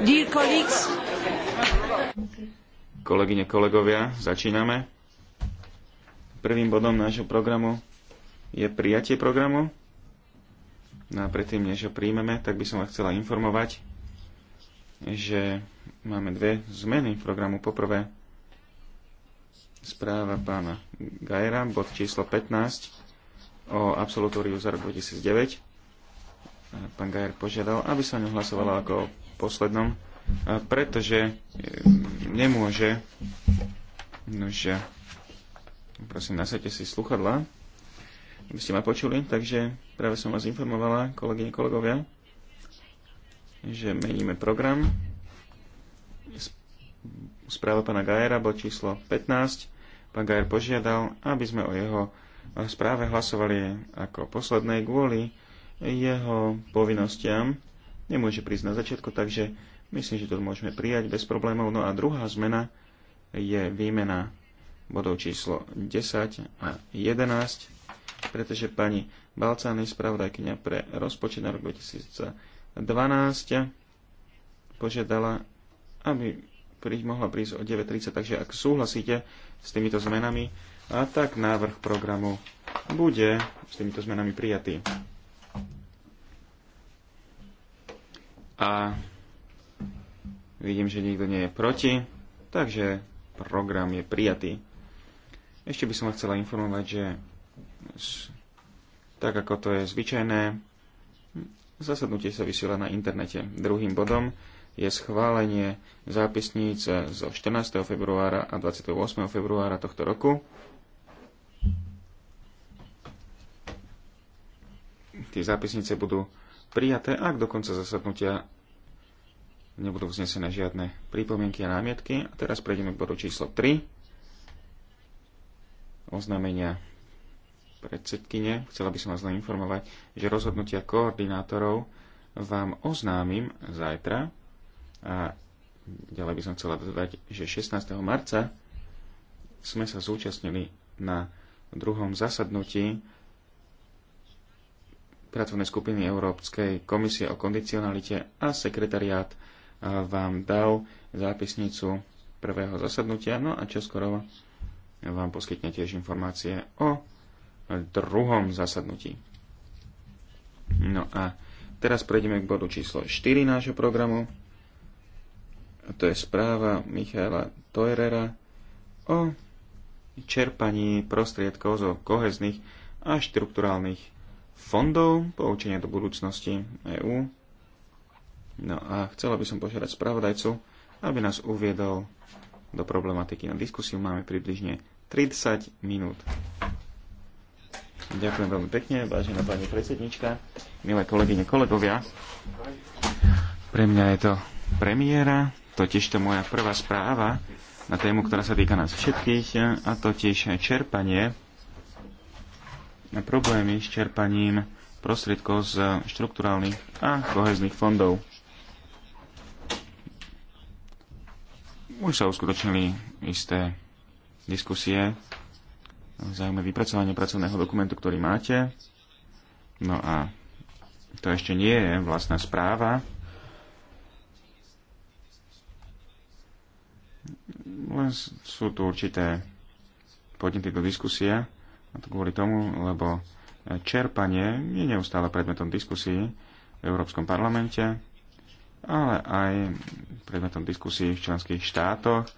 Dear colleagues. Kolegyne, kolegovia, začíname. Prvým bodom nášho programu je prijatie programu. No a predtým, než ho príjmeme, tak by som vás chcela informovať, že máme dve zmeny programu. Poprvé, správa pána Gajera, bod číslo 15 o absolutóriu za rok 2009 pán Gajer požiadal, aby sa hlasovala ako poslednom, e, pretože e, nemôže. Nože, prosím, nasadte si sluchadla, aby ste ma počuli. Takže práve som vás informovala, kolegyne, kolegovia, že meníme program. Správa pána Gajera, bol číslo 15. Pán Gajer požiadal, aby sme o jeho e, správe hlasovali ako poslednej kvôli jeho povinnostiam nemôže prísť na začiatku, takže myslím, že to môžeme prijať bez problémov. No a druhá zmena je výmena bodov číslo 10 a 11, pretože pani Balcány, spravodajkynia pre rozpočet na rok 2012, požiadala, aby príď, mohla prísť o 9.30, takže ak súhlasíte s týmito zmenami, a tak návrh programu bude s týmito zmenami prijatý. a vidím, že nikto nie je proti, takže program je prijatý. Ešte by som chcela informovať, že tak ako to je zvyčajné, zasadnutie sa vysiela na internete. Druhým bodom je schválenie zápisníc zo 14. februára a 28. februára tohto roku. Tie zápisnice budú prijaté, ak do konca zasadnutia nebudú vznesené žiadne pripomienky a námietky. A teraz prejdeme k bodu číslo 3. Oznámenia predsedkyne. Chcela by som vás len informovať, že rozhodnutia koordinátorov vám oznámim zajtra. A ďalej by som chcela dodať, že 16. marca sme sa zúčastnili na druhom zasadnutí pracovnej skupiny Európskej komisie o kondicionalite a sekretariát vám dal zápisnicu prvého zasadnutia, no a čoskoro vám poskytne tiež informácie o druhom zasadnutí. No a teraz prejdeme k bodu číslo 4 nášho programu. To je správa Michaela Teurera o čerpaní prostriedkov zo kohezných a štrukturálnych fondov poučenia do budúcnosti EÚ No a chcela by som požiadať spravodajcu, aby nás uviedol do problematiky. Na diskusiu máme približne 30 minút. Ďakujem veľmi pekne, vážená pani predsednička, milé kolegyne, kolegovia. Pre mňa je to premiéra, totiž to moja prvá správa na tému, ktorá sa týka nás všetkých, a totiž čerpanie na problémy s čerpaním prostriedkov z štrukturálnych a kohezných fondov. už sa uskutočnili isté diskusie, zaujímavé vypracovanie pracovného dokumentu, ktorý máte. No a to ešte nie je vlastná správa. Len sú tu určité podnety do diskusie, a to kvôli tomu, lebo čerpanie je neustále predmetom diskusí v Európskom parlamente ale aj predmetom diskusí v členských štátoch,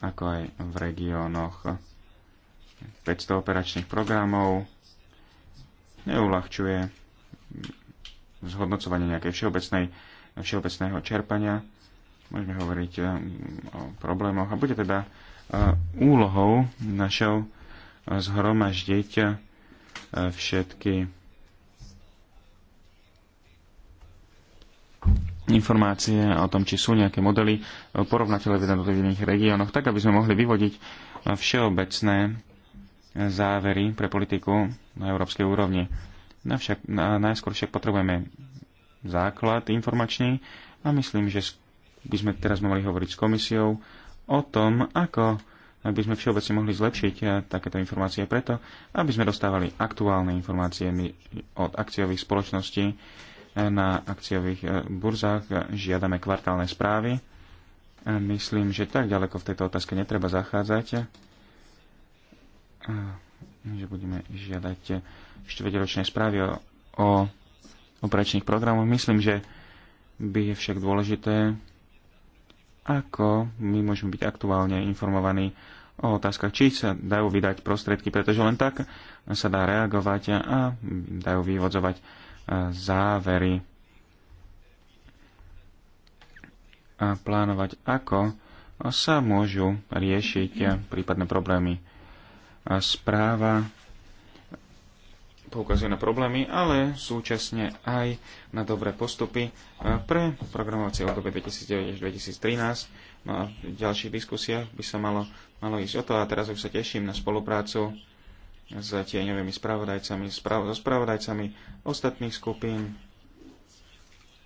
ako aj v regiónoch. 500 operačných programov neulahčuje zhodnocovanie nejakej všeobecnej, všeobecného čerpania. Môžeme hovoriť eh, o problémoch a bude teda eh, úlohou našou eh, zhromaždiť všetky informácie o tom, či sú nejaké modely e, porovnateľe v jednotlivých regiónoch, tak aby sme mohli vyvodiť e, všeobecné e, závery pre politiku na európskej úrovni. Navšak, najskôr však potrebujeme základ informačný a myslím, že by sme teraz mohli hovoriť s komisiou o tom, ako by sme všeobecne mohli zlepšiť takéto informácie preto, aby sme dostávali aktuálne informácie od akciových spoločností, na akciových e, burzách, žiadame kvartálne správy. Myslím, že tak ďaleko v tejto otázke netreba zachádzať, že budeme žiadať štvrťročné správy o, o operačných programoch. Myslím, že by je však dôležité, ako my môžeme byť aktuálne informovaní o otázkach, či sa dajú vydať prostriedky, pretože len tak sa dá reagovať a dajú vyvodzovať závery a plánovať, ako sa môžu riešiť prípadné problémy. Správa poukazuje na problémy, ale súčasne aj na dobré postupy pre programovacie obdobie 2009-2013. No a v ďalších diskusiách by sa malo, malo ísť o to a teraz už sa teším na spoluprácu s tieňovými spravodajcami, sprav- so spravodajcami ostatných skupín,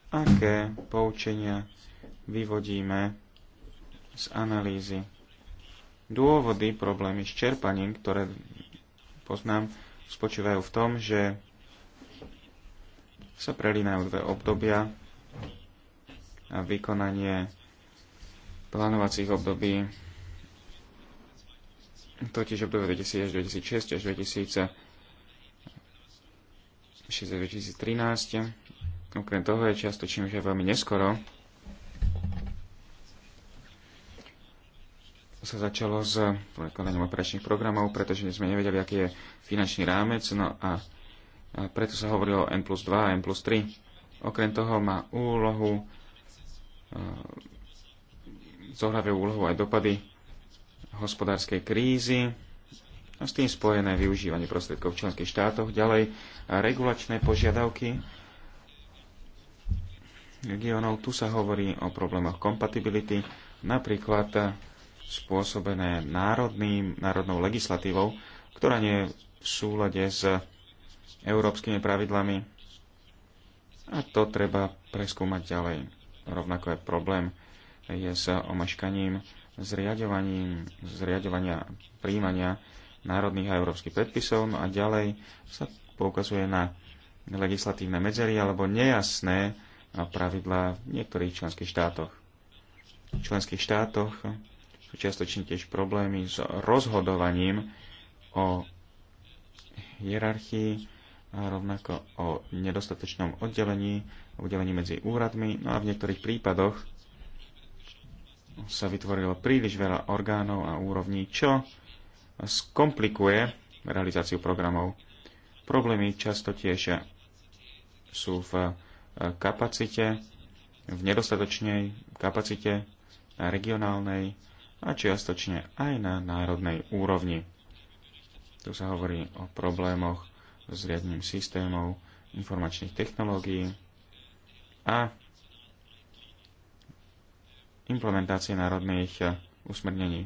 aké poučenia vyvodíme z analýzy. Dôvody problémy s čerpaním, ktoré poznám, spočívajú v tom, že sa prelínajú dve obdobia a vykonanie plánovacích období totiž obdobie 2000 až 2006 až 2006 až 2013. Okrem toho je často, čím už je veľmi neskoro, sa začalo s vykonaním operačných programov, pretože sme nevedeli, aký je finančný rámec, no a preto sa hovorilo o N plus 2 a N plus 3. Okrem toho má úlohu, e, zohľadajú úlohu aj dopady hospodárskej krízy a s tým spojené využívanie prostriedkov v členských štátoch, ďalej regulačné požiadavky regionov. Tu sa hovorí o problémoch kompatibility, napríklad spôsobené národným, národnou legislatívou, ktorá nie je v súlade s európskymi pravidlami a to treba preskúmať ďalej. Rovnako je problém je s omaškaním zriadovania príjmania národných a európskych predpisov no a ďalej sa poukazuje na legislatívne medzery alebo nejasné no, pravidlá v niektorých členských štátoch. V členských štátoch sú čiastočne tiež problémy s rozhodovaním o hierarchii a rovnako o nedostatočnom oddelení, oddelení medzi úradmi, no a v niektorých prípadoch sa vytvorilo príliš veľa orgánov a úrovní, čo skomplikuje realizáciu programov. Problémy často tiež sú v eh, kapacite, v nedostatočnej kapacite na regionálnej a čiastočne aj na národnej úrovni. Tu sa hovorí o problémoch s riadným systémov, informačných technológií a implementácie národných eh, usmernení.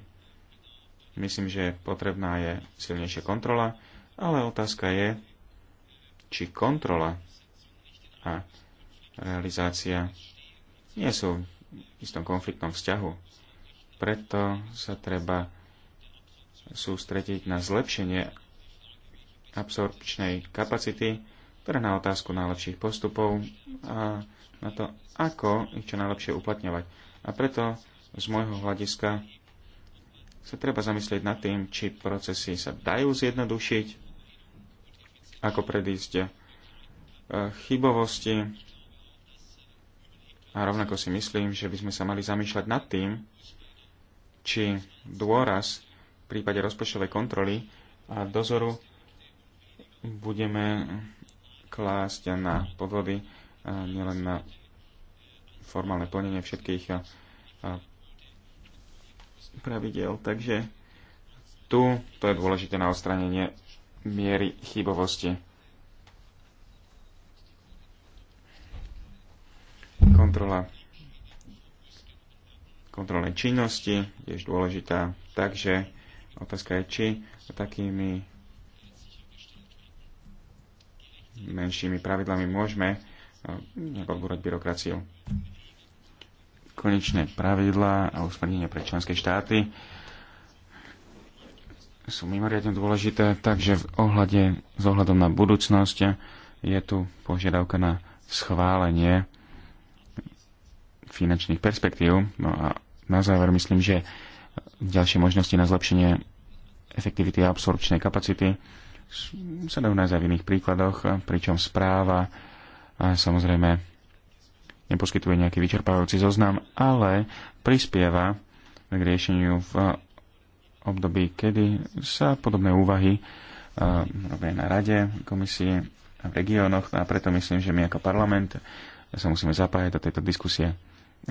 Myslím, že potrebná je silnejšia kontrola, ale otázka je, či kontrola a realizácia nie sú v istom konfliktnom vzťahu. Preto sa treba sústrediť na zlepšenie absorpčnej kapacity, ktoré na otázku najlepších postupov a na to, ako ich čo najlepšie uplatňovať. A preto z môjho hľadiska sa treba zamyslieť nad tým, či procesy sa dajú zjednodušiť, ako predísť e, chybovosti. A rovnako si myslím, že by sme sa mali zamýšľať nad tým, či dôraz v prípade rozpočtovej kontroly a dozoru budeme klásť na podvody, nielen na formálne plnenie všetkých eh, eh, pravidel. Takže tu to je dôležité na odstranenie miery chybovosti. Kontrola kontrolnej činnosti je dôležitá, takže otázka je, či takými menšími pravidlami môžeme eh, odbúrať byrokraciu konečné pravidlá a usmernenie pre členské štáty sú mimoriadne dôležité, takže v ohľade, s ohľadom na budúcnosť je tu požiadavka na schválenie finančných perspektív. No a na záver myslím, že ďalšie možnosti na zlepšenie efektivity a absorpčnej kapacity sa dajú nájsť aj v iných príkladoch, pričom správa a samozrejme neposkytuje nejaký vyčerpávajúci zoznam, ale prispieva k riešeniu v období, kedy sa podobné úvahy e, robia na rade, komisie a v regiónoch no a preto myslím, že my ako parlament sa musíme zapájať do tejto diskusie.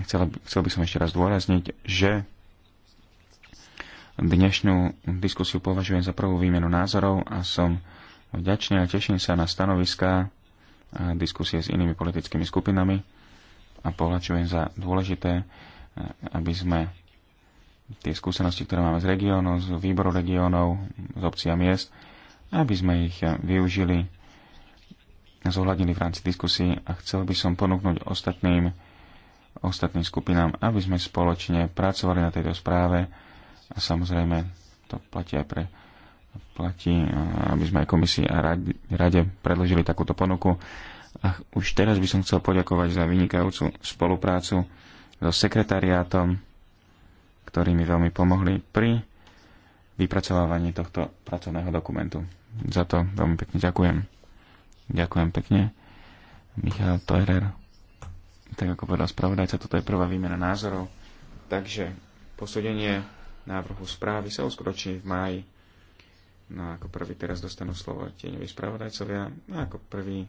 Chcel, chcel by som ešte raz dôrazniť, že dnešnú diskusiu považujem za prvú výmenu názorov a som vďačný a teším sa na stanoviská a diskusie s inými politickými skupinami a považujem za dôležité, eh, aby sme tie skúsenosti, ktoré máme z regiónov, z výboru regiónov, z obcí a miest, aby sme ich eh, využili, zohľadnili v rámci diskusí a chcel by som ponúknuť ostatným, ostatným skupinám, aby sme spoločne pracovali na tejto správe a samozrejme to platí aj pre platí, eh, aby sme aj komisii a rade predložili takúto ponuku a už teraz by som chcel poďakovať za vynikajúcu spoluprácu so sekretariátom, ktorí mi veľmi pomohli pri vypracovávaní tohto pracovného dokumentu. Za to veľmi pekne ďakujem. Ďakujem pekne. Michal Teurer. Tak ako povedal spravodajca, toto je prvá výmena názorov. Takže posúdenie návrhu správy sa uskutoční v máji. No a ako prvý teraz dostanú slovo tieňoví spravodajcovia no a ako prvý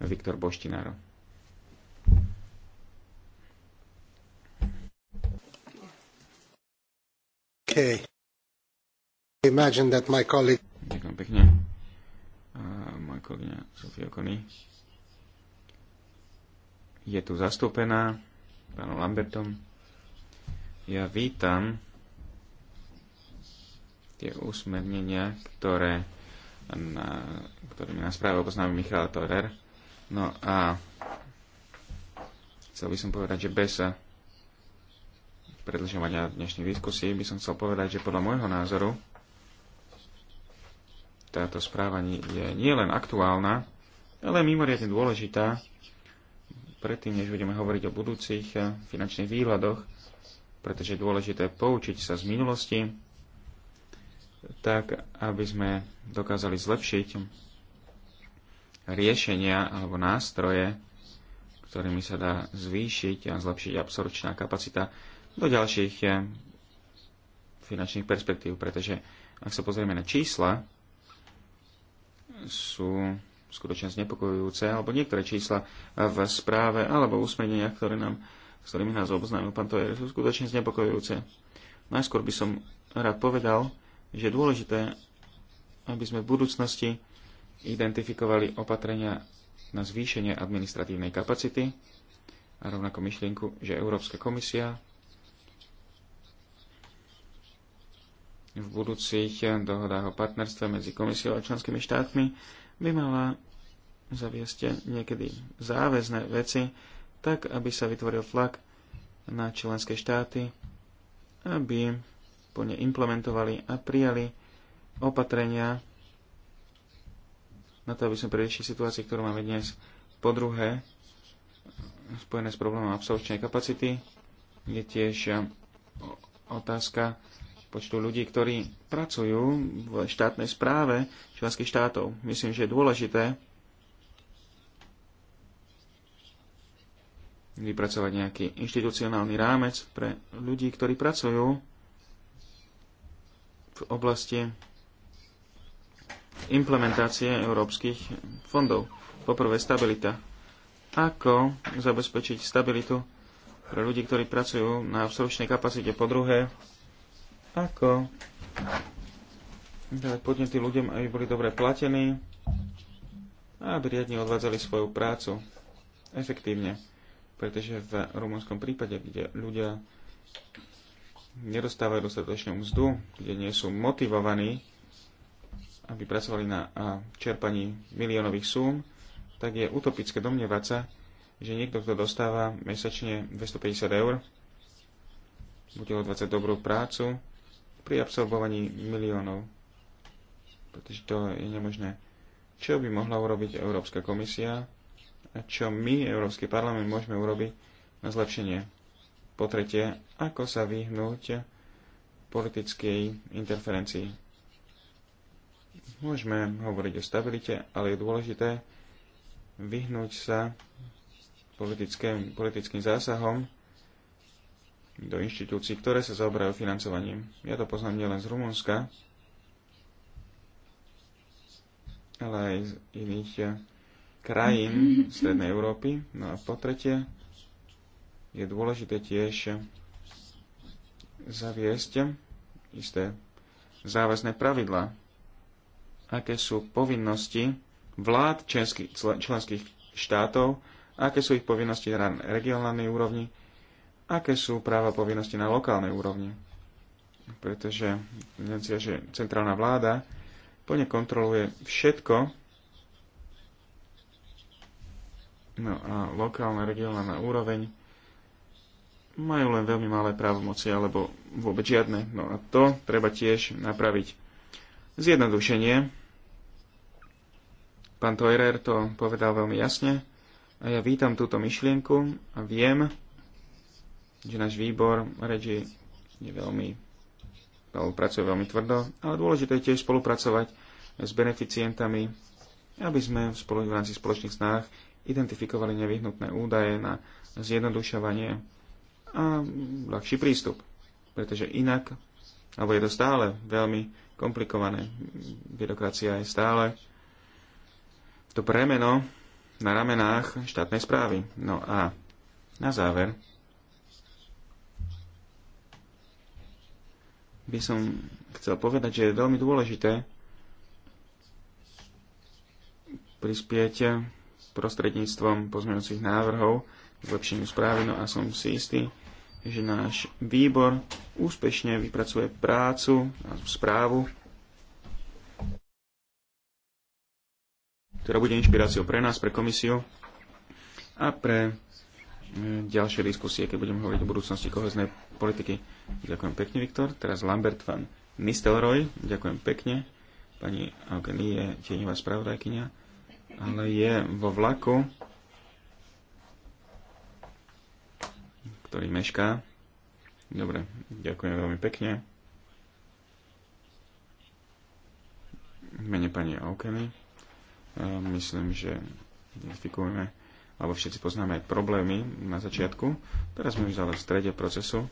Viktor Boštinár. Okay. Imagine that my colleague... Ďakujem pekne. A moja kolegyňa Sofia Kony je tu zastúpená pánom Lambertom. Ja vítam tie usmernenia, ktoré, na, ktorými nás práve oboznámil Michal Torer No a chcel by som povedať, že bez predlžovania dnešných diskusí by som chcel povedať, že podľa môjho názoru táto správa je nielen aktuálna, ale mimoriadne dôležitá predtým, než budeme hovoriť o budúcich eh, finančných výhľadoch, pretože je dôležité poučiť sa z minulosti, tak aby sme dokázali zlepšiť riešenia alebo nástroje, ktorými sa dá zvýšiť a zlepšiť absorpčná kapacita do ďalších eh, finančných perspektív, pretože ak sa pozrieme na čísla, sú skutočne znepokojujúce, alebo niektoré čísla v správe alebo usmerneniach, ktoré nám, s ktorými nás oboznámil pán Tojer, sú skutočne znepokojujúce. Najskôr by som rád povedal, že je dôležité, aby sme v budúcnosti identifikovali opatrenia na zvýšenie administratívnej kapacity a rovnako myšlienku, že Európska komisia v budúcich dohodách o partnerstve medzi komisiou a členskými štátmi by mala zaviesť niekedy záväzné veci, tak aby sa vytvoril tlak na členské štáty, aby po ne implementovali a prijali opatrenia, na to, aby sme predišli situácii, ktorú máme dnes. Po druhé, spojené s problémom absolučnej kapacity, je tiež eh, otázka počtu ľudí, ktorí pracujú v štátnej správe členských štátov. Myslím, že je dôležité vypracovať nejaký inštitucionálny rámec pre ľudí, ktorí pracujú v oblasti implementácie európskych fondov. Poprvé stabilita. Ako zabezpečiť stabilitu pre ľudí, ktorí pracujú na absorpčnej kapacite. Po druhé, ako dať podnety ľuďom, aby boli dobre platení a aby riadne odvádzali svoju prácu efektívne. Pretože v rumunskom prípade, kde ľudia nedostávajú dostatočnú mzdu, kde nie sú motivovaní aby pracovali na čerpaní miliónových súm, tak je utopické domnievať sa, že niekto, kto dostáva mesačne 250 eur, bude odvádzať dobrú prácu pri absolvovaní miliónov. Pretože to je nemožné. Čo by mohla urobiť Európska komisia a čo my, Európsky parlament, môžeme urobiť na zlepšenie? Po tretie, ako sa vyhnúť politickej interferencii? Môžeme hovoriť o stabilite, ale je dôležité vyhnúť sa politickým, politickým zásahom do inštitúcií, ktoré sa zaoberajú financovaním. Ja to poznám nielen z Rumunska, ale aj z iných eh, krajín Strednej Európy. No a po tretie, je dôležité tiež zaviesť isté záväzné pravidlá aké sú povinnosti vlád českých, členských štátov, aké sú ich povinnosti na regionálnej úrovni, aké sú práva povinnosti na lokálnej úrovni. Pretože tendencia, že centrálna vláda plne kontroluje všetko, no a lokálna, regionálna úroveň majú len veľmi malé právomoci alebo vôbec žiadne. No a to treba tiež napraviť. Zjednodušenie. Pán Teurer to povedal veľmi jasne a ja vítam túto myšlienku a viem, že náš výbor reči je veľmi pracuje veľmi tvrdo, ale dôležité je tiež spolupracovať s beneficientami, aby sme v, spolu, v rámci spoločných snách identifikovali nevyhnutné údaje na zjednodušovanie a ľahší prístup. Pretože inak alebo je to stále veľmi komplikované. Byrokracia je stále to premeno na ramenách štátnej správy. No a na záver by som chcel povedať, že je veľmi dôležité prispieť prostredníctvom pozmeňujúcich návrhov k lepšeniu správy. No a som si istý, že náš výbor úspešne vypracuje prácu a správu, ktorá bude inšpiráciou pre nás, pre komisiu a pre e, ďalšie diskusie, keď budeme hovoriť o budúcnosti koheznej politiky. Ďakujem pekne, Viktor. Teraz Lambert van Nistelrooy. Ďakujem pekne. Pani Augenie je tieňová spravodajkynia, ale je vo vlaku ktorý mešká. Dobre, ďakujem veľmi pekne. Mene pani Aukeny. Myslím, že identifikujeme, alebo všetci poznáme aj problémy na začiatku. Teraz sme už ale v strede procesu,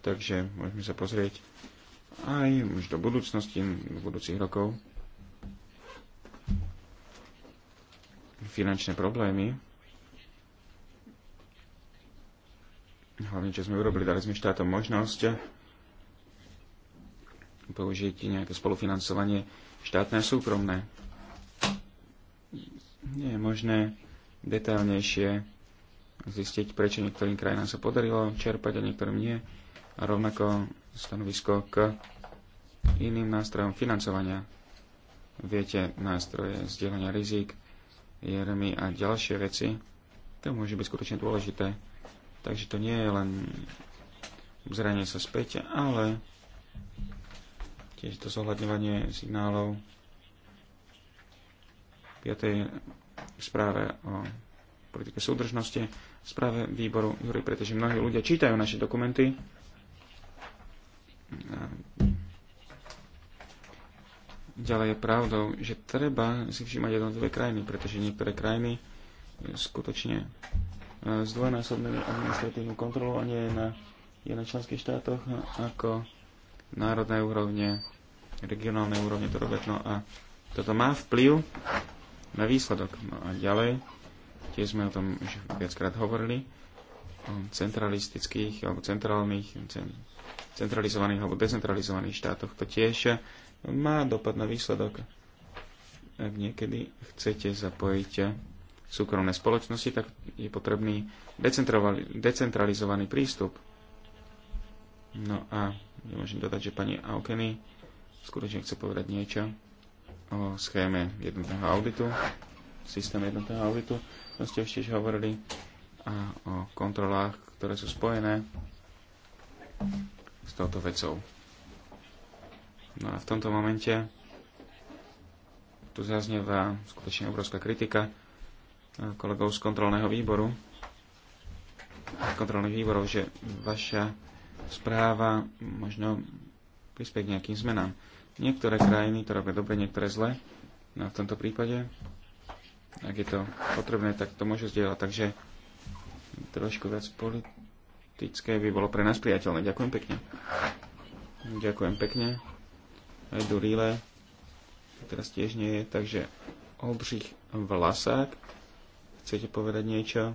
takže môžeme sa pozrieť aj už do budúcnosti, do budúcich rokov. Finančné problémy hlavne čo sme urobili, dali sme štátom možnosť použiť nejaké spolufinancovanie štátne a súkromné. Nie je možné detailnejšie zistiť, prečo niektorým krajinám sa podarilo čerpať a niektorým nie. A rovnako stanovisko k iným nástrojom financovania. Viete, nástroje zdieľania rizik, jeremy a ďalšie veci. To môže byť skutočne dôležité Takže to nie je len zranie sa späť, ale tiež to zohľadňovanie signálov 5. správe o politike súdržnosti, správe výboru Jury, pretože mnohí ľudia čítajú naše dokumenty. Ďalej je pravdou, že treba si všímať jednotlivé krajiny, pretože niektoré krajiny skutočne E, zdvojnásobnú administratívnu kontrolu a nie je na, je na členských štátoch ako národné úrovne, regionálne úrovne to robiť. No a toto má vplyv na výsledok. No a ďalej, tiež sme o tom už viackrát hovorili, o centralistických alebo centrálnych, centralizovaných alebo decentralizovaných štátoch. To tiež má dopad na výsledok. Ak niekedy chcete zapojiť súkromné spoločnosti, tak je potrebný decentralizovaný prístup. No a nemôžem dodať, že pani Aukeny skutočne chce povedať niečo o schéme jednotného auditu, systém jednotného auditu, to ste ešte hovorili, a o kontrolách, ktoré sú spojené s touto vecou. No a v tomto momente tu zaznieva skutočne obrovská kritika kolegov z kontrolného výboru, z kontrolných výborov, že vaša správa možno prispieť k nejakým zmenám. Niektoré krajiny to robia dobre, niektoré zle. No a v tomto prípade, ak je to potrebné, tak to môžu zdieľať. Takže trošku viac politické by bolo pre nás priateľné. Ďakujem pekne. Ďakujem pekne. Aj Durile. Teraz tiež nie je, takže Oldřich Vlasák. Chcete povedať niečo?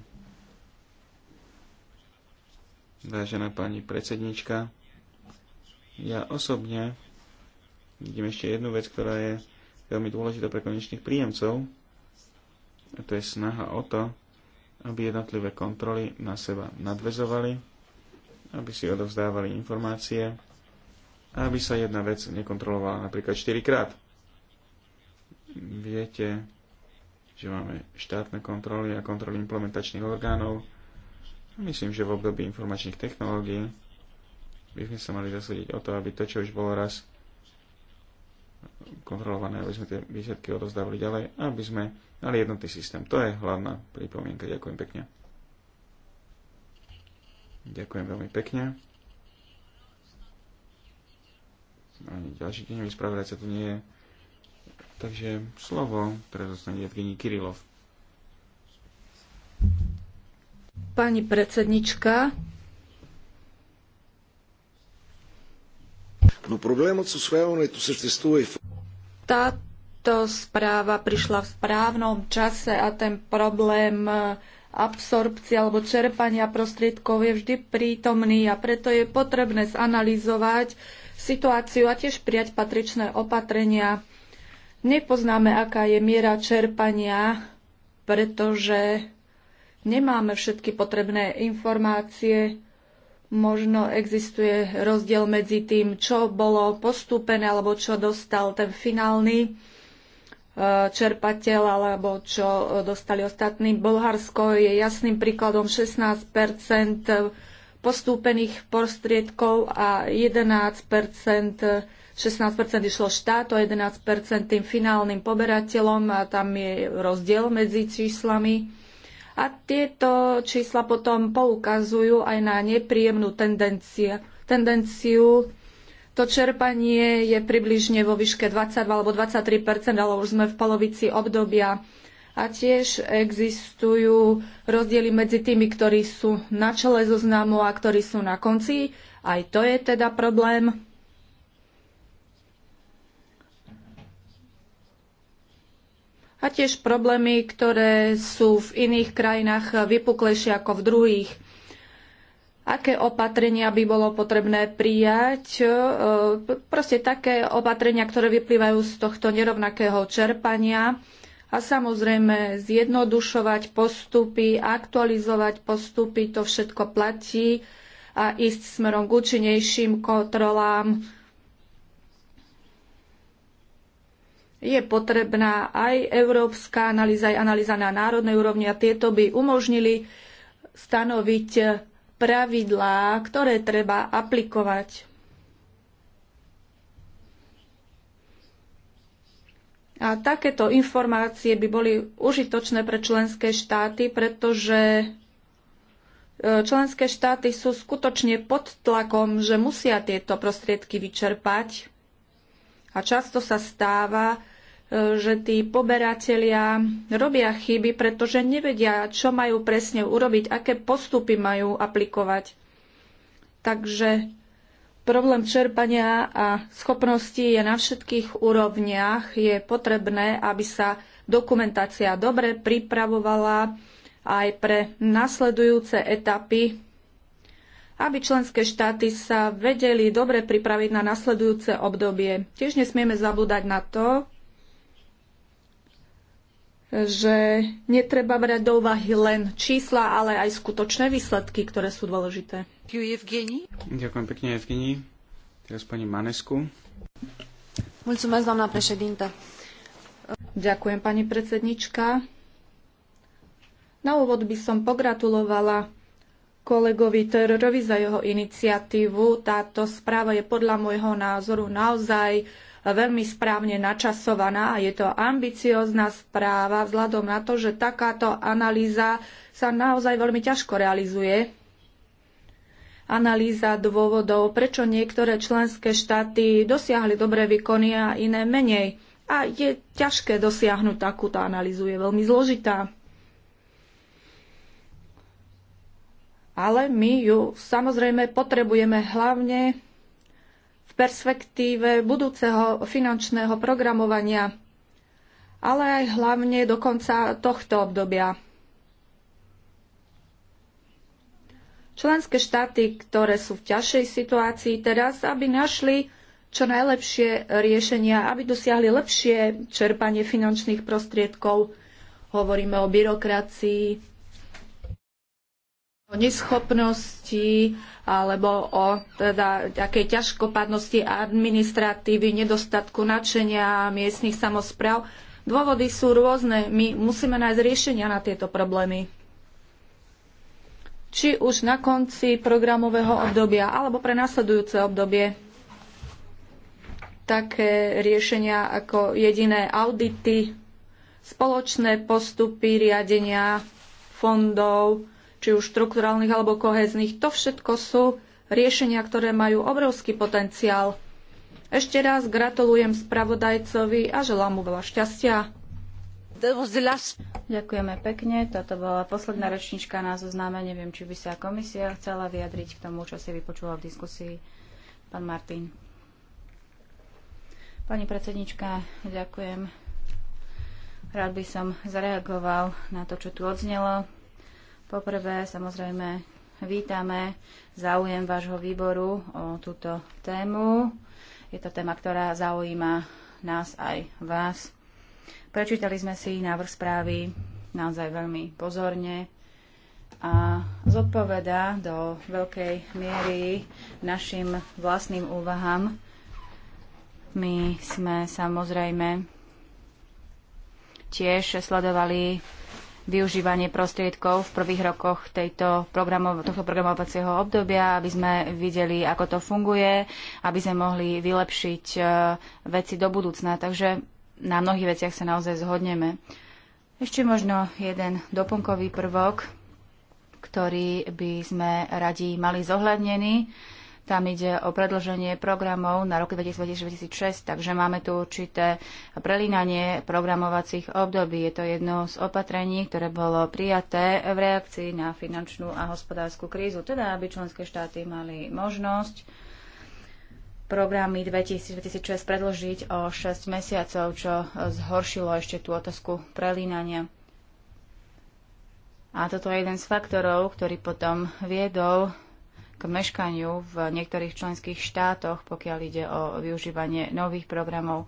Vážená pani predsednička, ja osobne vidím ešte jednu vec, ktorá je veľmi dôležitá pre konečných príjemcov, a to je snaha o to, aby jednotlivé kontroly na seba nadvezovali, aby si odovzdávali informácie a aby sa jedna vec nekontrolovala napríklad 4 krát. Viete, že máme štátne kontroly a kontroly implementačných orgánov. Myslím, že v období informačných technológií by sme sa mali zasúdiť o to, aby to, čo už bolo raz kontrolované, aby sme tie výsledky odozdávali ďalej, aby sme mali jednotný systém. To je hlavná pripomienka. Ďakujem pekne. Ďakujem veľmi pekne. Ani ďalší deň vyspravedať sa tu nie je. Takže slovo teraz zostane Evgení Kirilov. Pani predsednička. No problémът с усвояването съществува и... Táto správa prišla v správnom čase a ten problém e, absorpcie alebo čerpania prostriedkov je vždy prítomný a preto je potrebné zanalizovať situáciu a tiež prijať patričné opatrenia Nepoznáme, aká je miera čerpania, pretože nemáme všetky potrebné informácie. Možno existuje rozdiel medzi tým, čo bolo postúpené alebo čo dostal ten finálny e, čerpateľ alebo čo dostali ostatní. Bulharsko je jasným príkladom 16 postúpených prostriedkov a 11 16% išlo o 11% tým finálnym poberateľom a tam je rozdiel medzi číslami. A tieto čísla potom poukazujú aj na nepríjemnú tendenciu. tendenciu to čerpanie je približne vo výške 22 alebo 23 ale už sme v polovici obdobia. A tiež existujú rozdiely medzi tými, ktorí sú na čele zoznamu a ktorí sú na konci. Aj to je teda problém. a tiež problémy, ktoré sú v iných krajinách vypuklejšie ako v druhých. Aké opatrenia by bolo potrebné prijať? E, proste také opatrenia, ktoré vyplývajú z tohto nerovnakého čerpania a samozrejme zjednodušovať postupy, aktualizovať postupy, to všetko platí a ísť smerom k účinnejším kontrolám, je potrebná aj európska analýza, aj analýza na národnej úrovni a tieto by umožnili stanoviť pravidlá, ktoré treba aplikovať. A takéto informácie by boli užitočné pre členské štáty, pretože e, členské štáty sú skutočne pod tlakom, že musia tieto prostriedky vyčerpať. A často sa stáva, že tí poberatelia robia chyby, pretože nevedia, čo majú presne urobiť, aké postupy majú aplikovať. Takže problém čerpania a schopnosti je na všetkých úrovniach. Je potrebné, aby sa dokumentácia dobre pripravovala aj pre nasledujúce etapy, aby členské štáty sa vedeli dobre pripraviť na nasledujúce obdobie. Tiež nesmieme zabúdať na to, že netreba brať do úvahy len čísla, ale aj skutočné výsledky, ktoré sú dôležité. Ďakujem pekne, Evgeni. Teraz pani Manesku. Mulțumesc, doamna președintă. Ďakujem, pani predsednička. Na úvod by som pogratulovala kolegovi Terrorovi za jeho iniciatívu. Táto správa je podľa môjho názoru naozaj veľmi správne načasovaná a je to ambiciózna správa vzhľadom na to, že takáto analýza sa naozaj veľmi ťažko realizuje. Analýza dôvodov, prečo niektoré členské štáty dosiahli dobré výkony a iné menej. A je ťažké dosiahnuť takúto analýzu, je veľmi zložitá. ale my ju samozrejme potrebujeme hlavne perspektíve budúceho finančného programovania, ale aj hlavne do konca tohto obdobia. Členské štáty, ktoré sú v ťažšej situácii teraz, aby našli čo najlepšie riešenia, aby dosiahli lepšie čerpanie finančných prostriedkov. Hovoríme o byrokracii, o neschopnosti alebo o teda takej ťažkopádnosti administratívy, nedostatku nadšenia miestnych samozpráv. Dôvody sú rôzne. My musíme nájsť riešenia na tieto problémy. Či už na konci programového obdobia alebo pre nasledujúce obdobie také riešenia ako jediné audity, spoločné postupy riadenia fondov, či už štrukturálnych alebo kohezných. To všetko sú riešenia, ktoré majú obrovský potenciál. Ešte raz gratulujem spravodajcovi a želám mu veľa šťastia. Ďakujeme pekne. Toto bola posledná rečnička na zozname. Neviem, či by sa komisia chcela vyjadriť k tomu, čo si vypočula v diskusii. Pán Martin. Pani predsednička, ďakujem. Rád by som zareagoval na to, čo tu odznelo. Poprvé, samozrejme, vítame záujem vášho výboru o túto tému. Je to téma, ktorá zaujíma nás aj vás. Prečítali sme si návrh správy naozaj veľmi pozorne a zodpoveda do veľkej miery našim vlastným úvahám. My sme samozrejme tiež sledovali využívanie prostriedkov v prvých rokoch tejto programo- tohto programovacieho obdobia, aby sme videli, ako to funguje, aby sme mohli vylepšiť e, veci do budúcna. Takže na mnohých veciach sa naozaj zhodneme. Ešte možno jeden doplnkový prvok, ktorý by sme radi mali zohľadnený tam ide o predlženie programov na roky 2026, takže máme tu určité prelínanie programovacích období. Je to jedno z opatrení, ktoré bolo prijaté v reakcii na finančnú a hospodárskú krízu, teda aby členské štáty mali možnosť programy 2026 predložiť o 6 mesiacov, čo zhoršilo ešte tú otázku prelínania. A toto je jeden z faktorov, ktorý potom viedol k meškaniu v niektorých členských štátoch, pokiaľ ide o využívanie nových programov.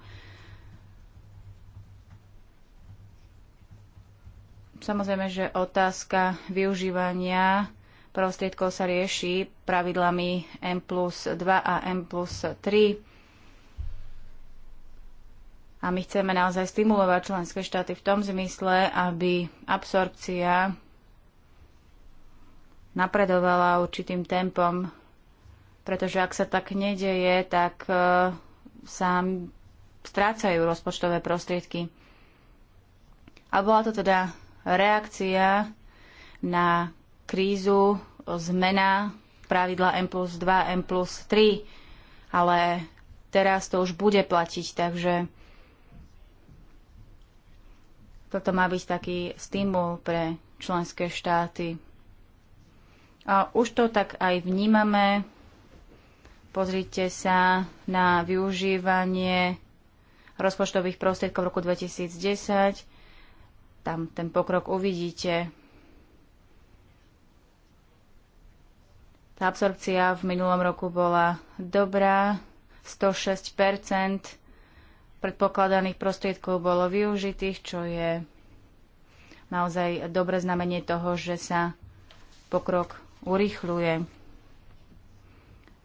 Samozrejme, že otázka využívania prostriedkov sa rieši pravidlami M plus 2 a M plus 3. A my chceme naozaj stimulovať členské štáty v tom zmysle, aby absorpcia napredovala určitým tempom, pretože ak sa tak nedeje, tak e, sa strácajú rozpočtové prostriedky. A bola to teda reakcia na krízu, zmena pravidla M plus 2, M plus 3, ale teraz to už bude platiť, takže toto má byť taký stimul pre členské štáty. A už to tak aj vnímame. Pozrite sa na využívanie rozpočtových prostriedkov v roku 2010. Tam ten pokrok uvidíte. Tá absorpcia v minulom roku bola dobrá. 106 predpokladaných prostriedkov bolo využitých, čo je naozaj dobré znamenie toho, že sa pokrok urychľuje.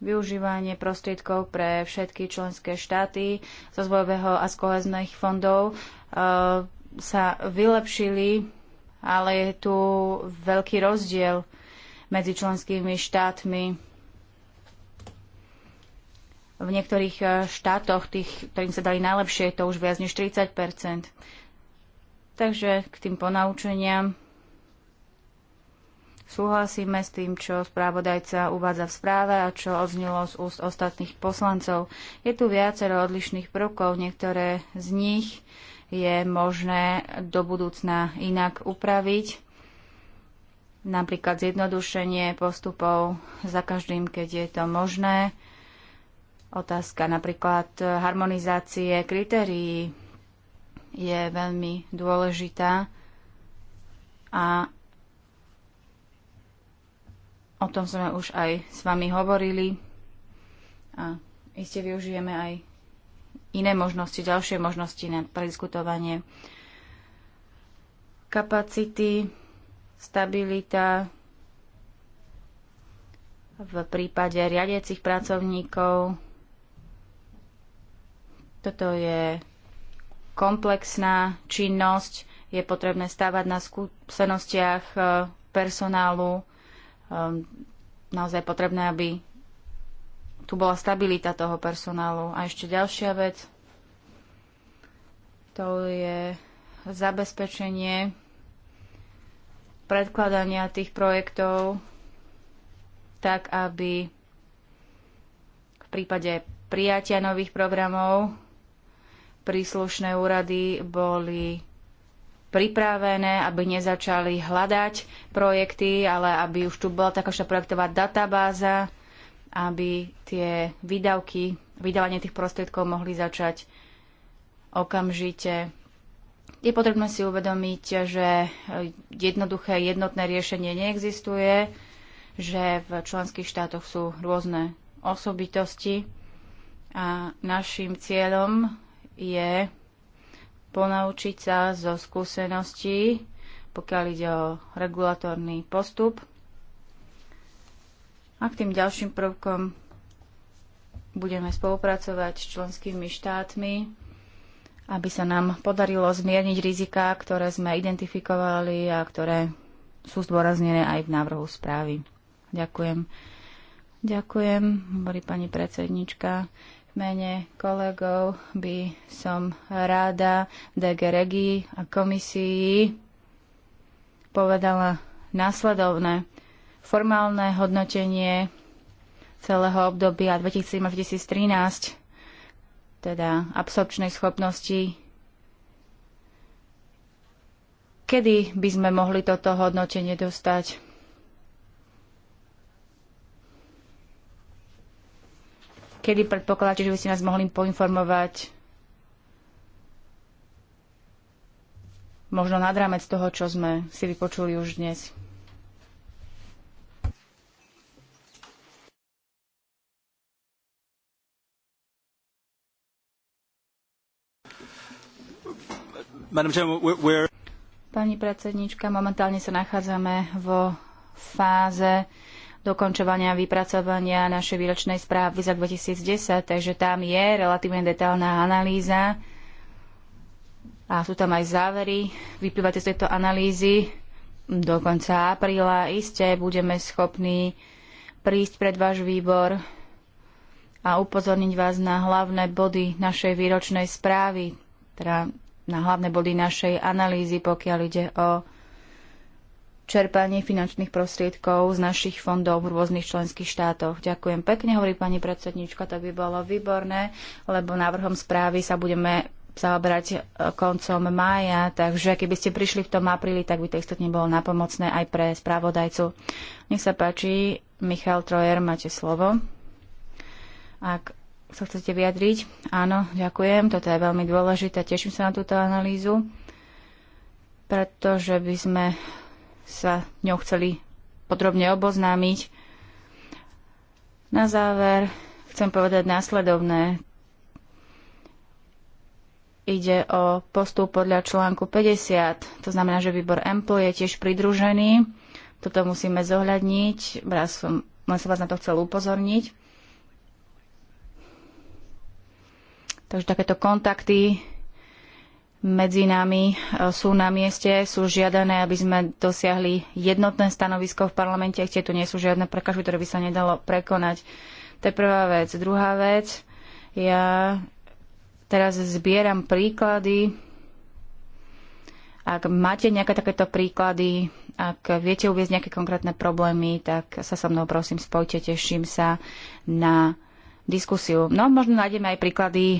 Využívanie prostriedkov pre všetky členské štáty zo zvojového a z kohezných fondov e, sa vylepšili, ale je tu veľký rozdiel medzi členskými štátmi v niektorých e, štátoch, tých, ktorým sa dali najlepšie, je to už viac než 30 Takže k tým ponaučeniam Súhlasíme s tým, čo správodajca uvádza v správe a čo odznelo z úst ostatných poslancov. Je tu viacero odlišných prvkov, niektoré z nich je možné do budúcna inak upraviť napríklad zjednodušenie postupov za každým, keď je to možné. Otázka napríklad harmonizácie kritérií je veľmi dôležitá a O tom sme už aj s vami hovorili a iste využijeme aj iné možnosti, ďalšie možnosti na prediskutovanie kapacity, stabilita v prípade riadiacich pracovníkov. Toto je komplexná činnosť, je potrebné stávať na skúsenostiach eh, personálu, Ehm, naozaj potrebné, aby tu bola stabilita toho personálu. A ešte ďalšia vec, to je zabezpečenie predkladania tých projektov tak, aby v prípade prijatia nových programov príslušné úrady boli pripravené, aby nezačali hľadať projekty, ale aby už tu bola takáša projektová databáza, aby tie výdavky, vydávanie tých prostriedkov mohli začať okamžite. Je potrebné si uvedomiť, že jednoduché, jednotné riešenie neexistuje, že v členských štátoch sú rôzne osobitosti a našim cieľom je ponaučiť sa zo skúseností, pokiaľ ide o regulatórny postup. A k tým ďalším prvkom budeme spolupracovať s členskými štátmi, aby sa nám podarilo zmierniť riziká, ktoré sme identifikovali a ktoré sú zdôraznené aj v návrhu správy. Ďakujem. Ďakujem, hovorí pani predsednička mene kolegov by som ráda DG Regi a komisii povedala následovné. Formálne hodnotenie celého obdobia 2007-2013, teda absorpčnej schopnosti, kedy by sme mohli toto hodnotenie dostať? Kedy predpokladáte, že by ste nás mohli poinformovať možno nad rámec toho, čo sme si vypočuli už dnes? Pani predsednička, momentálne sa nachádzame vo fáze dokončovania a vypracovania našej výročnej správy za 2010, takže tam je relatívne detailná analýza a sú tam aj závery vyplývate z tejto analýzy. Do konca apríla Isté budeme schopní prísť pred váš výbor a upozorniť vás na hlavné body našej výročnej správy, teda na hlavné body našej analýzy, pokiaľ ide o čerpanie finančných prostriedkov z našich fondov v rôznych členských štátoch. Ďakujem pekne, hovorí pani predsednička, to by bolo výborné, lebo návrhom správy sa budeme zaoberať e, koncom mája, takže keby ste prišli v tom apríli, tak by to istotne bolo napomocné aj pre správodajcu. Nech sa páči, Michal Trojer, máte slovo. Ak sa chcete vyjadriť, áno, ďakujem, toto je veľmi dôležité, teším sa na túto analýzu, pretože by sme sa ňou chceli podrobne oboznámiť. Na záver chcem povedať následovné. Ide o postup podľa článku 50, to znamená, že výbor EMPL je tiež pridružený. Toto musíme zohľadniť, raz som, len som vás na to chcel upozorniť. Takže takéto kontakty medzi nami e, sú na mieste, sú žiadané, aby sme dosiahli jednotné stanovisko v parlamente, kde tu nie sú žiadne prekažky, ktoré by sa nedalo prekonať. To je prvá vec. Druhá vec, ja teraz zbieram príklady. Ak máte nejaké takéto príklady, ak viete uviezť nejaké konkrétne problémy, tak sa so mnou prosím spojte, teším sa na diskusiu. No, možno nájdeme aj príklady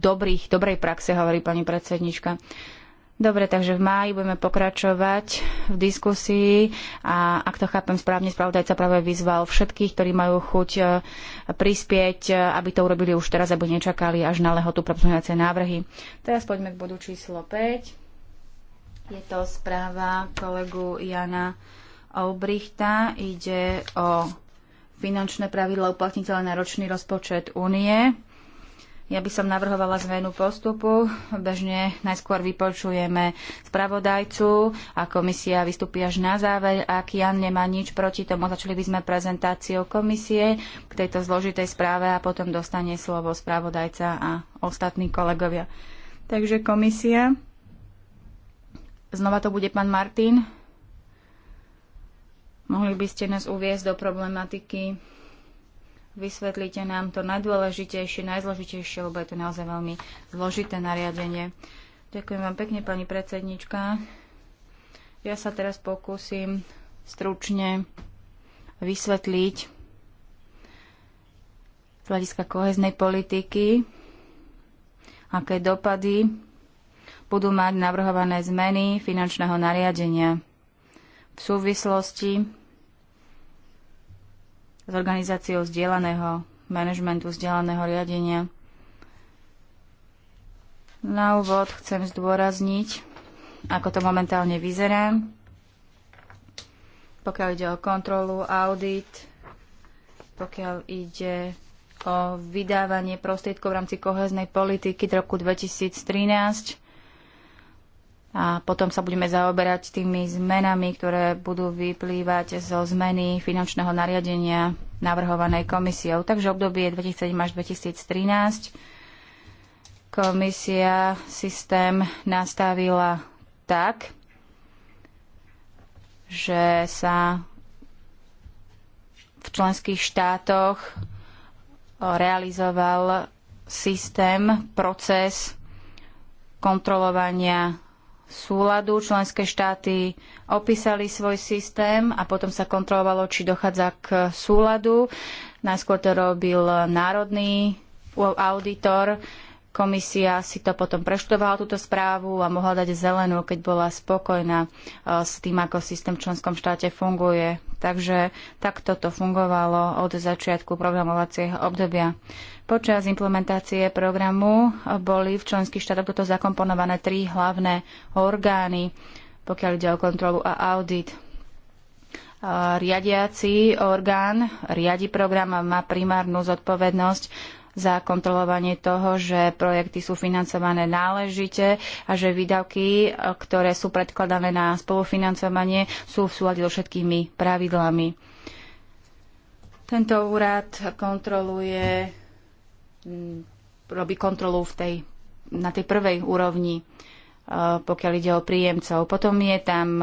dobrých, dobrej praxe, hovorí pani predsednička. Dobre, takže v máji budeme pokračovať v diskusii a ak to chápem správne, spravodajca práve vyzval všetkých, ktorí majú chuť e, prispieť, e, aby to urobili už teraz, aby nečakali až na lehotu pre návrhy. Teraz poďme k bodu číslo 5. Je to správa kolegu Jana Obrichta. Ide o finančné pravidla uplatniteľné na ročný rozpočet únie. Ja by som navrhovala zmenu postupu. Bežne najskôr vypočujeme spravodajcu a komisia vystupí až na záver. Ak Jan nemá nič proti tomu, začali by sme prezentáciou komisie k tejto zložitej správe a potom dostane slovo spravodajca a ostatní kolegovia. Takže komisia. Znova to bude pán Martin. Mohli by ste nás uviezť do problematiky vysvetlíte nám to najdôležitejšie, najzložitejšie, lebo je to naozaj veľmi zložité nariadenie. Ďakujem vám pekne, pani predsednička. Ja sa teraz pokúsim stručne vysvetliť z hľadiska koheznej politiky, aké dopady budú mať navrhované zmeny finančného nariadenia v súvislosti s organizáciou vzdielaného manažmentu, vzdielaného riadenia. Na úvod chcem zdôrazniť, ako to momentálne vyzerá, pokiaľ ide o kontrolu, audit, pokiaľ ide o vydávanie prostriedkov v rámci koheznej politiky do roku 2013 a potom sa budeme zaoberať tými zmenami, ktoré budú vyplývať zo zmeny finančného nariadenia navrhovanej komisiou. Takže obdobie 2007 až 2013 komisia systém nastavila tak, že sa v členských štátoch realizoval systém, proces kontrolovania súladu. Členské štáty opísali svoj systém a potom sa kontrolovalo, či dochádza k súladu. Najskôr to robil národný auditor. Komisia si to potom preštovala túto správu a mohla dať zelenú, keď bola spokojná e, s tým, ako systém v členskom štáte funguje. Takže takto to fungovalo od začiatku programovacieho obdobia. Počas implementácie programu boli v členských štátoch toto zakomponované tri hlavné orgány, pokiaľ ide o kontrolu a audit. Riadiaci orgán riadi program a má primárnu zodpovednosť za kontrolovanie toho, že projekty sú financované náležite a že výdavky, ktoré sú predkladané na spolufinancovanie, sú v súlade so všetkými pravidlami. Tento úrad kontroluje Mm, robí kontrolu v tej, na tej prvej úrovni, e, pokiaľ ide o príjemcov. Potom je tam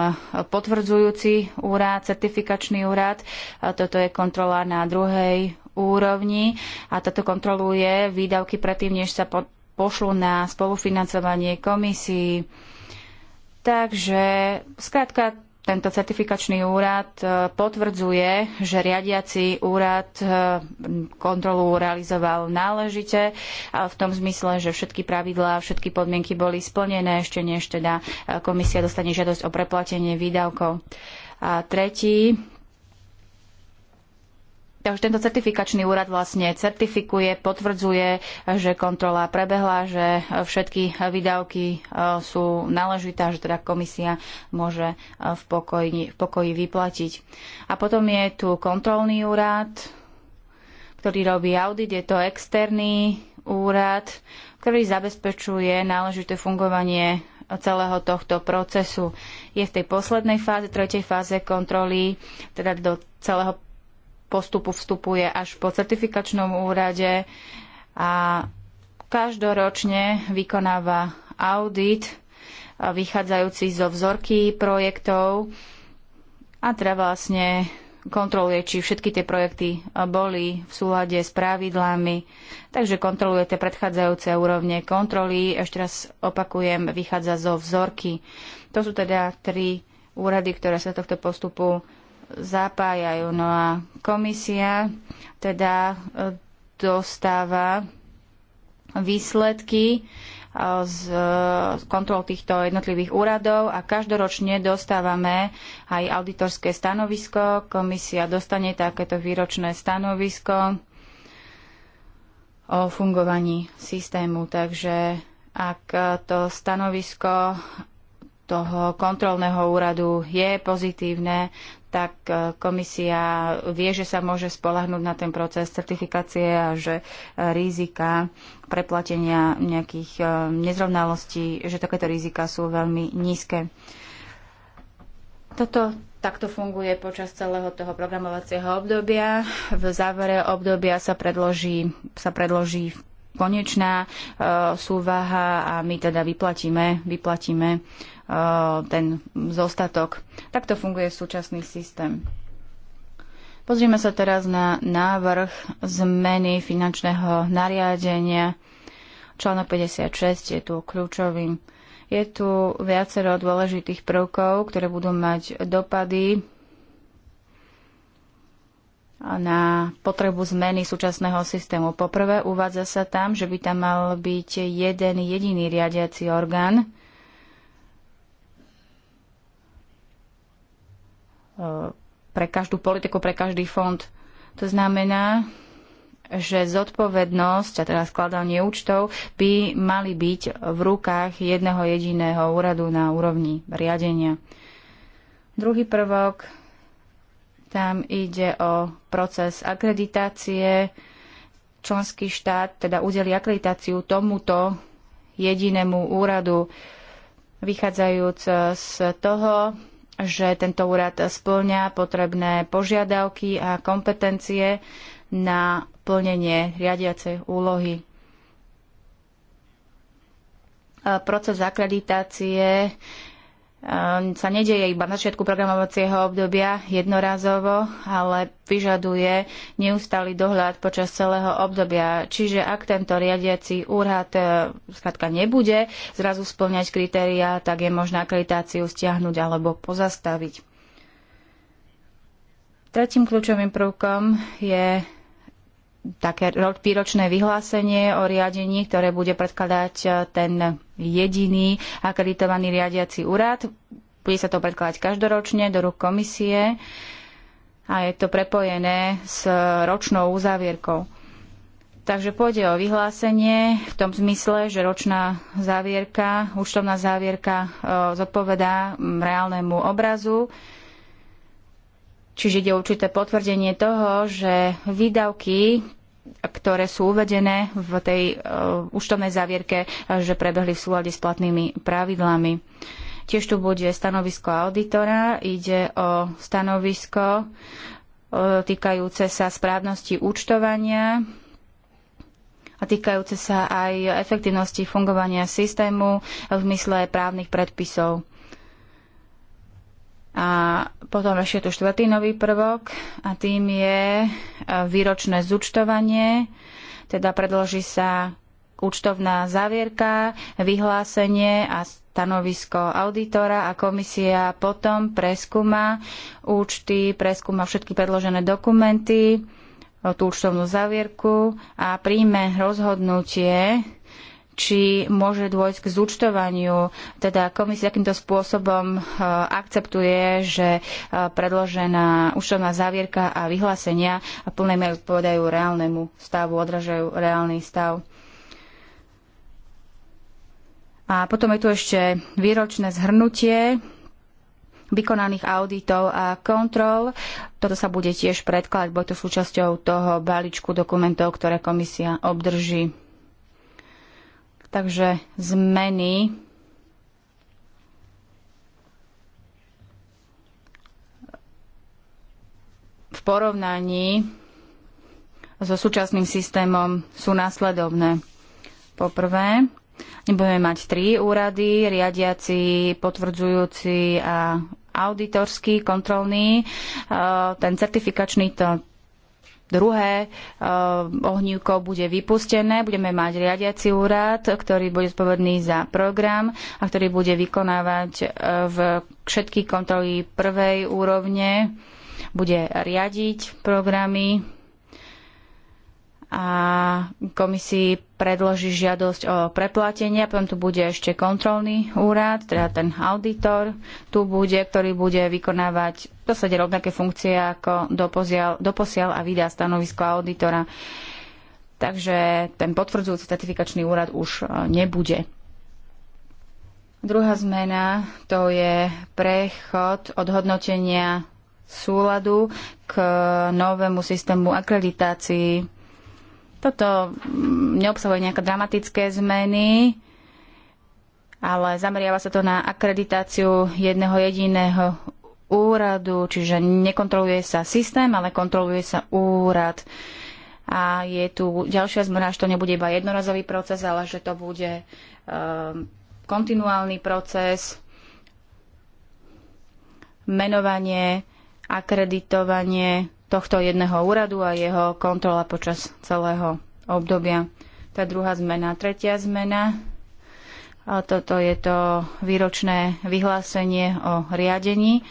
potvrdzujúci úrad, certifikačný úrad. E, toto je kontrola na druhej úrovni a toto kontroluje výdavky predtým, než sa pošlu na spolufinancovanie komisii. Takže skrátka tento certifikačný úrad e, potvrdzuje, že riadiaci úrad e, kontrolu realizoval náležite v tom zmysle, že všetky pravidlá, všetky podmienky boli splnené, ešte než teda e, komisia dostane žiadosť o preplatenie výdavkov. A tretí Takže tento certifikačný úrad vlastne certifikuje, potvrdzuje, že kontrola prebehla, že všetky výdavky e, sú náležité, že teda komisia môže e, v pokoji, v pokoji vyplatiť. A potom je tu kontrolný úrad, ktorý robí audit, je to externý úrad, ktorý zabezpečuje náležité fungovanie celého tohto procesu. Je v tej poslednej fáze, tretej fáze kontroly, teda do celého postupu vstupuje až po certifikačnom úrade a každoročne vykonáva audit vychádzajúci zo vzorky projektov a teda vlastne kontroluje, či všetky tie projekty boli v súlade s pravidlami. Takže kontroluje tie predchádzajúce úrovne kontroly. Ešte raz opakujem, vychádza zo vzorky. To sú teda tri úrady, ktoré sa tohto postupu zapájajú. No a komisia teda e, dostáva výsledky e, z e, kontrol týchto jednotlivých úradov a každoročne dostávame aj auditorské stanovisko. Komisia dostane takéto výročné stanovisko o fungovaní systému. Takže ak to stanovisko toho kontrolného úradu je pozitívne, tak e, komisia vie, že sa môže spolahnúť na ten proces certifikácie a že e, rizika preplatenia nejakých e, nezrovnalostí, že takéto rizika sú veľmi nízke. Toto takto funguje počas celého toho programovacieho obdobia. V závere obdobia sa predloží, sa predloží konečná e, súvaha a my teda vyplatíme, vyplatíme Eh, ten zostatok. Takto funguje súčasný systém. Pozrime sa teraz na návrh zmeny finančného nariadenia. Článok 56 je tu kľúčový. Je tu viacero dôležitých prvkov, ktoré budú mať dopady na potrebu zmeny súčasného systému. Poprvé uvádza sa tam, že by tam mal byť jeden jediný riadiaci orgán, E, pre každú politiku, pre každý fond. To znamená, že zodpovednosť, a teda skladanie účtov, by mali byť v rukách jedného jediného úradu na úrovni riadenia. Druhý prvok, tam ide o proces akreditácie. Členský štát teda udeli akreditáciu tomuto jedinému úradu, vychádzajúc z toho, že tento úrad splňa potrebné požiadavky a kompetencie na plnenie riadiacej úlohy. Proces akreditácie Ehm, sa nedeje iba na začiatku programovacieho obdobia jednorazovo, ale vyžaduje neustály dohľad počas celého obdobia. Čiže ak tento riadiaci úrad e, skladka nebude zrazu splňať kritériá, tak je možné akreditáciu stiahnuť alebo pozastaviť. Tretím kľúčovým prvkom je také výročné vyhlásenie o riadení, ktoré bude predkladať e, ten jediný akreditovaný riadiaci úrad. Bude sa to predkladať každoročne do rúk komisie a je to prepojené s ročnou uzavierkou. Takže pôjde o vyhlásenie v tom zmysle, že ročná závierka, účtovná závierka e, zodpovedá reálnemu obrazu Čiže ide určité potvrdenie toho, že výdavky, ktoré sú uvedené v tej uh, účtovnej závierke, e, že prebehli v súlade s platnými pravidlami. Tiež tu bude stanovisko auditora, ide o stanovisko uh, týkajúce sa správnosti účtovania a týkajúce sa aj efektivnosti fungovania systému v mysle právnych predpisov. A potom ešte tu štvrtý nový prvok a tým je e, výročné zúčtovanie, teda predloží sa účtovná závierka, vyhlásenie a stanovisko auditora a komisia potom preskúma účty, preskúma všetky predložené dokumenty, tú účtovnú závierku a príjme rozhodnutie, či môže dôjsť k zúčtovaniu. Teda komisia takýmto spôsobom e, akceptuje, že e, predložená účtovná závierka a vyhlásenia plnej miery odpovedajú reálnemu stavu, odražajú reálny stav. A potom je tu ešte výročné zhrnutie vykonaných auditov a kontrol. Toto sa bude tiež predkladať, bude to súčasťou toho balíčku dokumentov, ktoré komisia obdrží. Takže zmeny v porovnaní so súčasným systémom sú následovné. Poprvé, nebudeme mať tri úrady, riadiaci, potvrdzujúci a auditorský, kontrolný. E, ten certifikačný to druhé eh, ohnívko bude vypustené. Budeme mať riadiaci úrad, ktorý bude spovedný za program a ktorý bude vykonávať eh, v všetky kontroly prvej úrovne, bude riadiť programy a komisii predloží žiadosť o preplatenie, potom tu bude ešte kontrolný úrad, teda ten auditor tu bude, ktorý bude vykonávať v podstate rovnaké funkcie ako doposiaľ, doposiaľ a vydá stanovisko auditora. Takže ten potvrdzujúci certifikačný úrad už e, nebude. Druhá zmena to je prechod od hodnotenia súladu k novému systému akreditácií toto mm, neobsahuje nejaké dramatické zmeny, ale zameriava sa to na akreditáciu jedného jediného úradu, čiže nekontroluje sa systém, ale kontroluje sa úrad. A je tu ďalšia zmena, že to nebude iba jednorazový proces, ale že to bude um, kontinuálny proces, menovanie, akreditovanie, tohto jedného úradu a jeho kontrola počas celého obdobia. Tá druhá zmena. Tretia zmena. A toto je to výročné vyhlásenie o riadení.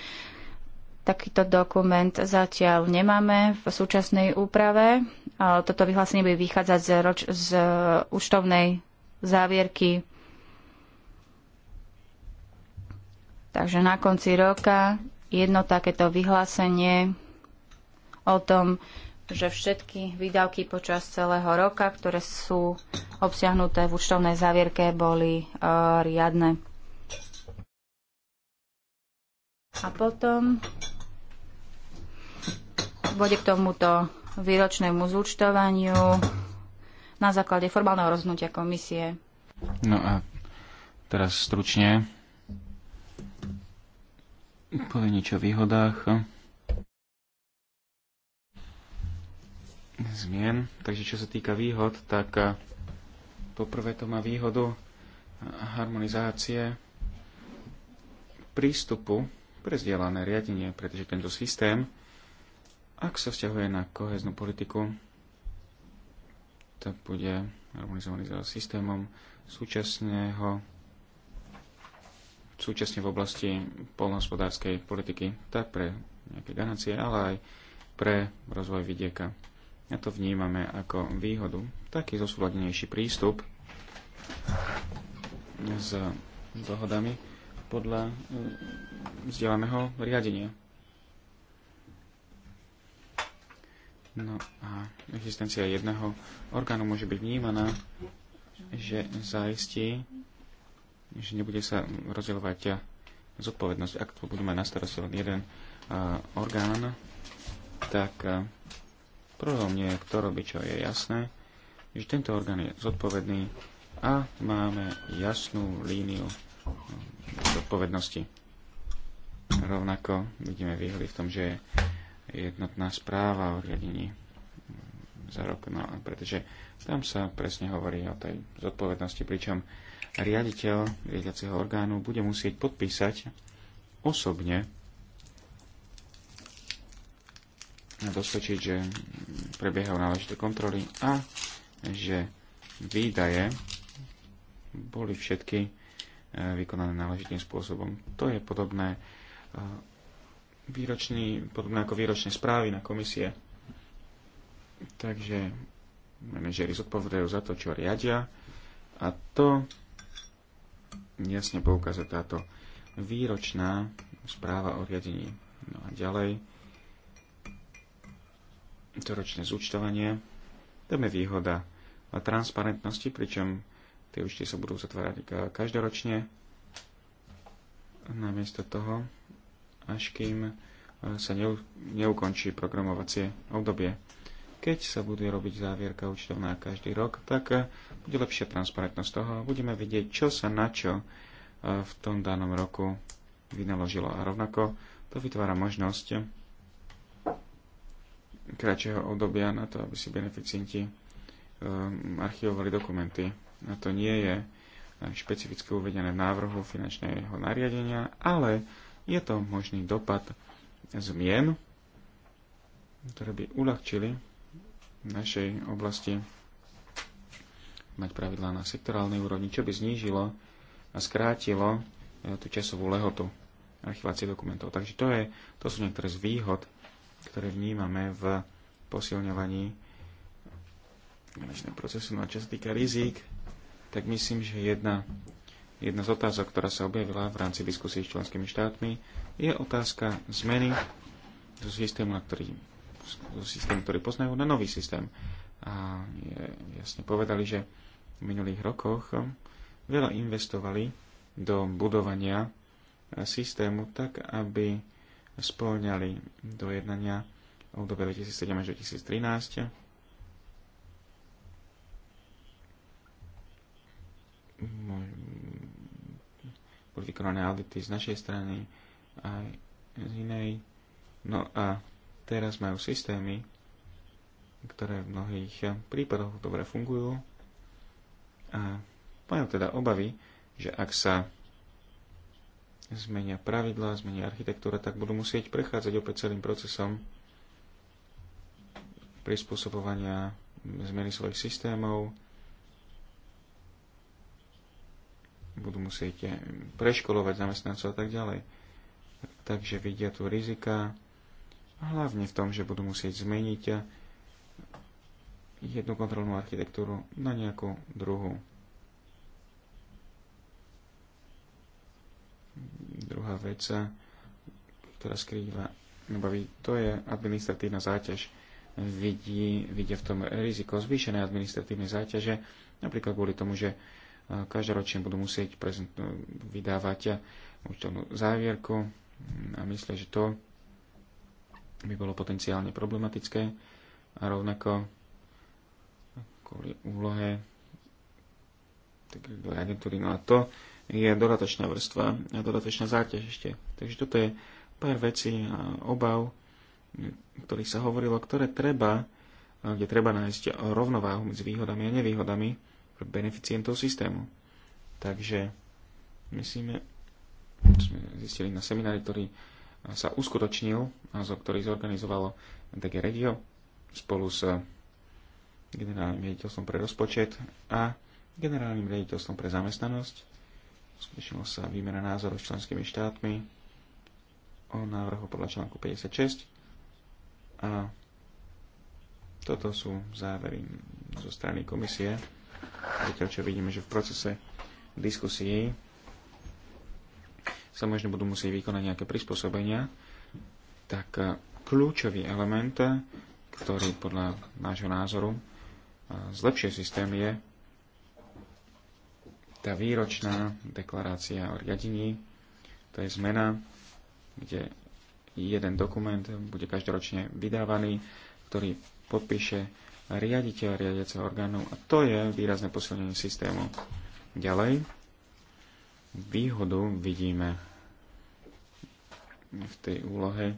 Takýto dokument zatiaľ nemáme v súčasnej úprave. A toto vyhlásenie bude vychádzať z, roč- z účtovnej závierky Takže na konci roka jedno takéto vyhlásenie o tom, že všetky výdavky počas celého roka, ktoré sú obsiahnuté v účtovnej závierke, boli uh, riadne. A potom bude k tomuto výročnému zúčtovaniu na základe formálneho rozhodnutia komisie. No a teraz stručne povie niečo o výhodách. zmien. Takže čo sa týka výhod, tak eh, poprvé to má výhodu eh, harmonizácie prístupu pre vzdielané riadenie, pretože tento systém, ak sa vzťahuje na koheznú politiku, tak bude harmonizovaný s systémom súčasného súčasne v oblasti polnohospodárskej politiky, tak pre nejaké garancie, ale aj pre rozvoj vidieka a to vnímame ako výhodu, taký zosúladenejší prístup s dohodami podľa e, vzdelaného riadenia. No a existencia jedného orgánu môže byť vnímaná, že zaistí, že nebude sa rozdielovať zodpovednosť. Ak to budú mať na starosti len jeden uh, orgán, tak uh, Problém nie je, kto robí čo. Je jasné, že tento orgán je zodpovedný a máme jasnú líniu um, zodpovednosti. Rovnako vidíme výhody v tom, že je jednotná správa o riadení um, za rok, no, pretože tam sa presne hovorí o tej zodpovednosti, pričom riaditeľ riadiaceho orgánu bude musieť podpísať osobne dosvedčiť, že prebiehajú náležité kontroly a že výdaje boli všetky e, vykonané náležitým spôsobom. To je podobné, e, výročný, podobné ako výročné správy na komisie. Takže manažeri zodpovedajú za to, čo riadia a to jasne poukáza táto výročná správa o riadení. No a ďalej to ročné zúčtovanie. Tam je výhoda transparentnosti, pričom tie účty sa budú zatvárať každoročne. Namiesto toho, až kým e, sa neukončí programovacie obdobie. Keď sa bude robiť závierka účtovná každý rok, tak e, bude lepšia transparentnosť toho a budeme vidieť, čo sa na čo e, v tom danom roku vynaložilo. A rovnako to vytvára možnosť kratšieho obdobia na to, aby si beneficienti eh, archivovali dokumenty. A to nie je špecificky uvedené v návrhu finančného nariadenia, ale je to možný dopad zmien, ktoré by uľahčili v našej oblasti mať pravidlá na sektorálnej úrovni, čo by znížilo a skrátilo eh, tú časovú lehotu archivácie dokumentov. Takže to, je, to sú niektoré z výhod ktoré vnímame v posilňovaní finančného procesu. No a čo sa týka rizík, tak myslím, že jedna, jedna z otázok, ktorá sa objavila v rámci diskusí s členskými štátmi, je otázka zmeny zo systému, na ktorý, zo systému, ktorý poznajú, na nový systém. A je, jasne povedali, že v minulých rokoch veľa investovali do budovania systému tak, aby spĺňali jednania v období 2007 až 2013. Boli vykonané audity z našej strany aj z inej. No a teraz majú systémy, ktoré v mnohých prípadoch dobre fungujú a majú teda obavy, že ak sa zmenia pravidlá, zmenia architektúra, tak budú musieť prechádzať opäť celým procesom prispôsobovania zmeny svojich systémov, budú musieť preškolovať zamestnancov a tak ďalej. Takže vidia tu rizika, hlavne v tom, že budú musieť zmeniť jednu kontrolnú architektúru na nejakú druhú. Druhá vec, eh, ktorá skrýva obavy, to je administratívna záťaž. Vidí, vidia v tom riziko zvýšenej administratívne záťaže, napríklad kvôli tomu, že eh, každoročne budú musieť prezent, vydávať eh, účtovnú závierku a myslia, že to by bolo potenciálne problematické a rovnako kvôli úlohe tak agentúry. No a to je dodatočná vrstva a dodatočná záťaž ešte. Takže toto je pár vecí a obav, o ktorých sa hovorilo, ktoré treba, kde treba nájsť rovnováhu medzi výhodami a nevýhodami pre beneficientov systému. Takže myslíme, sme zistili na seminári, ktorý sa uskutočnil, a ktorý zorganizovalo DG Regio spolu s generálnym riaditeľstvom pre rozpočet a generálnym riaditeľstvom pre zamestnanosť Skutočnilo sa výmena názorov s členskými štátmi o návrhu podľa článku 56 a toto sú závery zo strany komisie. Zatiaľ čo vidíme, že v procese diskusí sa možno budú musieť vykonať nejaké prispôsobenia, tak eh, kľúčový element, ktorý podľa nášho názoru eh, zlepšie systém je tá výročná deklarácia o riadení, to je zmena, kde jeden dokument bude každoročne vydávaný, ktorý podpíše riaditeľ riadiaceho orgánu a to je výrazné posilnenie systému. Ďalej, výhodu vidíme v tej úlohe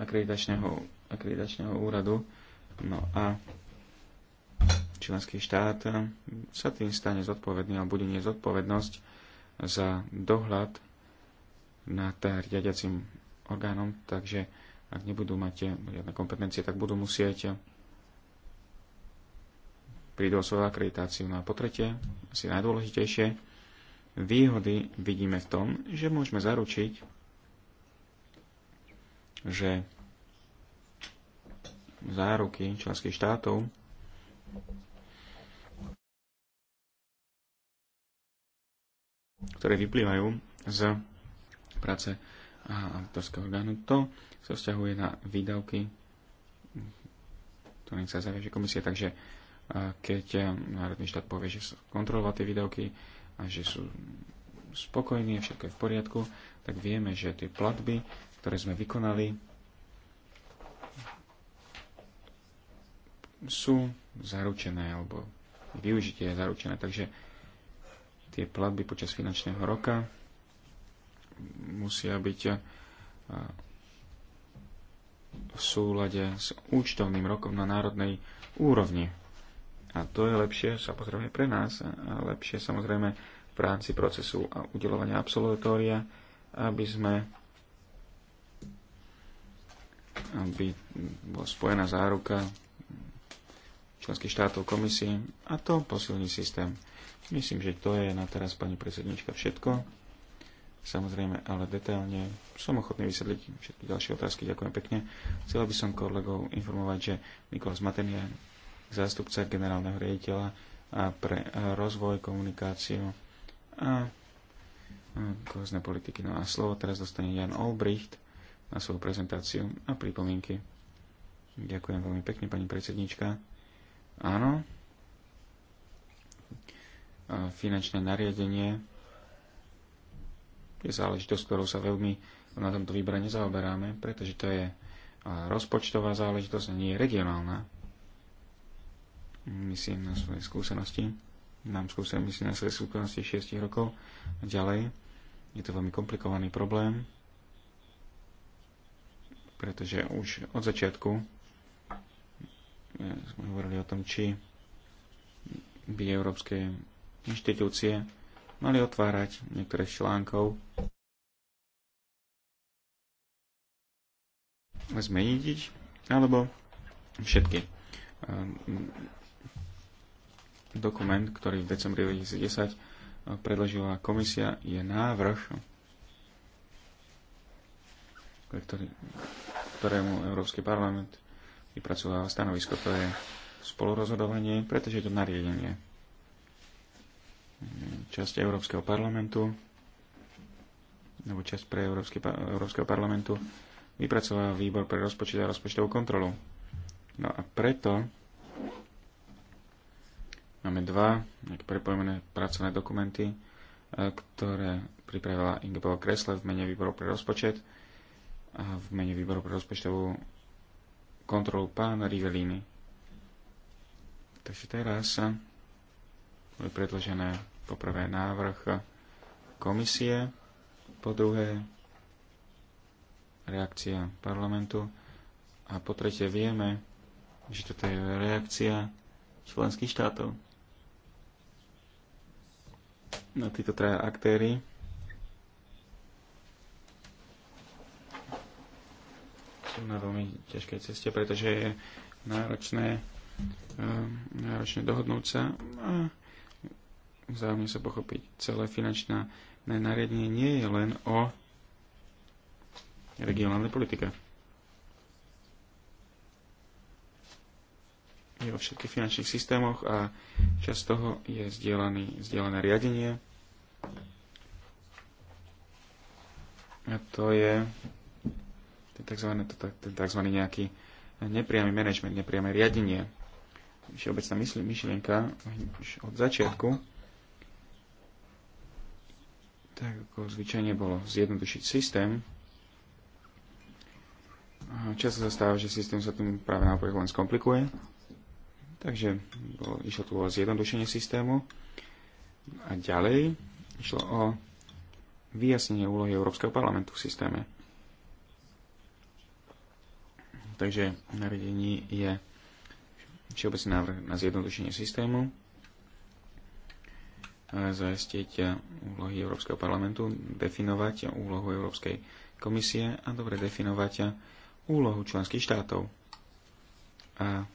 akreditačného, akreditačného úradu. No a členský štát sa tým stane zodpovedný a bude nie zodpovednosť za dohľad nad riadiacim orgánom, takže ak nebudú mať žiadne kompetencie, tak budú musieť prídu o svoju akreditáciu. No a po tretie, asi najdôležitejšie, výhody vidíme v tom, že môžeme zaručiť, že záruky členských štátov ktoré vyplývajú z práce autorského orgánu. To sa vzťahuje na výdavky, ktoré sa zaviaže komisie. Takže keď Národný štát povie, že kontroloval tie výdavky a že sú spokojní a všetko je v poriadku, tak vieme, že tie platby, ktoré sme vykonali, sú zaručené alebo využitie je zaručené. Takže tie platby počas finančného roka musia byť eh, v súlade s účtovným rokom na národnej úrovni. A to je lepšie samozrejme pre nás a lepšie samozrejme v rámci procesu a udelovania absolutória, aby sme aby bola spojená záruka členských štátov komisie a to posilní systém. Myslím, že to je na teraz, pani predsednička, všetko. Samozrejme, ale detailne som ochotný vysvetliť všetky ďalšie otázky. Ďakujem pekne. Chcela by som kolegov informovať, že Nikolás Matenia, zástupca generálneho riaditeľa a pre rozvoj, komunikáciu a kohozné politiky. No a slovo teraz dostane Jan Olbricht na svoju prezentáciu a pripomienky. Ďakujem veľmi pekne, pani predsednička. Áno, finančné nariadenie je záležitosť, ktorou sa veľmi na tomto výbere nezaoberáme, pretože to je rozpočtová záležitosť a nie je regionálna. Myslím na svoje skúsenosti, nám skúsen, myslím na svoje skúsenosti 6 rokov a ďalej. Je to veľmi komplikovaný problém, pretože už od začiatku e, sme hovorili o tom, či by európske inštitúcie mali otvárať niektoré článkov, zmeniť ich, alebo všetky. Ehm, dokument, ktorý v decembri 2010 e, predložila komisia, je návrh, ktorý, ktorému Európsky parlament vypracováva stanovisko, to je spolurozhodovanie, pretože je to nariadenie časť Európskeho parlamentu alebo časť pre Európsky, Európskeho parlamentu vypracoval výbor pre rozpočet a rozpočtovú kontrolu. No a preto máme dva prepojené pracovné dokumenty, e, ktoré pripravila Ingeborg Kresle v mene výboru pre rozpočet a v mene výboru pre rozpočtovú kontrolu pána rivelini. Takže teraz boli predložené poprvé návrh komisie, po druhé reakcia parlamentu a po tretie vieme, že toto je reakcia členských štátov. Na títo traja aktéry sú na veľmi ťažkej ceste, pretože je náročné, ehm, náročné dohodnúť sa a vzájomne sa pochopiť. Celé finančné nariadenie nie je len o regionálnej politike. Je o všetkých finančných systémoch a časť toho je zdieľané riadenie. A to je ten tzv. Ten tzv. nejaký nepriamy management, nepriame riadenie. Všeobecná myšlienka už od začiatku tak ako zvyčajne bolo zjednodušiť systém. často sa stáva, že systém sa tým práve naopak len skomplikuje. Takže bolo, išlo tu o zjednodušenie systému. A ďalej išlo o vyjasnenie úlohy Európskeho parlamentu v systéme. Takže nariadení je všeobecný návrh na zjednodušenie systému zajistiť e, úlohy Európskeho parlamentu, definovať úlohu Európskej komisie a dobre definovať e, úlohu členských štátov. A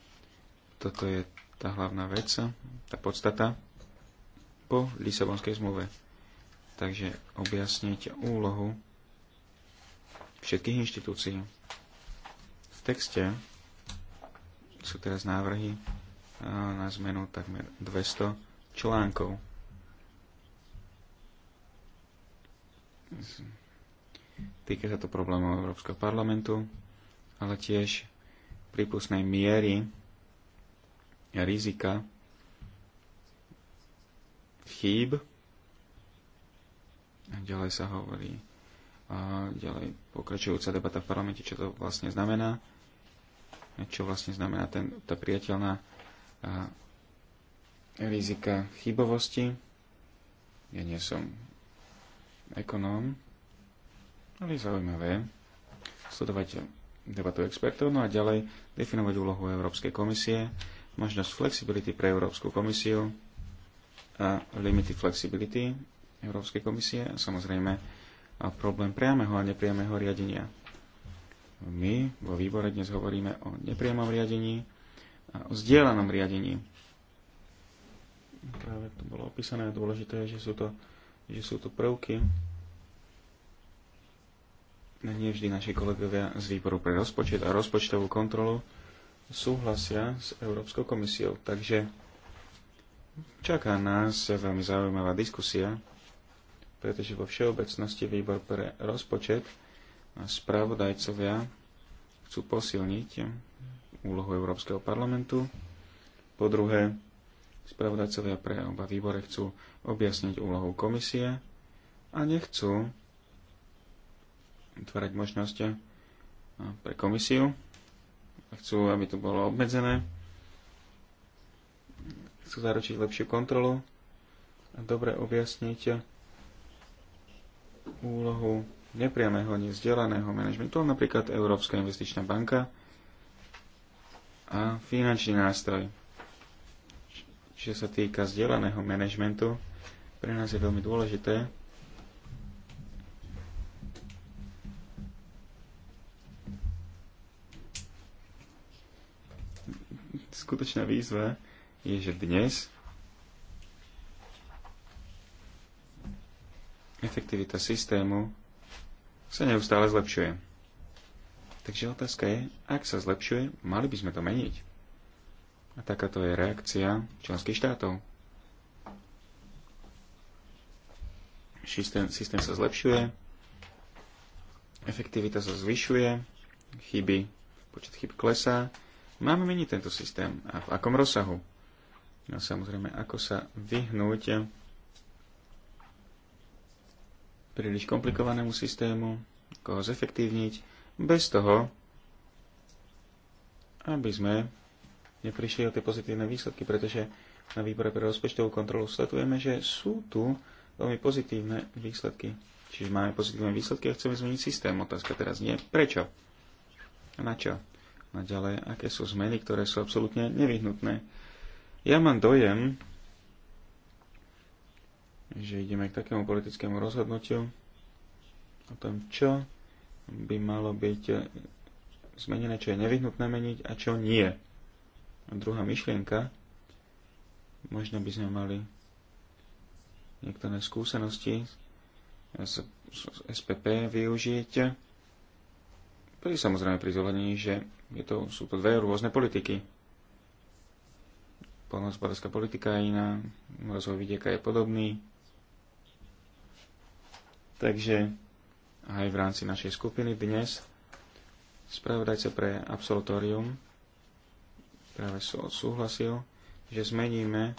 toto je tá hlavná vec, tá podstata po Lisabonskej zmluve. Takže objasniť úlohu všetkých inštitúcií. V texte sú teraz návrhy e, na zmenu takmer 200 článkov Týka sa to problémov Európskeho parlamentu, ale tiež prípustnej miery a rizika chýb. Ďalej sa hovorí a ďalej pokračujúca debata v parlamente, čo to vlastne znamená, čo vlastne znamená ten, tá priateľná a, rizika chybovosti. Ja nie som ekonóm, ale je zaujímavé sledovať debatu expertov, no a ďalej definovať úlohu Európskej komisie, možnosť flexibility pre Európsku komisiu a limity flexibility Európskej komisie a samozrejme a problém priameho a nepriameho riadenia. My vo výbore dnes hovoríme o nepriamom riadení a o zdieľanom riadení. Práve to bolo opísané a dôležité je, že sú to že sú tu prvky, na nie vždy naši kolegovia z výboru pre rozpočet a rozpočtovú kontrolu súhlasia s Európskou komisiou. Takže čaká nás veľmi zaujímavá diskusia, pretože vo všeobecnosti výbor pre rozpočet a spravodajcovia chcú posilniť úlohu Európskeho parlamentu. Po druhé, Spravodajcovia pre oba výbore chcú objasniť úlohu komisie a nechcú vytvárať možnosti eh, pre komisiu. Chcú, aby to bolo obmedzené. Chcú zaručiť lepšiu kontrolu a dobre objasniť úlohu nepriamého, nezdelaného manažmentu, napríklad Európska investičná banka a finančný nástroj čo sa týka zdieľaného manažmentu, pre nás je veľmi dôležité, skutočná výzva je, že dnes efektivita systému sa neustále zlepšuje. Takže otázka je, ak sa zlepšuje, mali by sme to meniť. A takáto je reakcia členských štátov. Systém, systém sa zlepšuje, efektivita sa zvyšuje, chyby, počet chyb klesá. Máme meniť tento systém a v akom rozsahu? No samozrejme, ako sa vyhnúť príliš komplikovanému systému, ako ho zefektívniť, bez toho, aby sme neprišli o tie pozitívne výsledky, pretože na výbore pre rozpočtovú kontrolu sledujeme, že sú tu veľmi pozitívne výsledky. Čiže máme pozitívne výsledky a chceme zmeniť systém. Otázka teraz nie. Prečo? Na čo? Na ďalej, aké sú zmeny, ktoré sú absolútne nevyhnutné. Ja mám dojem, že ideme k takému politickému rozhodnutiu o tom, čo by malo byť zmenené, čo je nevyhnutné meniť a čo nie druhá myšlienka. Možno by sme mali niektoré skúsenosti z, z SPP využiť. Pri samozrejme pri zohľadnení, že je to, sú to dve rôzne politiky. Polnohospodárska politika je iná, rozvoj vidieka je podobný. Takže aj v rámci našej skupiny dnes spravodajca pre absolutórium práve súhlasil, že zmeníme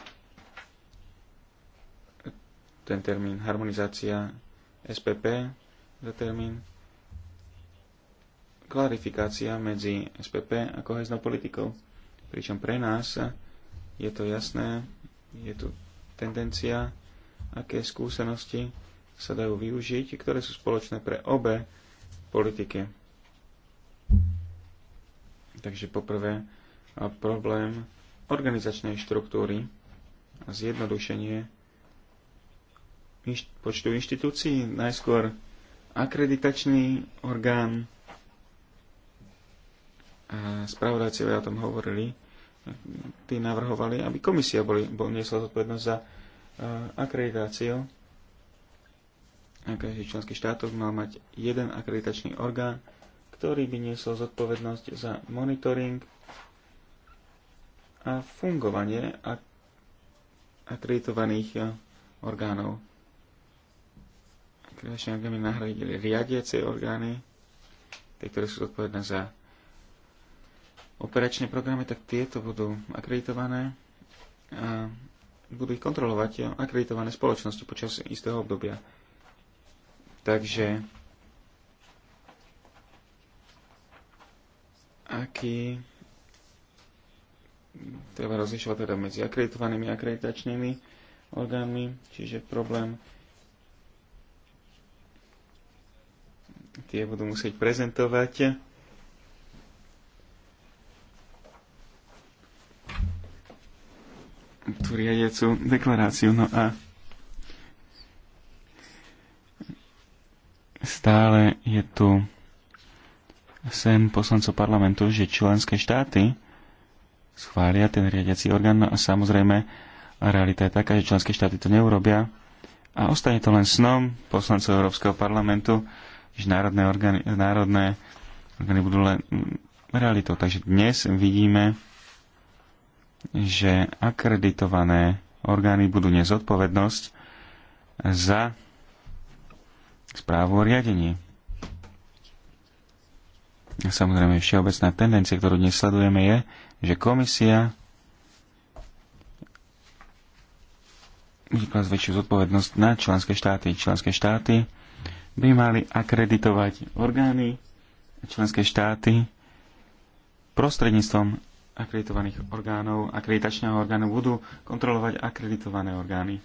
ten termín harmonizácia SPP za termín klarifikácia medzi SPP a koheznou politikou. Pričom pre nás je to jasné, je tu tendencia, aké skúsenosti sa dajú využiť, ktoré sú spoločné pre obe politiky. Takže poprvé problém organizačnej štruktúry a zjednodušenie počtu inštitúcií, najskôr akreditačný orgán, a spravodajci o tom hovorili, tí navrhovali, aby komisia boli, bol, niesla zodpovednosť za uh, akreditáciu. A každý členský štátok mal mať jeden akreditačný orgán, ktorý by niesol zodpovednosť za monitoring a fungovanie akreditovaných orgánov. Akreditačné orgány nahradili riadiace orgány, tie, ktoré sú zodpovedné za operačné programy, tak tieto budú akreditované a budú ich kontrolovať akreditované spoločnosti počas istého obdobia. Takže aký treba rozlišovať teda medzi akreditovanými a akreditačnými orgánmi, čiže problém tie budú musieť prezentovať tú riadiacu deklaráciu. No a stále je tu sem poslancov parlamentu, že členské štáty schvália ten riadiaci orgán. No a samozrejme, realita je taká, že členské štáty to neurobia a ostane to len snom poslancov Európskeho parlamentu, že národné orgány, národné orgány budú len realitou. Takže dnes vidíme, že akreditované orgány budú nezodpovednosť za správu o riadení. Samozrejme, všeobecná tendencia, ktorú dnes sledujeme, je, že komisia bude klas väčšiu zodpovednosť na členské štáty. Členské štáty by mali akreditovať orgány členské štáty prostredníctvom akreditovaných orgánov, akreditačného orgánu budú kontrolovať akreditované orgány.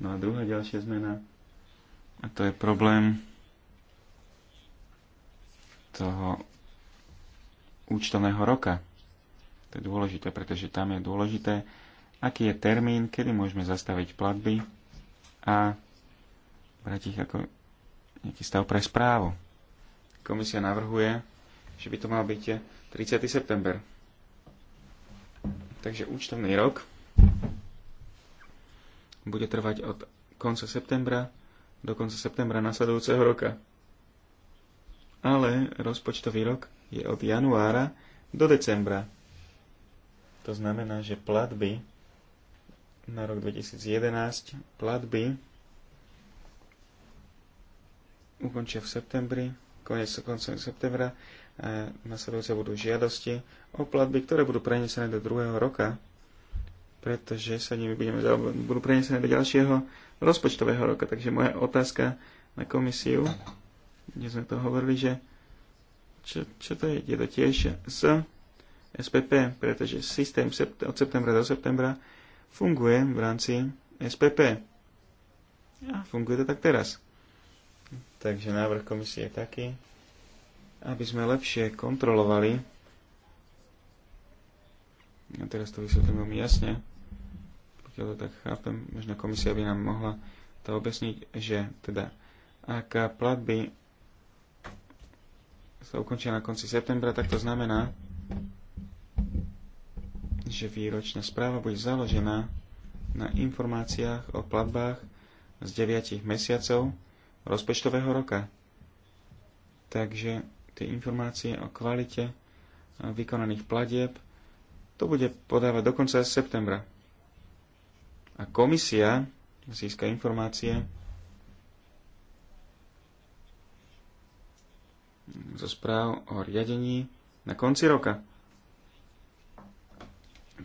No a druhá ďalšia zmena, a to je problém toho účtovného roka. To je dôležité, pretože tam je dôležité, aký je termín, kedy môžeme zastaviť platby a brať ich ako nejaký stav pre správu. Komisia navrhuje, že by to mal byť 30. september. Takže účtovný rok bude trvať od konca septembra do konca septembra nasledujúceho roka. Ale rozpočtový rok je od januára do decembra to znamená, že platby na rok 2011 platby ukončia v septembri, koniec koncom septembra a nasledujúce budú žiadosti o platby, ktoré budú prenesené do druhého roka, pretože sa nimi budeme budú prenesené do ďalšieho rozpočtového roka. Takže moja otázka na komisiu, kde sme to hovorili, že čo, čo to je, je to tiež z SPP, pretože systém od septembra do septembra funguje v rámci SPP. A funguje to tak teraz. Takže návrh komisie je taký, aby sme lepšie kontrolovali, a teraz to vysvetlím veľmi jasne, pokiaľ to tak chápem, možno komisia by nám mohla to objasniť, že teda ak platby sa ukončia na konci septembra, tak to znamená, že výročná správa bude založená na informáciách o platbách z 9 mesiacov rozpočtového roka. Takže tie informácie o kvalite vykonaných platieb to bude podávať do konca septembra. A komisia získa informácie zo správ o riadení na konci roka.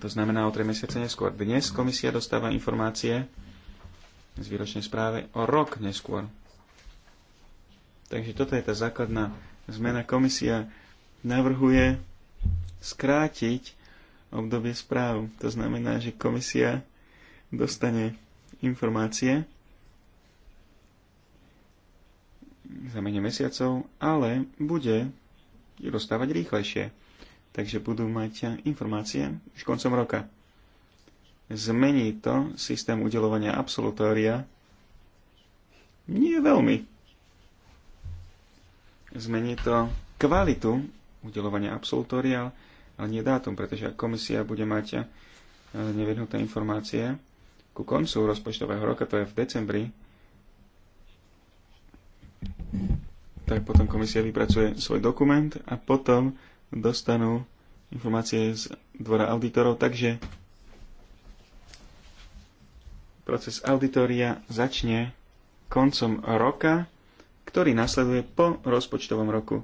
To znamená o 3 mesiace neskôr. Dnes komisia dostáva informácie z výročnej správy o rok neskôr. Takže toto je tá základná zmena. Komisia navrhuje skrátiť obdobie správ. To znamená, že komisia dostane informácie za menej mesiacov, ale bude dostávať rýchlejšie takže budú mať informácie už koncom roka. Zmení to systém udelovania absolutória? Nie veľmi. Zmení to kvalitu udelovania absolutória, ale nie dátum, pretože ak komisia bude mať eh, nevednuté informácie ku koncu rozpočtového roka, to je v decembri, tak potom komisia vypracuje svoj dokument a potom dostanú informácie z dvora auditorov, takže proces auditoria začne koncom roka, ktorý nasleduje po rozpočtovom roku.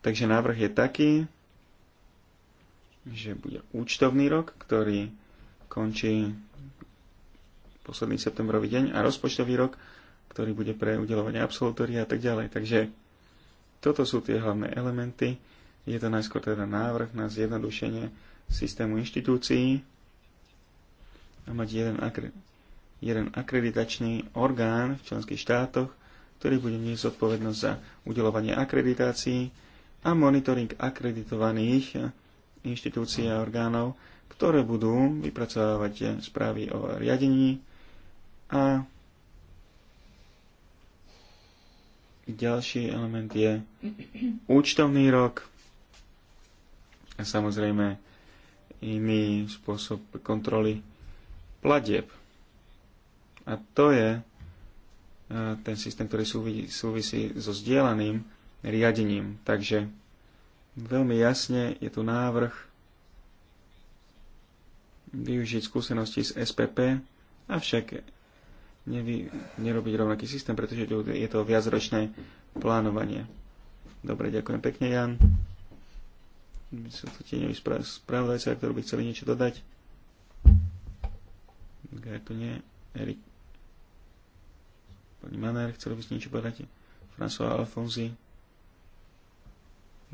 Takže návrh je taký, že bude účtovný rok, ktorý končí posledný septembrový deň a rozpočtový rok, ktorý bude pre udelovanie absolutória a tak ďalej. Takže toto sú tie hlavné elementy je to najskôr teda návrh na zjednodušenie systému inštitúcií a mať jeden, akre, jeden akreditačný orgán v členských štátoch, ktorý bude niesť zodpovednosť za udelovanie akreditácií a monitoring akreditovaných inštitúcií a orgánov, ktoré budú vypracovávať správy o riadení a ďalší element je účtovný rok, a samozrejme iný spôsob kontroly platieb. A to je e, ten systém, ktorý súvisí so zdieľaným riadením. Takže veľmi jasne je tu návrh využiť skúsenosti z SPP, avšak nevy, nerobiť rovnaký systém, pretože je to viacročné plánovanie. Dobre, ďakujem pekne, Jan by som tu tieňový spravodajca, ktorý by chceli niečo dodať. Ak tu nie, Erik. Pani Manér, chceli by ste niečo povedať? François Alfonzi.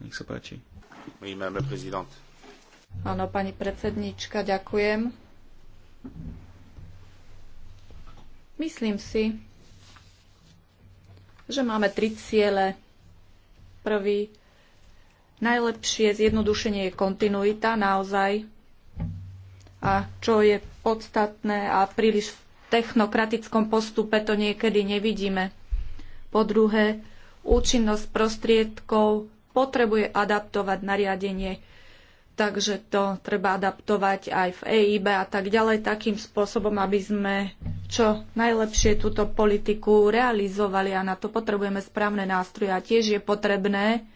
Nech sa páči. Oui, madame la présidente. Áno, pani predsednička, ďakujem. Myslím si, že máme tri ciele. Prvý, Najlepšie zjednodušenie je kontinuita naozaj. A čo je podstatné a príliš v technokratickom postupe to niekedy nevidíme. Po druhé, účinnosť prostriedkov potrebuje adaptovať nariadenie takže to treba adaptovať aj v EIB a tak ďalej takým spôsobom, aby sme čo najlepšie túto politiku realizovali a na to potrebujeme správne nástroje a tiež je potrebné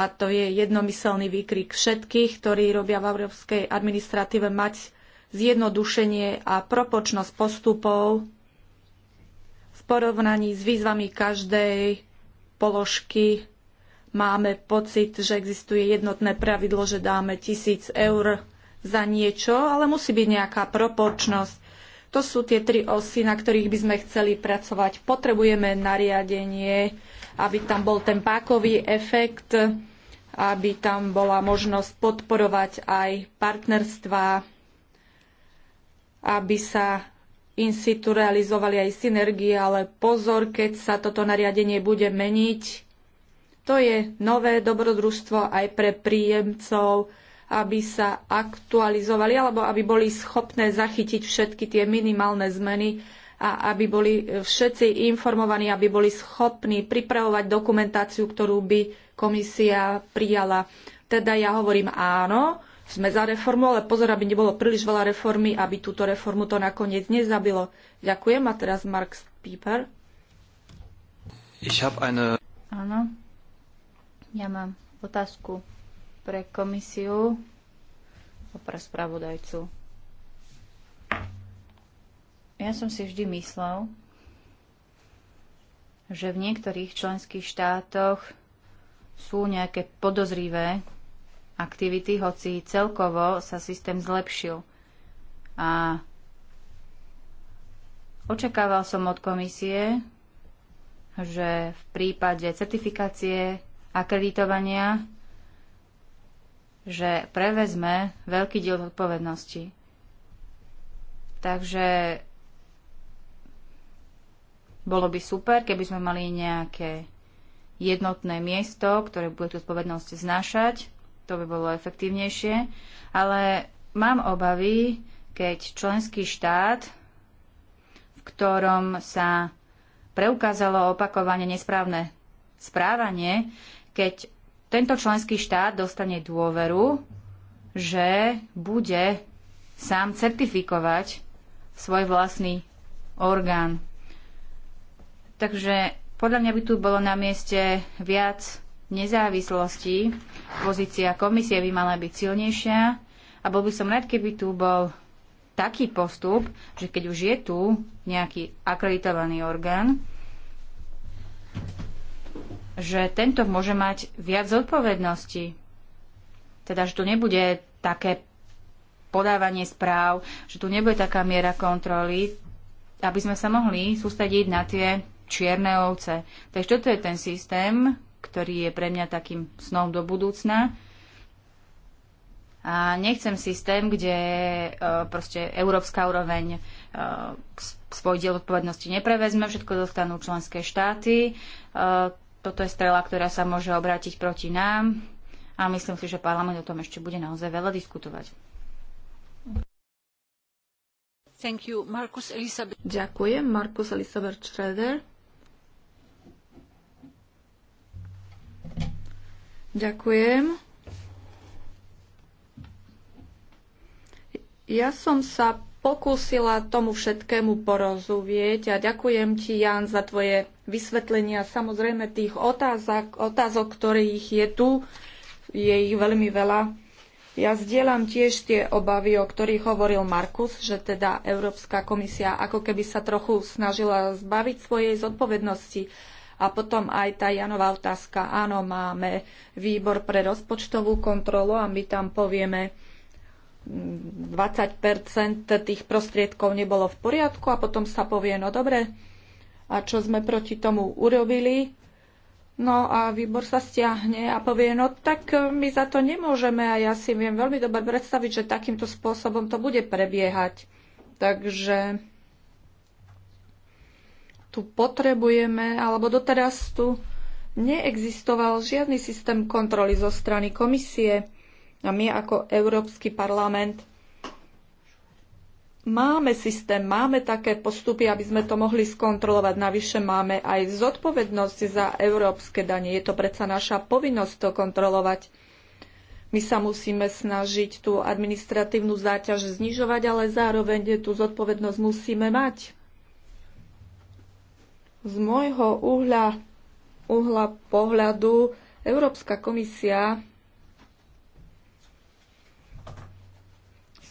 a to je jednomyselný výkrik všetkých, ktorí robia v európskej administratíve mať zjednodušenie a propočnosť postupov v porovnaní s výzvami každej položky. Máme pocit, že existuje jednotné pravidlo, že dáme tisíc eur za niečo, ale musí byť nejaká propočnosť. To sú tie tri osy, na ktorých by sme chceli pracovať. Potrebujeme nariadenie, aby tam bol ten pákový efekt aby tam bola možnosť podporovať aj partnerstva, aby sa in situ realizovali aj synergie, ale pozor, keď sa toto nariadenie bude meniť, to je nové dobrodružstvo aj pre príjemcov, aby sa aktualizovali alebo aby boli schopné zachytiť všetky tie minimálne zmeny, a aby boli e, všetci informovaní, aby boli schopní pripravovať dokumentáciu, ktorú by komisia prijala. Teda ja hovorím áno, sme za reformu, ale pozor, aby nebolo príliš veľa reformy, aby túto reformu to nakoniec nezabilo. Ďakujem a teraz Mark Pieper. Ich hab eine... Áno. Ja mám otázku pre komisiu a pre spravodajcu. Ja som si vždy myslel, že v niektorých členských štátoch sú nejaké podozrivé aktivity, hoci celkovo sa systém zlepšil. A očakával som od komisie, že v prípade certifikácie akreditovania, že prevezme veľký diel zodpovednosti. Takže bolo by super, keby sme mali nejaké jednotné miesto, ktoré bude tú zodpovednosť znášať. To by bolo efektívnejšie. Ale mám obavy, keď členský štát, v ktorom sa preukázalo opakovanie nesprávne správanie, keď tento členský štát dostane dôveru, že bude sám certifikovať svoj vlastný orgán Takže podľa mňa by tu bolo na mieste viac nezávislosti. Pozícia komisie by mala byť silnejšia a bol by som rád, keby tu bol taký postup, že keď už je tu nejaký akreditovaný orgán, že tento môže mať viac zodpovednosti. Teda, že tu nebude také podávanie správ, že tu nebude taká miera kontroly, aby sme sa mohli sústrediť na tie čierne ovce. Takže toto je ten systém, ktorý je pre mňa takým snom do budúcna. A nechcem systém, kde e, proste európska úroveň e, svoj diel odpovednosti neprevezme, všetko dostanú členské štáty. E, toto je strela, ktorá sa môže obrátiť proti nám a myslím si, že parlament o tom ešte bude naozaj veľa diskutovať. Thank you, Marcus Elizabeth. Ďakujem, Markus Elisabeth Schroeder. Ďakujem. Ja som sa pokúsila tomu všetkému porozumieť a ďakujem ti, Jan, za tvoje vysvetlenia. Samozrejme, tých otázok, otázok ktorých je tu, je ich veľmi veľa. Ja zdieľam tiež tie obavy, o ktorých hovoril Markus, že teda Európska komisia ako keby sa trochu snažila zbaviť svojej zodpovednosti. A potom aj tá Janová otázka. Áno, máme výbor pre rozpočtovú kontrolu a my tam povieme, 20 mm, tých prostriedkov nebolo v poriadku a potom sa povie, no dobre, a čo sme proti tomu urobili, No a výbor sa stiahne a povie, no tak e, my za to nemôžeme a ja si viem veľmi dobre predstaviť, že takýmto spôsobom to bude prebiehať. Takže tu potrebujeme, alebo doteraz tu neexistoval žiadny systém kontroly zo strany komisie. A my ako Európsky parlament máme systém, máme také postupy, aby sme to mohli skontrolovať. Navyše máme aj zodpovednosť za európske danie. Je to predsa naša povinnosť to kontrolovať. My sa musíme snažiť tú administratívnu záťaž znižovať, ale zároveň tú zodpovednosť musíme mať. Z môjho uhla, uhla pohľadu Európska komisia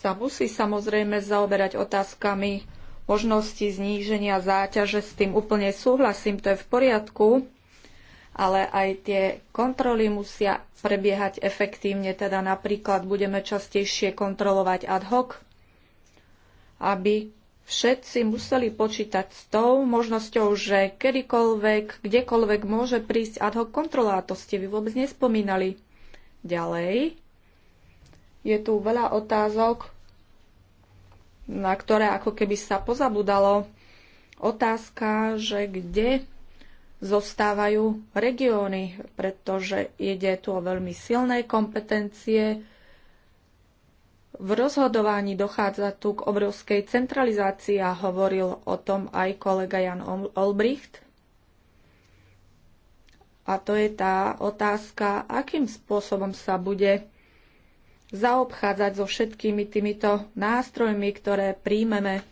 sa musí samozrejme zaoberať otázkami možnosti zníženia záťaže. S tým úplne súhlasím, to je v poriadku, ale aj tie kontroly musia prebiehať efektívne, teda napríklad budeme častejšie kontrolovať ad hoc, aby všetci museli počítať s tou možnosťou, že kedykoľvek, kdekoľvek môže prísť ad hoc kontrola. A to ste vy vôbec nespomínali. Ďalej. Je tu veľa otázok, na ktoré ako keby sa pozabudalo. Otázka, že kde zostávajú regióny, pretože ide tu o veľmi silné kompetencie, v rozhodovaní dochádza tu k obrovskej centralizácii a hovoril o tom aj kolega Jan Olbricht. A to je tá otázka, akým spôsobom sa bude zaobchádzať so všetkými týmito nástrojmi, ktoré príjmeme,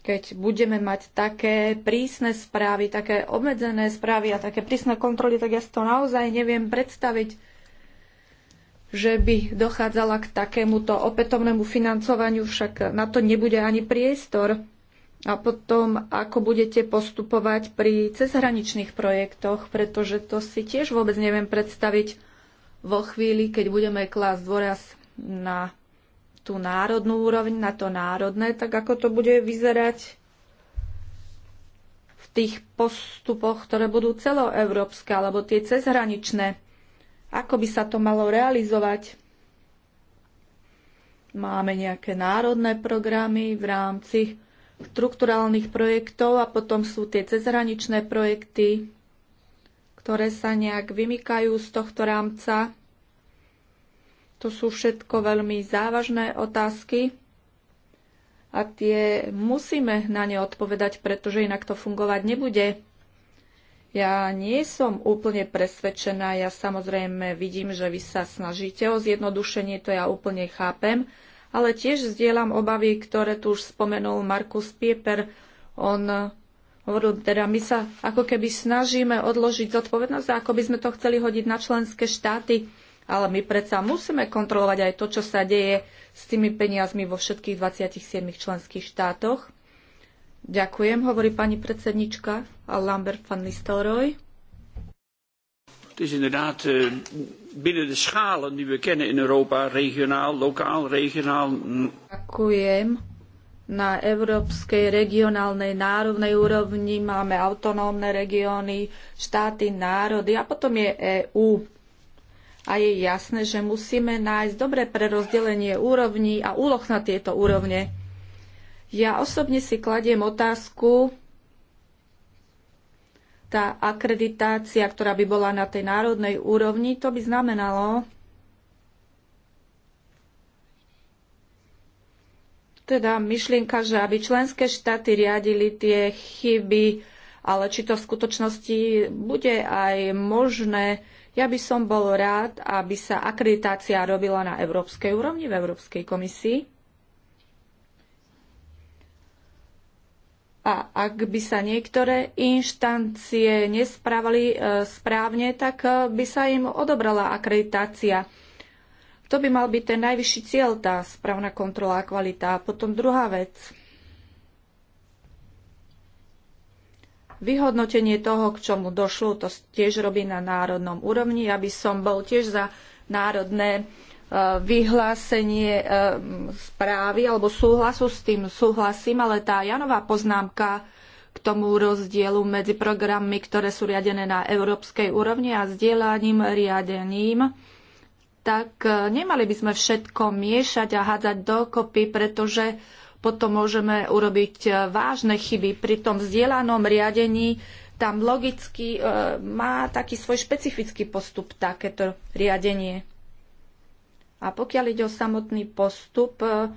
keď budeme mať také prísne správy, také obmedzené správy a také prísne kontroly, tak ja si to naozaj neviem predstaviť že by dochádzala k takémuto opätovnému financovaniu, však na to nebude ani priestor. A potom, ako budete postupovať pri cezhraničných projektoch, pretože to si tiež vôbec neviem predstaviť vo chvíli, keď budeme klásť dôraz na tú národnú úroveň, na to národné, tak ako to bude vyzerať v tých postupoch, ktoré budú celoevropské, alebo tie cezhraničné. Ako by sa to malo realizovať? Máme nejaké národné programy v rámci štrukturálnych projektov a potom sú tie cezhraničné projekty, ktoré sa nejak vymykajú z tohto rámca. To sú všetko veľmi závažné otázky a tie musíme na ne odpovedať, pretože inak to fungovať nebude. Ja nie som úplne presvedčená, ja samozrejme vidím, že vy sa snažíte o zjednodušenie, to ja úplne chápem, ale tiež zdieľam obavy, ktoré tu už spomenul Markus Pieper. On hovoril, teda my sa ako keby snažíme odložiť zodpovednosť, ako by sme to chceli hodiť na členské štáty, ale my predsa musíme kontrolovať aj to, čo sa deje s tými peniazmi vo všetkých 27 členských štátoch. Ďakujem, hovorí pani predsednička Lambert van Nistelrooy. Het is inderdaad eh, binnen de schalen die we kennen in Europa, regionaal, lokaal, regionaal. Mm. Ďakujem. Na európskej, regionálnej, národnej úrovni máme autonómne regióny, štáty, národy a potom je EÚ. A je jasné, že musíme nájsť dobré prerozdelenie úrovní a úloh na tieto úrovne ja osobne si kladiem otázku, tá akreditácia, ktorá by bola na tej národnej úrovni, to by znamenalo, teda myšlienka, že aby členské štáty riadili tie chyby, ale či to v skutočnosti bude aj možné, ja by som bol rád, aby sa akreditácia robila na európskej úrovni, v Európskej komisii. A ak by sa niektoré inštancie nesprávali e, správne, tak e, by sa im odobrala akreditácia. To by mal byť ten najvyšší cieľ, tá správna kontrola a kvalita. A potom druhá vec. Vyhodnotenie toho, k čomu došlo, to tiež robí na národnom úrovni. Ja by som bol tiež za národné vyhlásenie eh, správy alebo súhlasu s tým súhlasím, ale tá Janová poznámka k tomu rozdielu medzi programmi, ktoré sú riadené na európskej úrovni a sdielaním riadením, tak eh, nemali by sme všetko miešať a hádzať dokopy, pretože potom môžeme urobiť eh, vážne chyby. Pri tom vzdielanom riadení tam logicky má taký svoj špecifický postup takéto riadenie. A pokiaľ ide o samotný postup, e,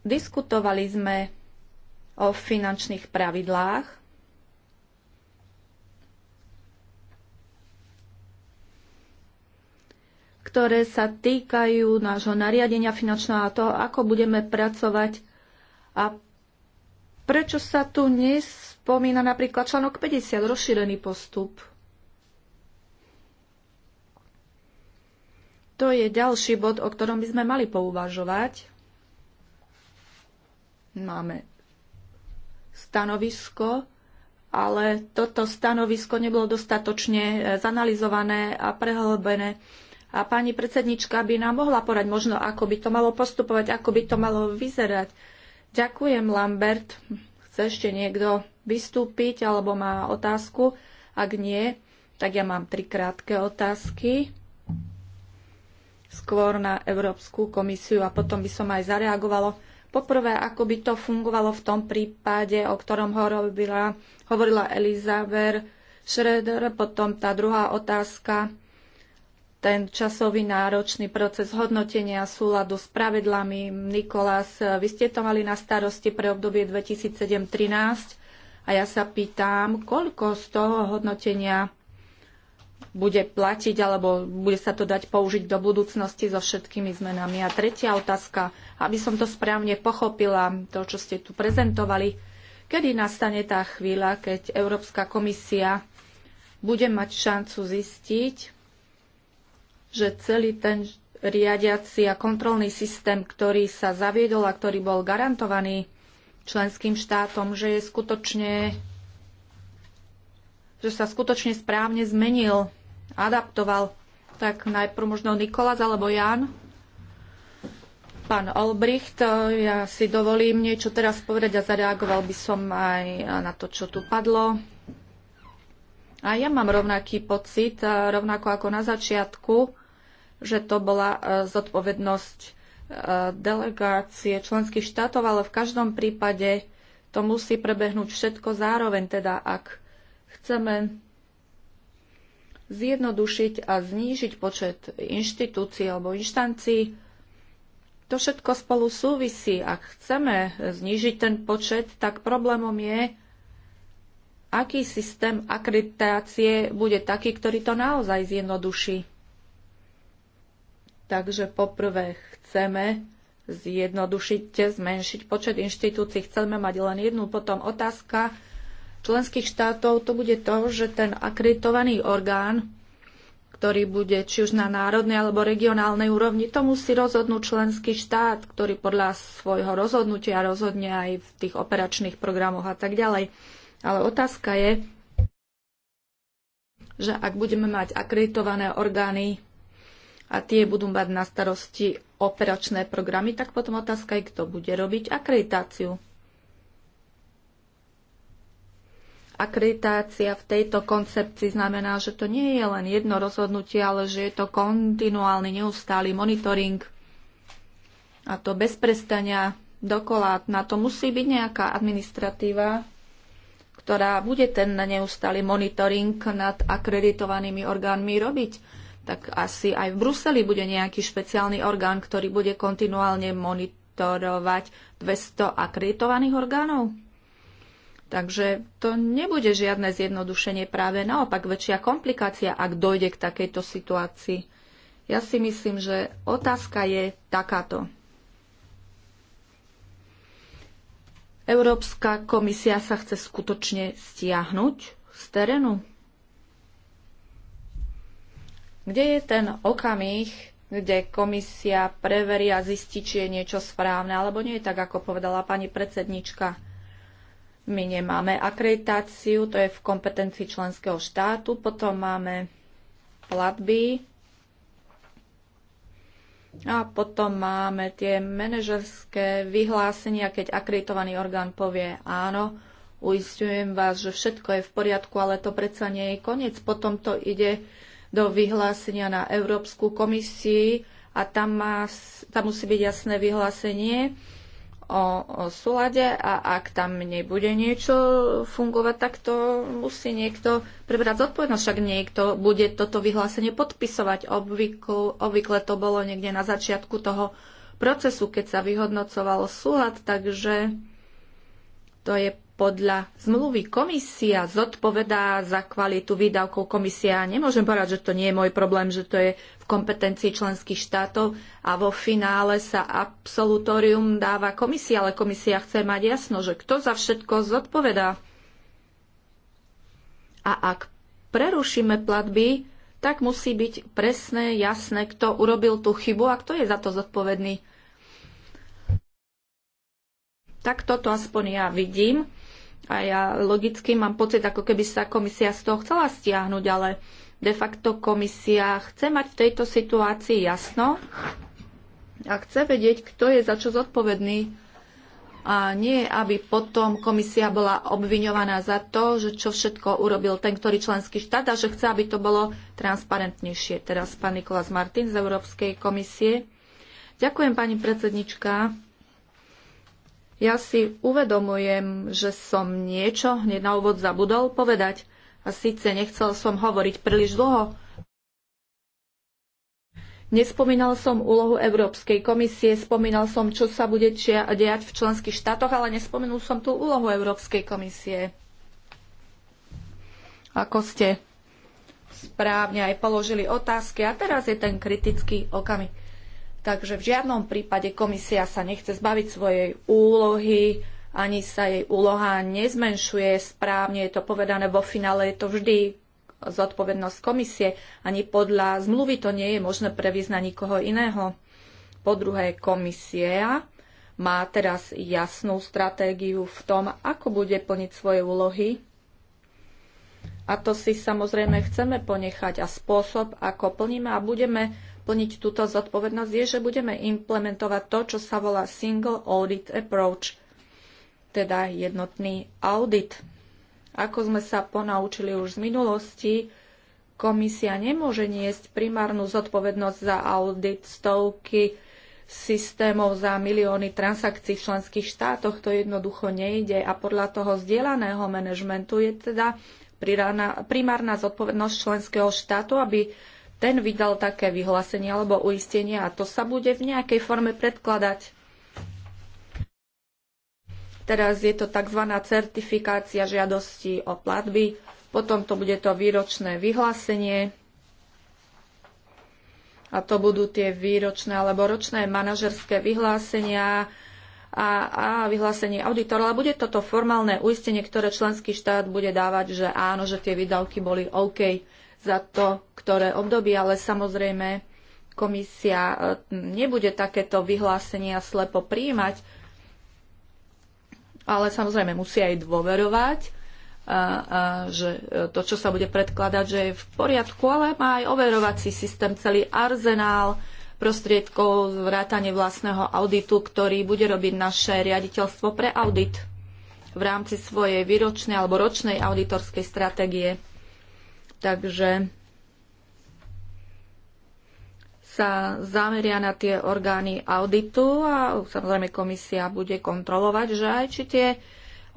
diskutovali sme o finančných pravidlách. ktoré sa týkajú nášho nariadenia finančného a toho, ako budeme pracovať a prečo sa tu nespomína napríklad článok 50, rozšírený postup. To je ďalší bod, o ktorom by sme mali pouvažovať. Máme stanovisko, ale toto stanovisko nebolo dostatočne e, zanalizované a prehlbené. A pani predsednička by nám mohla porať možno, ako by to malo postupovať, ako by to malo vyzerať. Ďakujem, Lambert. Chce ešte niekto vystúpiť alebo má otázku? Ak nie, tak ja mám tri krátke otázky skôr na Európsku komisiu a potom by som aj zareagovalo. Poprvé, ako by to fungovalo v tom prípade, o ktorom hovorila, hovorila Elizaver Schroeder, potom tá druhá otázka, ten časový náročný proces hodnotenia súladu s pravidlami. Nikolás, vy ste to mali na starosti pre obdobie 2007-2013 a ja sa pýtam, koľko z toho hodnotenia bude platiť alebo bude sa to dať použiť do budúcnosti so všetkými zmenami. A tretia otázka, aby som to správne pochopila, to, čo ste tu prezentovali, kedy nastane tá chvíľa, keď Európska komisia bude mať šancu zistiť, že celý ten riadiaci a kontrolný systém, ktorý sa zaviedol a ktorý bol garantovaný členským štátom, že je skutočne že sa skutočne správne zmenil adaptoval. Tak najprv možno Nikolás alebo Jan. Pán Olbricht, e, ja si dovolím niečo teraz povedať a zareagoval by som aj na to, čo tu padlo. A ja mám rovnaký pocit, e, rovnako ako na začiatku, že to bola e, zodpovednosť delegácie členských štátov, ale v každom prípade to musí prebehnúť všetko zároveň, teda ak chceme zjednodušiť a znížiť počet inštitúcií alebo inštancií. To všetko spolu súvisí. Ak chceme znížiť ten počet, tak problémom je, aký systém akreditácie bude taký, ktorý to naozaj zjednoduší. Takže poprvé chceme zjednodušiť, zmenšiť počet inštitúcií, chceme mať len jednu. Potom otázka, členských štátov, to bude to, že ten akreditovaný orgán, ktorý bude či už na národnej alebo regionálnej úrovni, to musí rozhodnúť členský štát, ktorý podľa svojho rozhodnutia rozhodne aj v tých operačných programoch a tak ďalej. Ale otázka je, že ak budeme mať akreditované orgány a tie budú mať na starosti operačné programy, tak potom otázka je, kto bude robiť akreditáciu. Akreditácia v tejto koncepcii znamená, že to nie je len jedno rozhodnutie, ale že je to kontinuálny, neustály monitoring a to bez prestania dokola. Na to musí byť nejaká administratíva, ktorá bude ten neustály monitoring nad akreditovanými orgánmi robiť. Tak asi aj v Bruseli bude nejaký špeciálny orgán, ktorý bude kontinuálne monitorovať 200 akreditovaných orgánov. Takže to nebude žiadne zjednodušenie, práve naopak väčšia komplikácia, ak dojde k takejto situácii. Ja si myslím, že otázka je takáto. Európska komisia sa chce skutočne stiahnuť z terénu? Kde je ten okamih, kde komisia preveria a zistí, či je niečo správne alebo nie, je tak ako povedala pani predsednička? My nemáme akreditáciu, to je v kompetencii členského štátu. Potom máme platby a potom máme tie manažerské vyhlásenia, keď akreditovaný orgán povie áno, uistujem vás, že všetko je v poriadku, ale to predsa nie je koniec. Potom to ide do vyhlásenia na Európsku komisii a tam, má, tam musí byť jasné vyhlásenie, o, o súlade a ak tam nebude niečo fungovať, tak to musí niekto prebrať zodpovednosť. Však niekto bude toto vyhlásenie podpisovať. Obvykl, obvykle to bolo niekde na začiatku toho procesu, keď sa vyhodnocoval súlad, takže to je podľa zmluvy komisia zodpovedá za kvalitu výdavkov komisia. Nemôžem povedať, že to nie je môj problém, že to je v kompetencii členských štátov a vo finále sa absolutórium dáva komisia, ale komisia chce mať jasno, že kto za všetko zodpovedá. A ak prerušíme platby, tak musí byť presné, jasné, kto urobil tú chybu a kto je za to zodpovedný. Tak toto aspoň ja vidím a ja logicky mám pocit, ako keby sa komisia z toho chcela stiahnuť, ale de facto komisia chce mať v tejto situácii jasno a chce vedieť, kto je za čo zodpovedný. A nie, aby potom komisia bola obviňovaná za to, že čo všetko urobil ten, ktorý členský štát a že chce, aby to bolo transparentnejšie. Teraz pán Nikolás Martin z Európskej komisie. Ďakujem, pani predsednička. Ja si uvedomujem, že som niečo hneď na úvod zabudol povedať. A síce nechcel som hovoriť príliš dlho. Nespomínal som úlohu Európskej komisie, spomínal som, čo sa bude dejať v členských štátoch, ale nespomenul som tú úlohu Európskej komisie. Ako ste správne aj položili otázky a teraz je ten kritický okamih Takže v žiadnom prípade komisia sa nechce zbaviť svojej úlohy, ani sa jej úloha nezmenšuje správne, je to povedané vo finále, je to vždy zodpovednosť komisie, ani podľa zmluvy to nie je možné prevísť na nikoho iného. Po druhé, komisia má teraz jasnú stratégiu v tom, ako bude plniť svoje úlohy. A to si samozrejme chceme ponechať a spôsob, ako plníme a budeme plniť túto zodpovednosť, je, že budeme implementovať to, čo sa volá Single Audit Approach, teda jednotný audit. Ako sme sa ponaučili už z minulosti, komisia nemôže niesť primárnu zodpovednosť za audit stovky systémov za milióny transakcií v členských štátoch. To jednoducho nejde a podľa toho zdieľaného manažmentu je teda primárna zodpovednosť členského štátu, aby ten vydal také vyhlásenie alebo uistenie a to sa bude v nejakej forme predkladať. Teraz je to tzv. certifikácia žiadosti o platby, potom to bude to výročné vyhlásenie a to budú tie výročné alebo ročné manažerské vyhlásenia a, a vyhlásenie auditora, ale bude toto formálne uistenie, ktoré členský štát bude dávať, že áno, že tie výdavky boli OK za to, ktoré obdobie, ale samozrejme komisia e, nebude takéto vyhlásenia slepo príjmať, ale samozrejme musí aj dôverovať, a, e, a, e, že to, čo sa bude predkladať, že je v poriadku, ale má aj overovací systém, celý arzenál prostriedkov, vrátane vlastného auditu, ktorý bude robiť naše riaditeľstvo pre audit v rámci svojej výročnej alebo ročnej auditorskej stratégie. Takže sa zameria na tie orgány auditu a samozrejme komisia bude kontrolovať, že aj či tie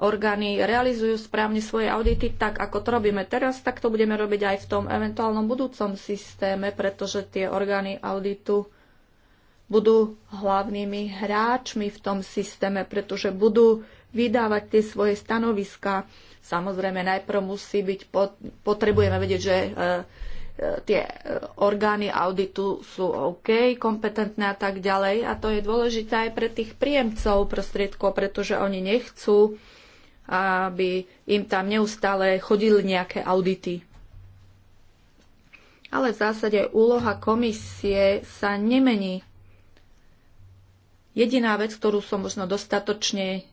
orgány realizujú správne svoje audity, tak ako to robíme teraz, tak to budeme robiť aj v tom eventuálnom budúcom systéme, pretože tie orgány auditu budú hlavnými hráčmi v tom systéme, pretože budú vydávať tie svoje stanoviská. Samozrejme, najprv musí byť, potrebujeme vedieť, že e, e, tie e, orgány auditu sú OK, kompetentné a tak ďalej. A to je dôležité aj pre tých príjemcov prostriedkov, pretože oni nechcú, aby im tam neustále chodili nejaké audity. Ale v zásade úloha komisie sa nemení. Jediná vec, ktorú som možno dostatočne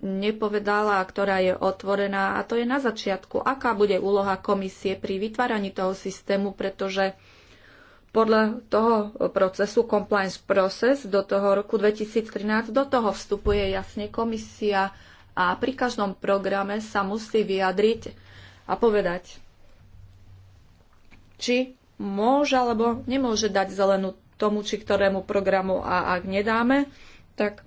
nepovedala a ktorá je otvorená. A to je na začiatku, aká bude úloha komisie pri vytváraní toho systému, pretože podľa toho procesu, compliance process, do toho roku 2013, do toho vstupuje jasne komisia a pri každom programe sa musí vyjadriť a povedať, či môže alebo nemôže dať zelenú tomu či ktorému programu a ak nedáme, tak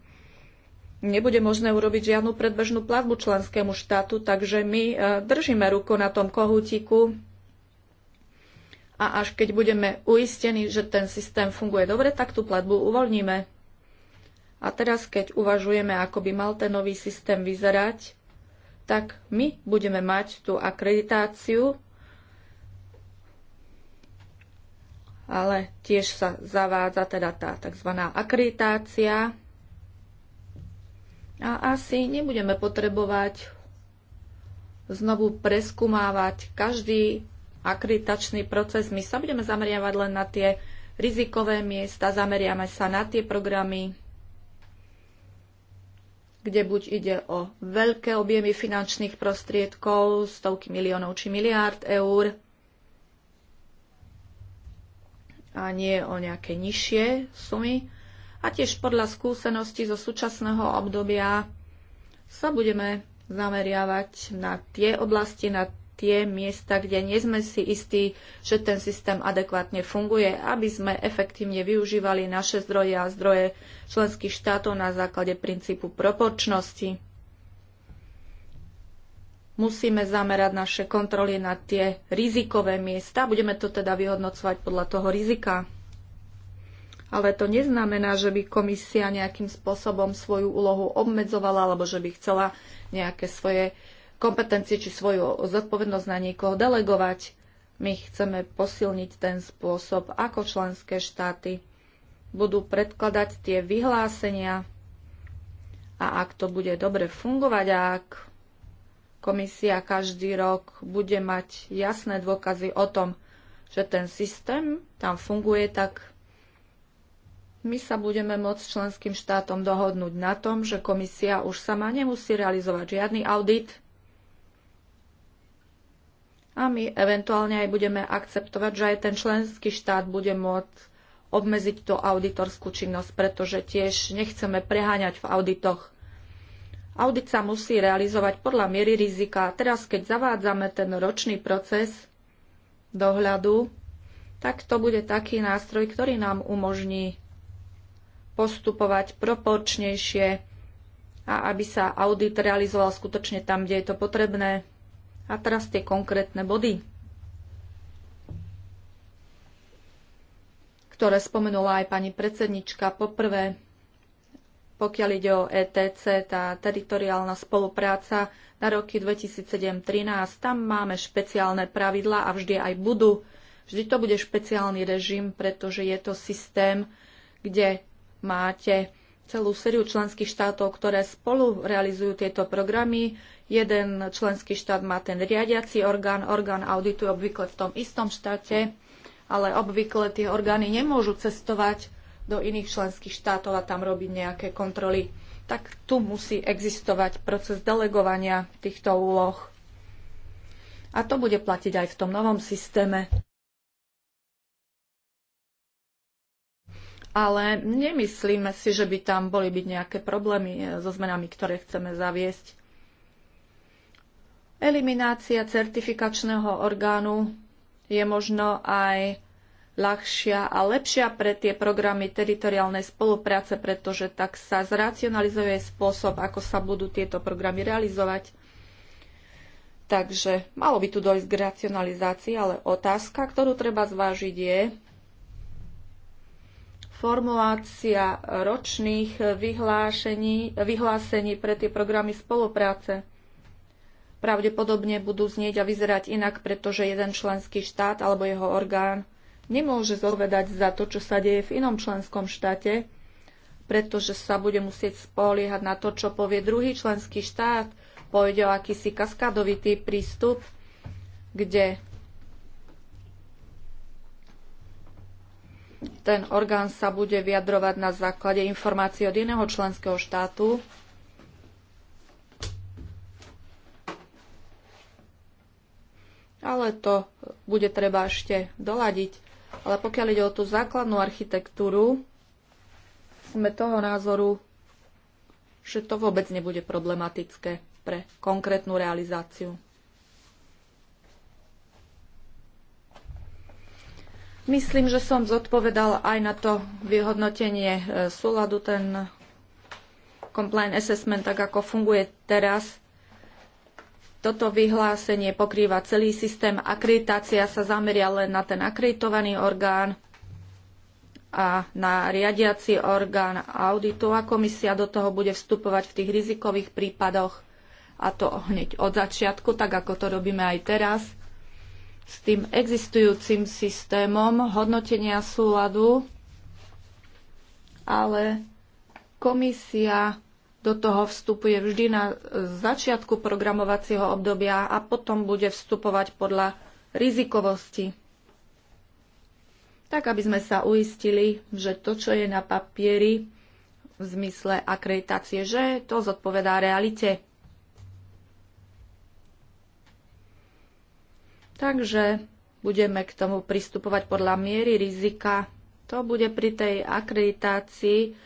nebude možné urobiť žiadnu predbežnú platbu členskému štátu, takže my e, držíme ruku na tom kohútiku a až keď budeme uistení, že ten systém funguje dobre, tak tú platbu uvoľníme. A teraz, keď uvažujeme, ako by mal ten nový systém vyzerať, tak my budeme mať tú akreditáciu, ale tiež sa zavádza teda tá tzv. akreditácia, a asi nebudeme potrebovať znovu preskumávať každý akreditačný proces. My sa budeme zameriavať len na tie rizikové miesta, zameriame sa na tie programy, kde buď ide o veľké objemy finančných prostriedkov, stovky miliónov či miliárd eur, a nie o nejaké nižšie sumy a tiež podľa skúseností zo súčasného obdobia sa budeme zameriavať na tie oblasti, na tie miesta, kde nie sme si istí, že ten systém adekvátne funguje, aby sme efektívne využívali naše zdroje a zdroje členských štátov na základe princípu proporčnosti. Musíme zamerať naše kontroly na tie rizikové miesta. Budeme to teda vyhodnocovať podľa toho rizika ale to neznamená, že by komisia nejakým spôsobom svoju úlohu obmedzovala alebo že by chcela nejaké svoje kompetencie či svoju zodpovednosť na niekoho delegovať. My chceme posilniť ten spôsob, ako členské štáty budú predkladať tie vyhlásenia a ak to bude dobre fungovať ak komisia každý rok bude mať jasné dôkazy o tom, že ten systém tam funguje, tak my sa budeme môcť členským štátom dohodnúť na tom, že komisia už sama nemusí realizovať žiadny audit a my eventuálne aj budeme akceptovať, že aj ten členský štát bude môcť obmedziť tú auditorskú činnosť, pretože tiež nechceme preháňať v auditoch. Audit sa musí realizovať podľa miery rizika. Teraz, keď zavádzame ten ročný proces dohľadu, tak to bude taký nástroj, ktorý nám umožní postupovať proporčnejšie a aby sa audit realizoval skutočne tam, kde je to potrebné. A teraz tie konkrétne body, ktoré spomenula aj pani predsednička. Poprvé, pokiaľ ide o ETC, tá teritoriálna spolupráca na roky 2007-2013, tam máme špeciálne pravidlá a vždy aj budú. Vždy to bude špeciálny režim, pretože je to systém, kde máte celú sériu členských štátov, ktoré spolu realizujú tieto programy. Jeden členský štát má ten riadiaci orgán, orgán auditu obvykle v tom istom štáte, ale obvykle tie orgány nemôžu cestovať do iných členských štátov a tam robiť nejaké kontroly. Tak tu musí existovať proces delegovania týchto úloh. A to bude platiť aj v tom novom systéme. ale nemyslíme si, že by tam boli byť nejaké problémy eh, so zmenami, ktoré chceme zaviesť. Eliminácia certifikačného orgánu je možno aj ľahšia a lepšia pre tie programy teritoriálnej spolupráce, pretože tak sa zracionalizuje spôsob, ako sa budú tieto programy realizovať. Takže malo by tu dojsť k racionalizácii, ale otázka, ktorú treba zvážiť je, formulácia ročných vyhlásení, vyhlásení pre tie programy spolupráce. Pravdepodobne budú znieť a vyzerať inak, pretože jeden členský štát alebo jeho orgán nemôže zovedať za to, čo sa deje v inom členskom štáte, pretože sa bude musieť spoliehať na to, čo povie druhý členský štát. Pôjde o akýsi kaskádovitý prístup, kde Ten orgán sa bude vyjadrovať na základe informácií od iného členského štátu. Ale to bude treba ešte doladiť. Ale pokiaľ ide o tú základnú architektúru, sme toho názoru, že to vôbec nebude problematické pre konkrétnu realizáciu. Myslím, že som zodpovedal aj na to vyhodnotenie e, súladu, ten compliant assessment, tak ako funguje teraz. Toto vyhlásenie pokrýva celý systém. Akreditácia sa zameria len na ten akreditovaný orgán a na riadiaci orgán auditu a komisia do toho bude vstupovať v tých rizikových prípadoch a to hneď od začiatku, tak ako to robíme aj teraz – s tým existujúcim systémom hodnotenia súladu, ale komisia do toho vstupuje vždy na začiatku programovacieho obdobia a potom bude vstupovať podľa rizikovosti. Tak, aby sme sa uistili, že to, čo je na papieri v zmysle akreditácie, že to zodpovedá realite. Takže budeme k tomu pristupovať podľa miery rizika. To bude pri tej akreditácii,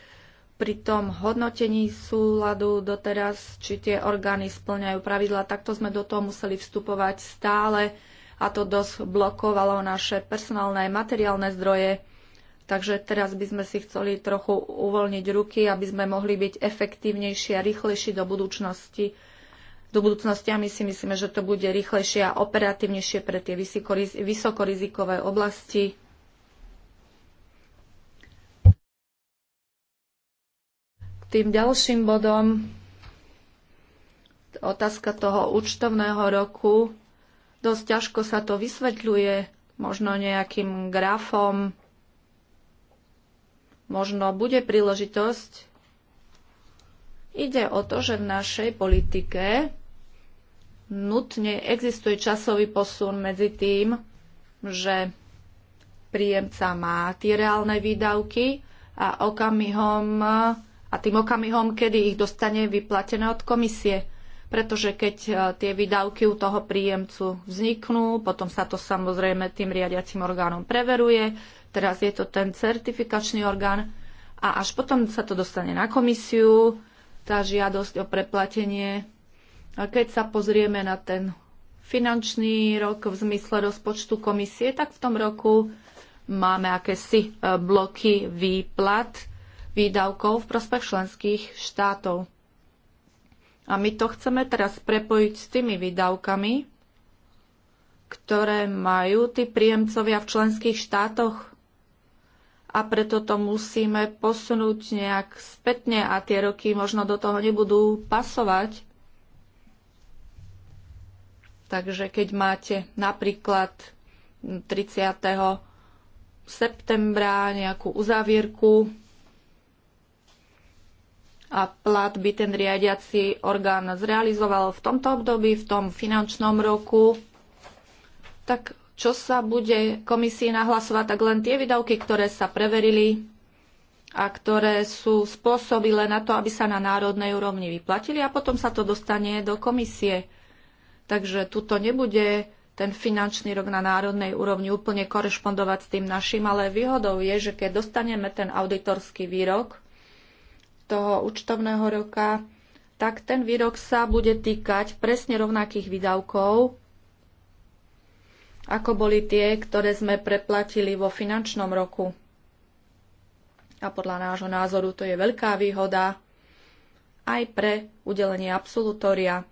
pri tom hodnotení súladu doteraz, či tie orgány splňajú pravidla. Takto sme do toho museli vstupovať stále a to dosť blokovalo naše personálne aj materiálne zdroje. Takže teraz by sme si chceli trochu uvoľniť ruky, aby sme mohli byť efektívnejší a rýchlejší do budúcnosti do budúcnosti a my si myslíme, že to bude rýchlejšie a operatívnejšie pre tie vysokorizikové oblasti. K tým ďalším bodom otázka toho účtovného roku. Dosť ťažko sa to vysvetľuje, možno nejakým grafom. Možno bude príležitosť Ide o to, že v našej politike nutne existuje časový posun medzi tým, že príjemca má tie reálne výdavky a okamihom a tým okamihom, kedy ich dostane vyplatené od komisie. Pretože keď e, tie výdavky u toho príjemcu vzniknú, potom sa to samozrejme tým riadiacim orgánom preveruje, teraz je to ten certifikačný orgán a až potom sa to dostane na komisiu, tá žiadosť o preplatenie. A keď sa pozrieme na ten finančný rok v zmysle rozpočtu komisie, tak v tom roku máme akési e, bloky výplat výdavkov v prospech členských štátov. A my to chceme teraz prepojiť s tými výdavkami, ktoré majú tí príjemcovia v členských štátoch a preto to musíme posunúť nejak spätne a tie roky možno do toho nebudú pasovať. Takže keď máte napríklad 30. septembra nejakú uzavierku a plat by ten riadiaci orgán zrealizoval v tomto období, v tom finančnom roku, tak čo sa bude komisii nahlasovať, tak len tie výdavky, ktoré sa preverili a ktoré sú spôsobile na to, aby sa na národnej úrovni vyplatili a potom sa to dostane do komisie. Takže tuto nebude ten finančný rok na národnej úrovni úplne korešpondovať s tým našim, ale výhodou je, že keď dostaneme ten auditorský výrok toho účtovného roka, tak ten výrok sa bude týkať presne rovnakých výdavkov, ako boli tie, ktoré sme preplatili vo finančnom roku. A podľa nášho názoru to je veľká výhoda aj pre udelenie absolutória.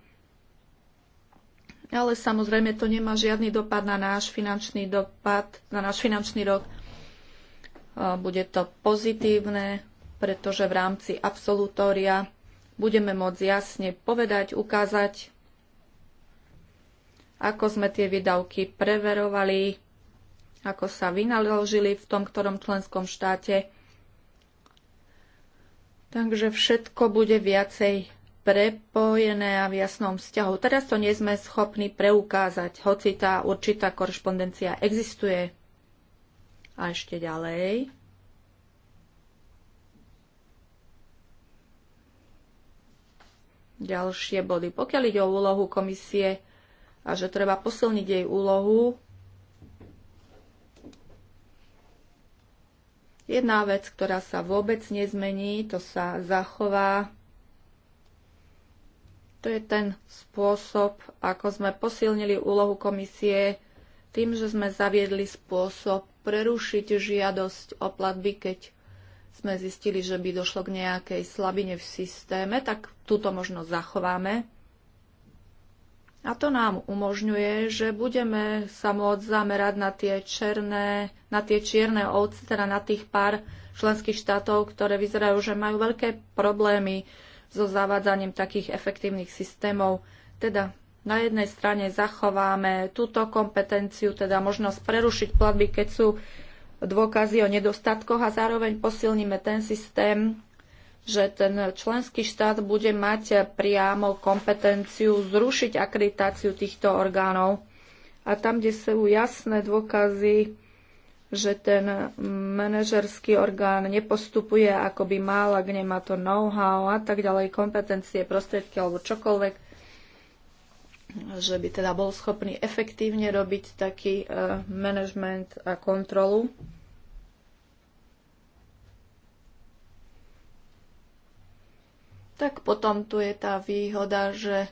Ale samozrejme to nemá žiadny dopad na náš finančný dopad, na náš finančný rok. Bude to pozitívne, pretože v rámci absolutória budeme môcť jasne povedať, ukázať, ako sme tie výdavky preverovali, ako sa vynaložili v tom ktorom členskom štáte. Takže všetko bude viacej prepojené a v jasnom vzťahu. Teraz to nie sme schopní preukázať, hoci tá určitá korešpondencia existuje. A ešte ďalej. Ďalšie body. Pokiaľ ide o úlohu komisie, a že treba posilniť jej úlohu. Jedna vec, ktorá sa vôbec nezmení, to sa zachová, to je ten spôsob, ako sme posilnili úlohu komisie tým, že sme zaviedli spôsob prerušiť žiadosť o platby, keď sme zistili, že by došlo k nejakej slabine v systéme, tak túto možnosť zachováme. A to nám umožňuje, že budeme sa môcť zamerať na tie, černé, na tie čierne ovce, teda na tých pár členských štátov, ktoré vyzerajú, že majú veľké problémy so zavádzaním takých efektívnych systémov. Teda na jednej strane zachováme túto kompetenciu, teda možnosť prerušiť platby, keď sú dôkazy o nedostatkoch a zároveň posilníme ten systém, že ten členský štát bude mať priamo kompetenciu zrušiť akreditáciu týchto orgánov. A tam, kde sú jasné dôkazy, že ten manažerský orgán nepostupuje, ako by mal, ak nemá to know-how a tak ďalej, kompetencie, prostriedky alebo čokoľvek, že by teda bol schopný efektívne robiť taký eh, management a kontrolu. tak potom tu je tá výhoda, že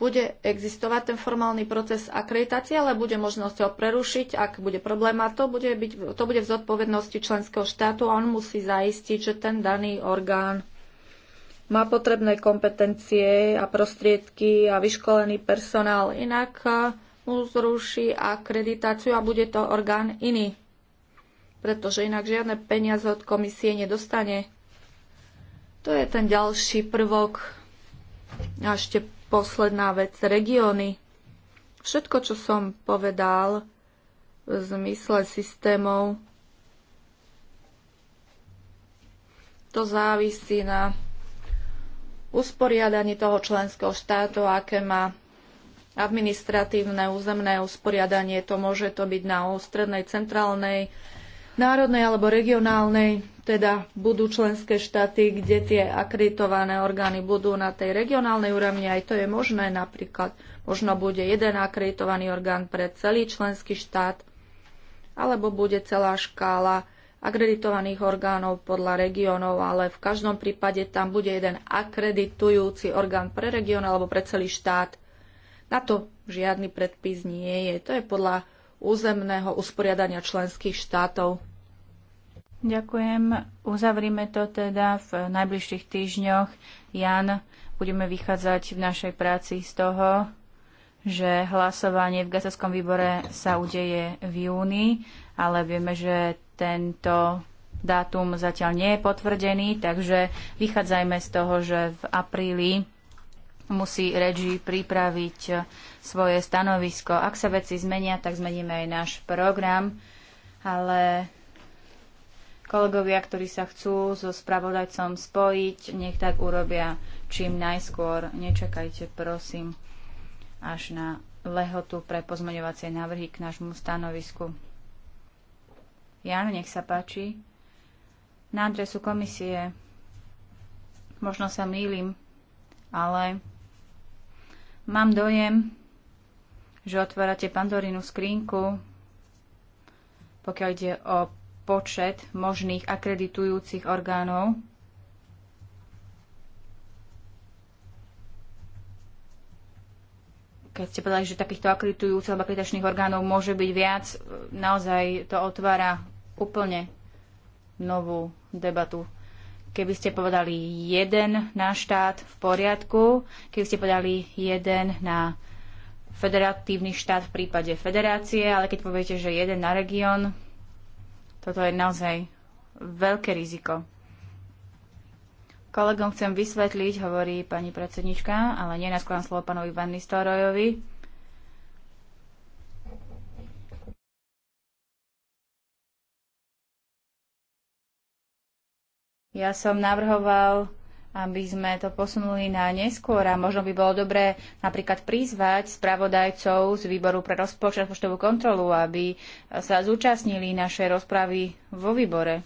bude existovať ten formálny proces akreditácie, ale bude možnosť ho prerušiť, ak bude problém a to bude, byť, to bude v zodpovednosti členského štátu a on musí zaistiť, že ten daný orgán má potrebné kompetencie a prostriedky a vyškolený personál, inak e, mu zruší akreditáciu a bude to orgán iný, pretože inak žiadne peniaze od komisie nedostane. To je ten ďalší prvok. A ešte posledná vec, regióny. Všetko, čo som povedal v zmysle systémov, to závisí na usporiadaní toho členského štátu, aké má administratívne územné usporiadanie. To môže to byť na ústrednej, centrálnej, národnej alebo regionálnej teda budú členské štáty, kde tie akreditované orgány budú na tej regionálnej úrovni, aj to je možné napríklad. Možno bude jeden akreditovaný orgán pre celý členský štát, alebo bude celá škála akreditovaných orgánov podľa regiónov, ale v každom prípade tam bude jeden akreditujúci orgán pre región alebo pre celý štát. Na to žiadny predpis nie je. To je podľa územného usporiadania členských štátov. Ďakujem. Uzavrime to teda v najbližších týždňoch. Jan, budeme vychádzať v našej práci z toho, že hlasovanie v gazovskom výbore sa udeje v júni, ale vieme, že tento dátum zatiaľ nie je potvrdený, takže vychádzajme z toho, že v apríli musí Regi pripraviť svoje stanovisko. Ak sa veci zmenia, tak zmeníme aj náš program, ale Kolegovia, ktorí sa chcú so spravodajcom spojiť, nech tak urobia čím najskôr. Nečakajte, prosím, až na lehotu pre pozmeňovacie návrhy k nášmu stanovisku. Jan, nech sa páči. Na adresu komisie možno sa mýlim, ale mám dojem, že otvárate Pandorinu skrinku, pokiaľ ide o počet možných akreditujúcich orgánov. Keď ste povedali, že takýchto akreditujúcich alebo akreditačných orgánov môže byť viac, naozaj to otvára úplne novú debatu. Keby ste povedali jeden na štát v poriadku, keby ste povedali jeden na federatívny štát v prípade federácie, ale keď poviete, že jeden na región, toto je naozaj veľké riziko. Kolegom chcem vysvetliť, hovorí pani predsednička, ale nenaskladám slovo pánovi Van Nistorojovi. Ja som navrhoval aby sme to posunuli na neskôr a možno by bolo dobré napríklad prizvať spravodajcov z výboru pre rozpočet rozpočtovú kontrolu, aby sa zúčastnili našej rozpravy vo výbore.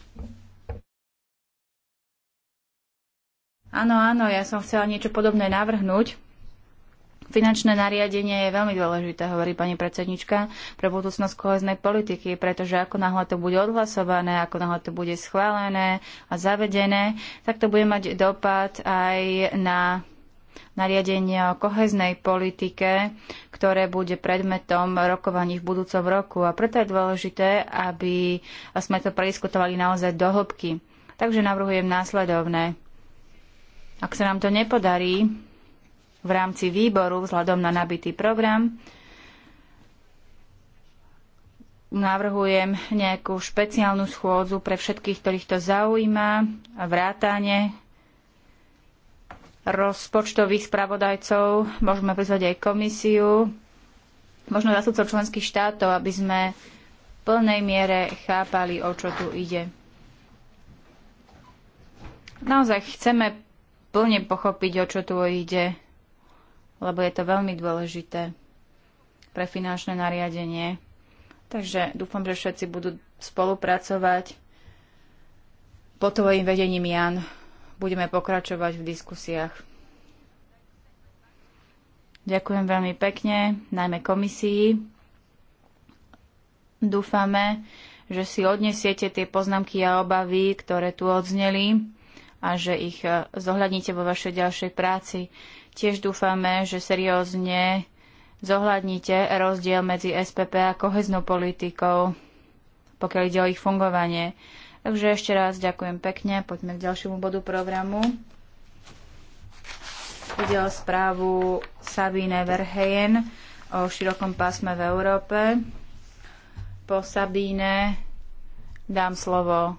Áno, áno, ja som chcela niečo podobné navrhnúť. Finančné nariadenie je veľmi dôležité, hovorí pani predsednička, pre budúcnosť koheznej politiky, pretože ako náhle to bude odhlasované, ako náhle to bude schválené a zavedené, tak to bude mať dopad aj na nariadenie o koheznej politike, ktoré bude predmetom rokovaní v budúcom roku. A preto je dôležité, aby sme to prediskutovali naozaj do hĺbky. Takže navrhujem následovné. Ak sa nám to nepodarí, v rámci výboru vzhľadom na nabitý program. Navrhujem nejakú špeciálnu schôdzu pre všetkých, ktorých to zaujíma, vrátane rozpočtových spravodajcov, môžeme prizvať aj komisiu, možno zásudcov členských štátov, aby sme v plnej miere chápali, o čo tu ide. Naozaj chceme plne pochopiť, o čo tu ide lebo je to veľmi dôležité pre finančné nariadenie. Takže dúfam, že všetci budú spolupracovať. Pod tvojim vedením, Jan, budeme pokračovať v diskusiách. Ďakujem veľmi pekne, najmä komisii. Dúfame, že si odnesiete tie poznámky a obavy, ktoré tu odzneli a že ich zohľadnite vo vašej ďalšej práci. Tiež dúfame, že seriózne zohľadnite rozdiel medzi SPP a koheznou politikou, pokiaľ ide o ich fungovanie. Takže ešte raz ďakujem pekne. Poďme k ďalšiemu bodu programu. Ide o správu Sabine Verheyen o širokom pásme v Európe. Po Sabine dám slovo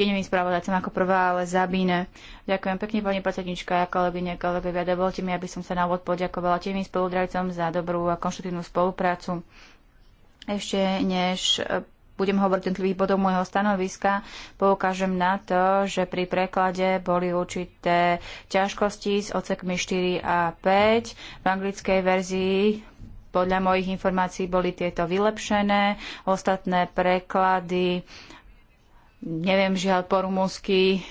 tieňovým spravodajcom ako prvá, ale Zabíne. Ďakujem pekne, pani predsednička a kolegyne, kolegovia. Dovolte mi, aby som sa na úvod poďakovala tieňovým spoludrajcom za dobrú a konštruktívnu spoluprácu. Ešte než budem hovoriť jednotlivých bodov môjho stanoviska, poukážem na to, že pri preklade boli určité ťažkosti s ocekmi 4 a 5. V anglickej verzii podľa mojich informácií boli tieto vylepšené, ostatné preklady neviem žiaľ po rumúnsky,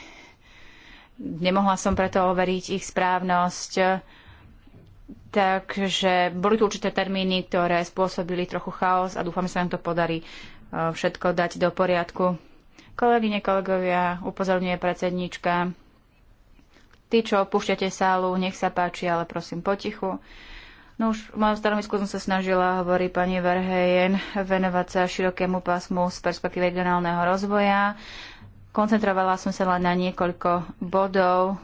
nemohla som preto overiť ich správnosť. Takže boli tu určité termíny, ktoré spôsobili trochu chaos a dúfam, že sa nám to podarí e, všetko dať do poriadku. Kolegyne, kolegovia, upozorňuje predsednička. Tí, čo opúšťate sálu, nech sa páči, ale prosím potichu. No už v mojom stanovisku som sa snažila, hovorí pani Verhejen, venovať sa širokému pásmu z perspektívy regionálneho rozvoja. Koncentrovala som sa len na niekoľko bodov,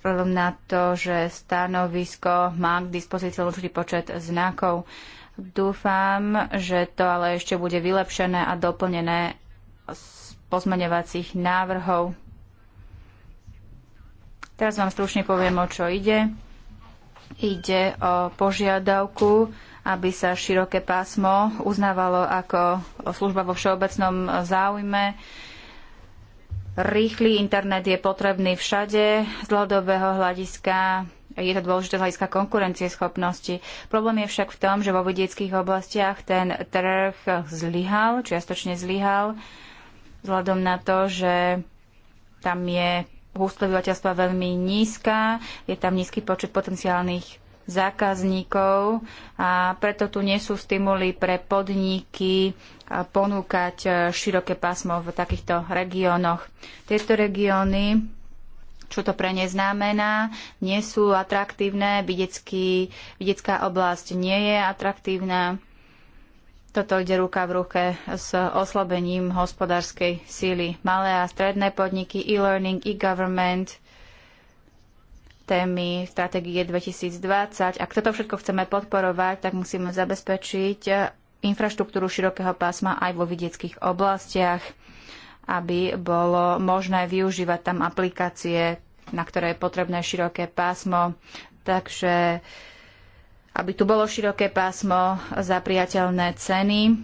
vzhľadom na to, že stanovisko má k dispozícii určitý počet znakov. Dúfam, že to ale ešte bude vylepšené a doplnené z pozmeňovacích návrhov. Teraz vám stručne poviem, o čo ide. Ide o požiadavku, aby sa široké pásmo uznávalo ako služba vo všeobecnom záujme. Rýchly internet je potrebný všade. Z dlhodobého hľadiska je to dôležité z hľadiska konkurencieschopnosti. Problém je však v tom, že vo vidieckých oblastiach ten trh zlyhal, čiastočne zlyhal, vzhľadom na to, že tam je hustota obyvateľstva veľmi nízka, je tam nízky počet potenciálnych zákazníkov a preto tu nie sú stimuly pre podniky ponúkať e, široké pásmo v takýchto regiónoch. Tieto regióny, čo to pre ne znamená, nie sú atraktívne, vidiecká oblasť nie je atraktívna toto ide ruka v ruke s oslabením hospodárskej síly. Malé a stredné podniky, e-learning, e-government, témy stratégie 2020. Ak toto všetko chceme podporovať, tak musíme zabezpečiť infraštruktúru širokého pásma aj vo vidieckých oblastiach, aby bolo možné využívať tam aplikácie, na ktoré je potrebné široké pásmo. Takže aby tu bolo široké pásmo za priateľné ceny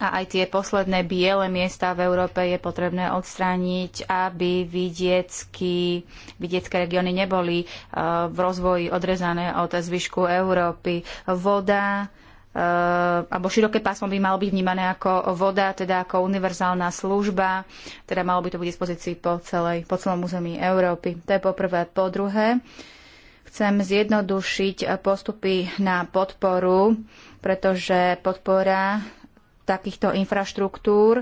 a aj tie posledné biele miesta v Európe je potrebné odstrániť, aby vidiecky, vidiecké regióny neboli e, v rozvoji odrezané od zvyšku Európy. Voda, e, alebo široké pásmo by malo byť vnímané ako voda, teda ako univerzálna služba, teda malo by to byť dispozícii po, celej, po celom území Európy. To je poprvé Po druhé, uh, Chcem zjednodušiť postupy na podporu, pretože podpora takýchto infraštruktúr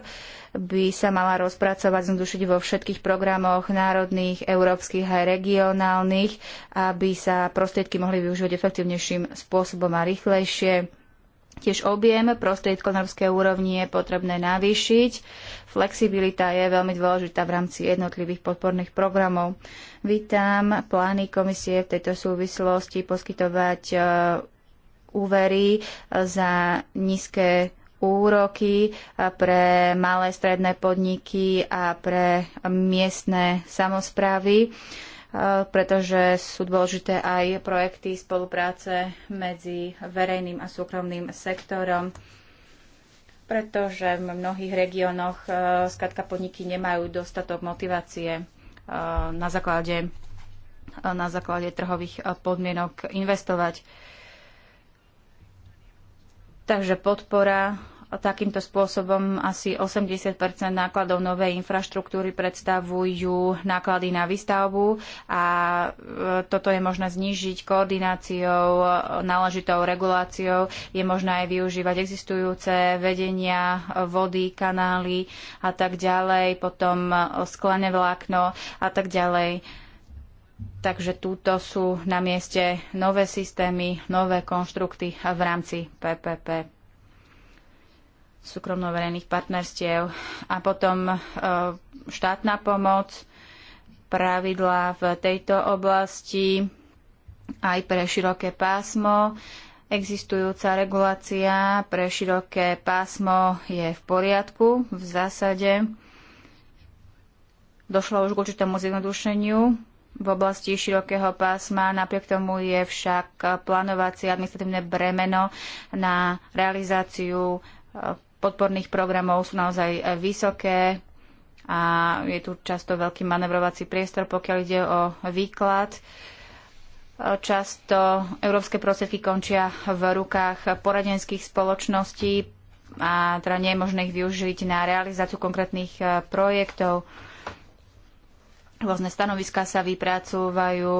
by sa mala rozpracovať, zjednodušiť vo všetkých programoch národných, európskych aj regionálnych, aby sa prostriedky mohli využívať efektívnejším spôsobom a rýchlejšie. Tiež objem prostriedkov na európskej úrovni je potrebné navýšiť. Flexibilita je veľmi dôležitá v rámci jednotlivých podporných programov. Vítam plány komisie v tejto súvislosti poskytovať e, úvery za nízke úroky e, pre malé stredné podniky a pre miestne samozprávy. Uh, pretože sú dôležité aj projekty spolupráce medzi verejným a súkromným sektorom pretože v mnohých regiónoch uh, e, skladka podniky nemajú dostatok motivácie e, na základe, e, na základe trhových podmienok investovať. Takže podpora Takýmto spôsobom asi 80 nákladov novej infraštruktúry predstavujú náklady na výstavbu a e, toto je možné znížiť koordináciou, e, náležitou reguláciou. Je možné aj využívať existujúce vedenia, vody, kanály a tak ďalej, potom e, sklené vlákno a tak ďalej. Takže túto sú na mieste nové systémy, nové konštrukty v rámci PPP súkromno-verejných partnerstiev. A potom e, štátna pomoc, pravidlá v tejto oblasti aj pre široké pásmo. Existujúca regulácia pre široké pásmo je v poriadku v zásade. Došlo už k určitému zjednodušeniu v oblasti širokého pásma. Napriek tomu je však plánovacie administratívne bremeno na realizáciu e, podporných programov sú naozaj eh, vysoké a je tu často veľký manevrovací priestor, pokiaľ ide o výklad. Eh, často európske prostriedky končia v rukách poradenských spoločností a teda nie je možné ich využiť na realizáciu konkrétnych eh, projektov. Rôzne stanoviská sa vypracúvajú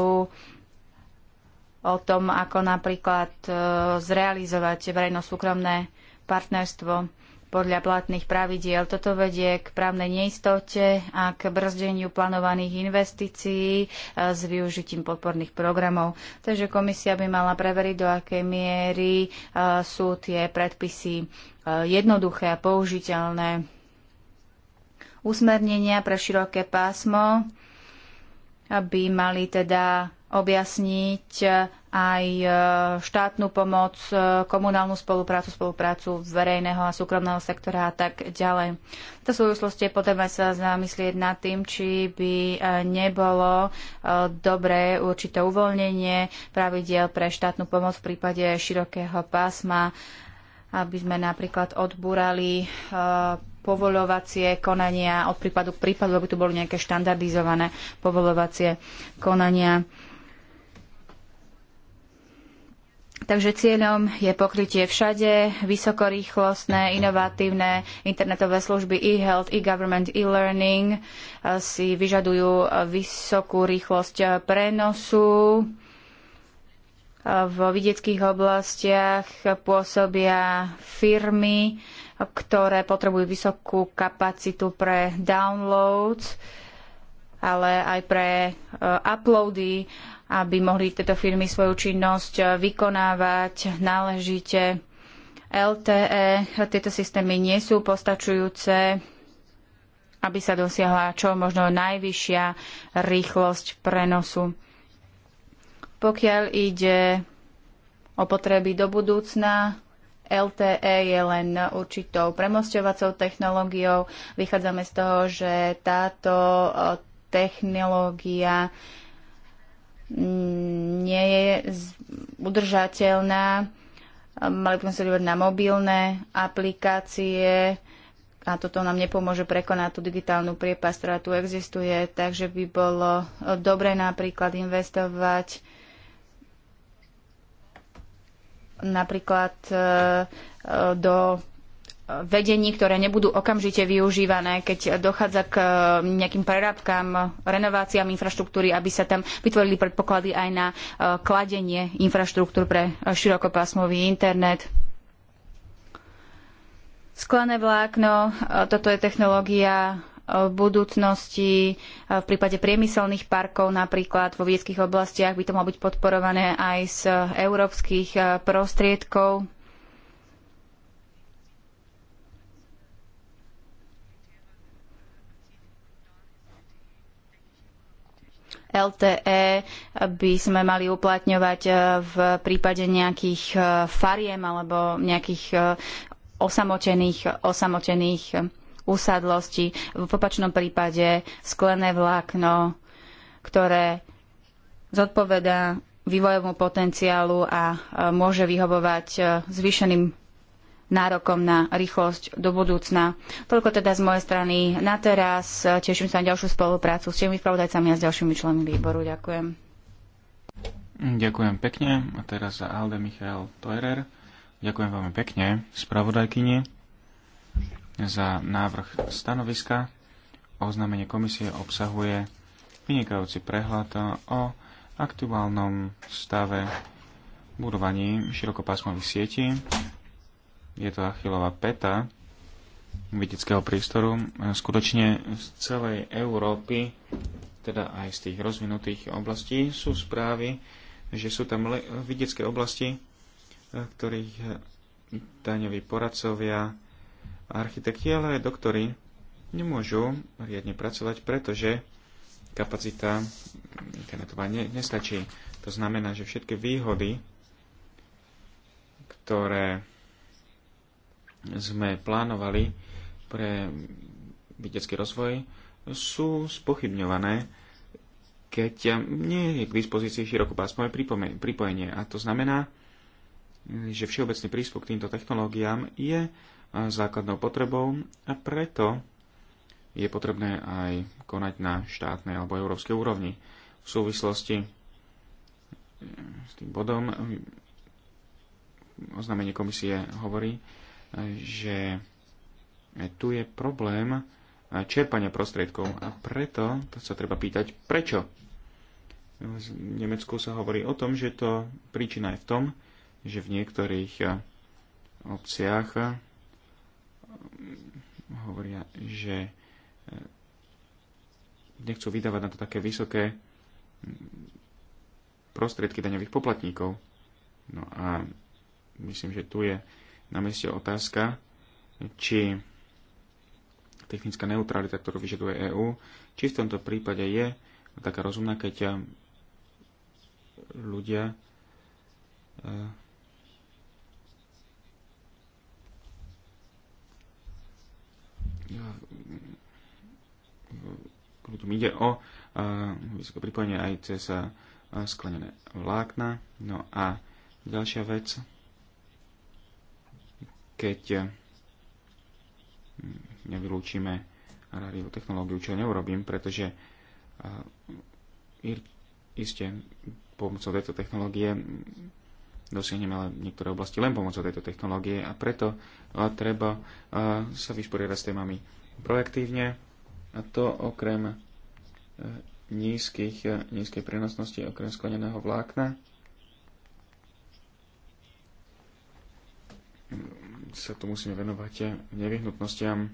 o tom, ako napríklad zrealizovať verejno-súkromné partnerstvo podľa platných pravidiel. Toto vedie k právnej neistote a k brzdeniu plánovaných investícií e, s využitím podporných programov. Takže komisia by mala preveriť, do akej miery e, sú tie predpisy e, jednoduché a použiteľné. Usmernenia pre široké pásmo aby mali teda objasniť eh, aj eh, štátnu pomoc, eh, komunálnu spoluprácu, spoluprácu verejného a súkromného sektora a tak ďalej. V tej súvislosti potrebné sa zamyslieť nad tým, či by nebolo dobré určité uvoľnenie pravidiel pre štátnu pomoc v prípade širokého pásma, aby sme napríklad odbúrali povolovacie konania od prípadu k prípadu, aby tu boli nejaké štandardizované povolovacie konania Takže cieľom je pokrytie všade vysokorýchlostné, inovatívne internetové služby e-health, e-government, e-learning e, si vyžadujú e, vysokú rýchlosť e, prenosu v vidieckých oblastiach pôsobia firmy, ktoré potrebujú vysokú kapacitu pre downloads, ale aj pre uploady aby mohli tieto firmy svoju činnosť eh, vykonávať náležite. LTE, tieto systémy nie sú postačujúce, aby sa dosiahla čo možno najvyššia rýchlosť prenosu. Pokiaľ ide o potreby do budúcna, LTE je len určitou premosťovacou technológiou. Vychádzame z toho, že táto eh, technológia nie je udržateľná. Mali by sme sa na mobilné aplikácie a toto nám nepomôže prekonať tú digitálnu priepasť, ktorá tu existuje, takže by bolo dobre napríklad investovať napríklad e, e, do vedení, ktoré nebudú okamžite využívané, keď dochádza k um, nejakým prerábkam, renováciám infraštruktúry, aby sa tam vytvorili predpoklady aj na uh, kladenie infraštruktúr pre uh, širokopásmový internet. Sklané vlákno, uh, toto je technológia v budúcnosti, v prípade priemyselných parkov napríklad vo vieckých oblastiach by to malo byť podporované aj z európskych prostriedkov LTE by sme mali uplatňovať eh, v prípade nejakých eh, fariem alebo nejakých eh, osamotených, osamotených usadlostí. V opačnom prípade sklené vlákno, ktoré zodpovedá vývojovému potenciálu a môže vyhovovať zvýšeným nárokom na rýchlosť do budúcna. Toľko teda z mojej strany na teraz. Teším sa na ďalšiu spoluprácu s tými spravodajcami a s ďalšími členmi výboru. Ďakujem. Ďakujem pekne. A teraz za Alde Michal Teurer. Ďakujem veľmi pekne spravodajkyni za návrh stanoviska. Oznámenie komisie obsahuje vynikajúci prehľad o aktuálnom stave budovaní širokopásmových sietí je to achilová peta vidického priestoru. Skutočne z celej Európy, teda aj z tých rozvinutých oblastí, sú správy, že sú tam vidiecké oblasti, v ktorých daňoví poradcovia, architekti, ale aj doktory nemôžu riadne pracovať, pretože kapacita internetová ne, nestačí. To znamená, že všetky výhody, ktoré sme plánovali pre vedecký rozvoj, sú spochybňované, keď nie je k dispozícii širokopásmové pripojenie. A to znamená, že všeobecný prístup k týmto technológiám je e, základnou potrebou a preto je potrebné aj konať na štátnej alebo európskej úrovni. V súvislosti e, s tým bodom oznámenie komisie hovorí, že tu je problém čerpania prostriedkov a preto to sa treba pýtať, prečo? V Nemecku sa hovorí o tom, že to príčina je v tom, že v niektorých eh, obciach eh, hovoria, že eh, nechcú vydávať na to také vysoké mm, prostriedky daňových poplatníkov. No a myslím, že tu je na mieste otázka, či technická neutralita, ktorú vyžaduje EÚ, či v tomto prípade je taká rozumná, keď eh, ľudia eh, ľuďom ide o eh, vysoké pripojenie aj cez sklenené vlákna. No a ďalšia vec, keď eh, nevylúčime rádiovú technológiu, čo neurobím, pretože eh, iste pomocou tejto technológie dosiahneme ale niektoré oblasti len pomocou tejto technológie a preto eh, treba sa vysporiadať s témami proaktívne a to okrem nízkych, nízkej prenosnosti, okrem skleneného vlákna sa tu musíme venovať nevyhnutnostiam,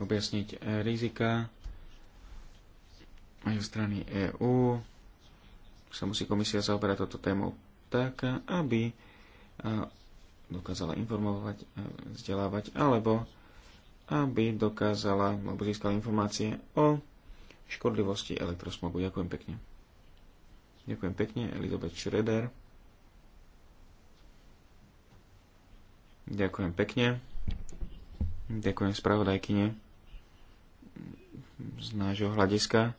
objasniť rizika aj zo strany EÚ. Sa musí komisia zaoberať toto tému tak, aby e, dokázala informovať, e, vzdelávať, alebo aby dokázala alebo získala informácie o škodlivosti elektrosmogu. Ďakujem pekne. Ďakujem pekne, Elizabeth Schroeder. Ďakujem pekne. Ďakujem spravodajkyne z nášho hľadiska.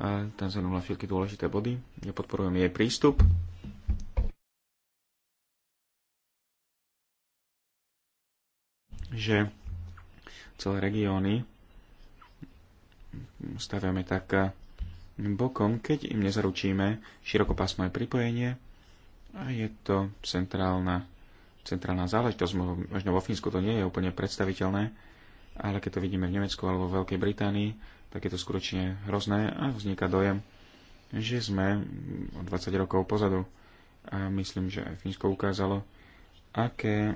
A tam zhrnula všetky dôležité body. Ja podporujem jej prístup. že celé regióny stavíme tak bokom, keď im nezaručíme širokopásmové pripojenie a je to centrálna centrálna záležitosť. Možno vo Fínsku to nie je úplne predstaviteľné, ale keď to vidíme v Nemecku alebo v Veľkej Británii, tak je to skutočne hrozné a vzniká dojem, že sme o 20 rokov pozadu. A myslím, že aj Fínsko ukázalo, aké,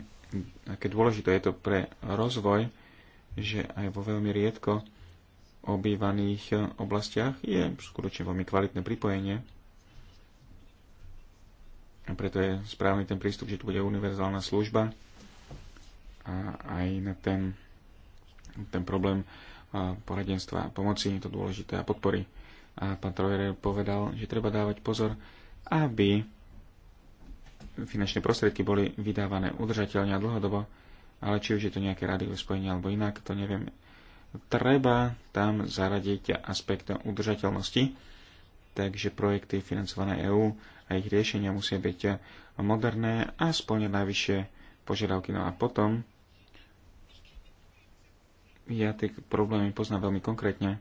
aké dôležité je to pre rozvoj, že aj vo veľmi riedko obývaných oblastiach je skutočne veľmi kvalitné pripojenie a preto je správny ten prístup, že tu bude univerzálna služba a aj na ten, ten problém poradenstva a pomoci je to dôležité a podpory. A pán Trojer povedal, že treba dávať pozor, aby finančné prostriedky boli vydávané udržateľne a dlhodobo, ale či už je to nejaké rádiové spojenie alebo inak, to neviem. Treba tam zaradiť aspekt udržateľnosti, takže projekty financované EÚ a ich riešenia musia byť moderné a splňať najvyššie požiadavky. No a potom ja tie problémy poznám veľmi konkrétne.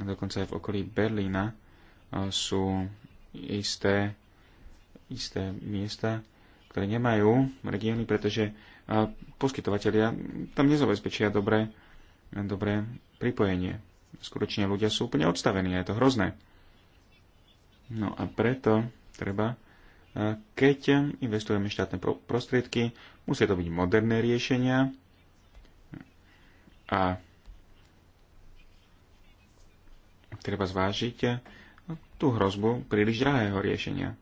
Dokonca aj v okolí Berlína e, sú isté, isté miesta, ktoré nemajú regióny, pretože e, poskytovateľia tam nezabezpečia dobré, dobré pripojenie. Skutočne ľudia sú úplne odstavení a je to hrozné. No a preto treba, e, keď investujeme štátne prostriedky, musia to byť moderné riešenia a treba zvážiť e, tú hrozbu príliš drahého riešenia.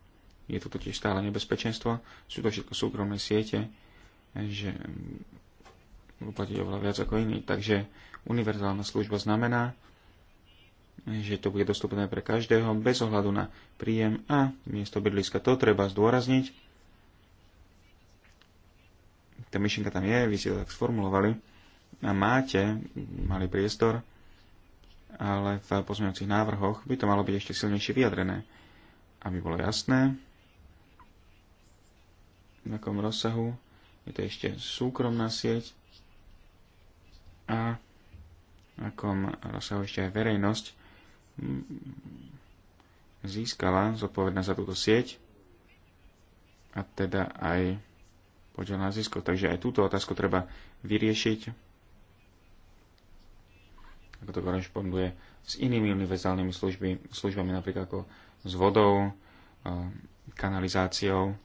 Je to totiž stále nebezpečenstvo, sú to všetko súkromné siete, že budú platiť oveľa viac ako iní. Takže univerzálna služba znamená, že to bude dostupné pre každého bez ohľadu na príjem a miesto bydliska. To treba zdôrazniť. Tá myšlienka tam je, vy ste to tak sformulovali a máte malý priestor, ale v pozmeňujúcich návrhoch by to malo byť ešte silnejšie vyjadrené, aby bolo jasné, v akom rozsahu je to ešte súkromná sieť a v akom rozsahu ešte aj verejnosť získala zodpovedná za túto sieť a teda aj podiel na zisko. Takže aj túto otázku treba vyriešiť ako to korešponduje s inými univerzálnymi služby, službami, napríklad ako s vodou, kanalizáciou,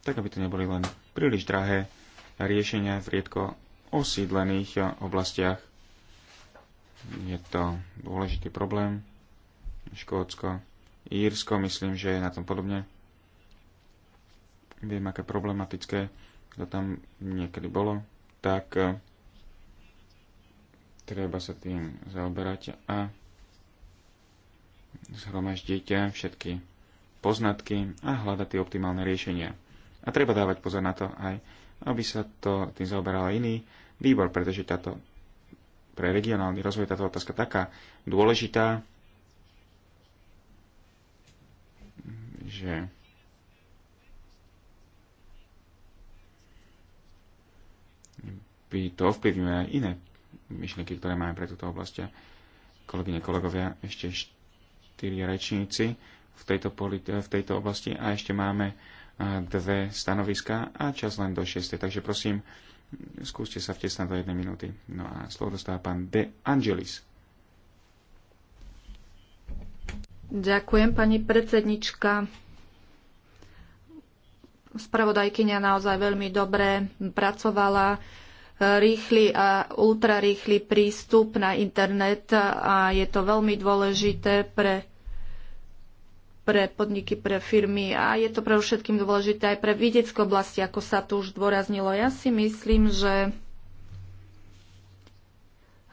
tak aby to neboli len príliš drahé riešenia v riedko osídlených oblastiach. Je to dôležitý problém. Škótsko, Írsko, myslím, že je na tom podobne. Viem, aké problematické to tam niekedy bolo. Tak eh, treba sa tým zaoberať a zhromaždiť eh, všetky poznatky a hľadať tie optimálne riešenia. A treba dávať pozor na to aj, aby sa to tým zaoberal iný výbor, pretože táto pre regionálny rozvoj táto otázka taká dôležitá, že by to ovplyvňuje aj iné myšlienky, ktoré máme pre túto oblasť. Kolegyne, kolegovia, ešte štyri rečníci v tejto, v tejto oblasti a ešte máme eh, dve stanoviska a čas len do 6. Takže prosím, skúste sa vtesnať do jednej minúty. No a slovo dostáva pán De Angelis. Ďakujem, pani predsednička. Spravodajkynia naozaj veľmi dobre pracovala. Rýchly a ultrarýchly prístup na internet a je to veľmi dôležité pre pre podniky, pre firmy a je to pre všetkým dôležité aj pre vidiecké oblasti, ako sa tu už dôraznilo. Ja si myslím, že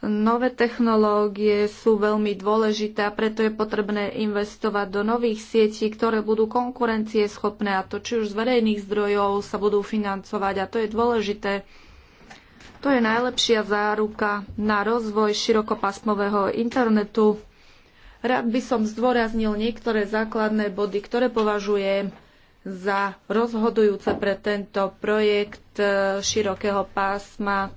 nové technológie sú veľmi dôležité a preto je potrebné investovať do nových sietí, ktoré budú konkurencieschopné a to či už z verejných zdrojov sa budú financovať a to je dôležité. To je najlepšia záruka na rozvoj širokopásmového internetu Rád by som zdôraznil niektoré základné body, ktoré považujem za rozhodujúce pre tento projekt e, širokého pásma,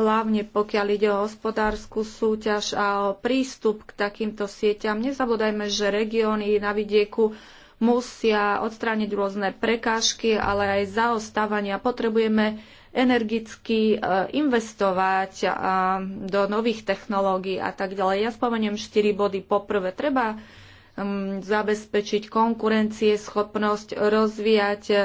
hlavne pokiaľ ide o hospodárskú súťaž a o prístup k takýmto sieťam. Nezabúdajme, že regióny na vidieku musia odstrániť rôzne prekážky, ale aj zaostávania. Potrebujeme energicky e, investovať e, do nových technológií a tak ďalej. Ja spomeniem 4 body. Poprvé, treba zabezpečiť konkurencie, schopnosť rozvíjať e,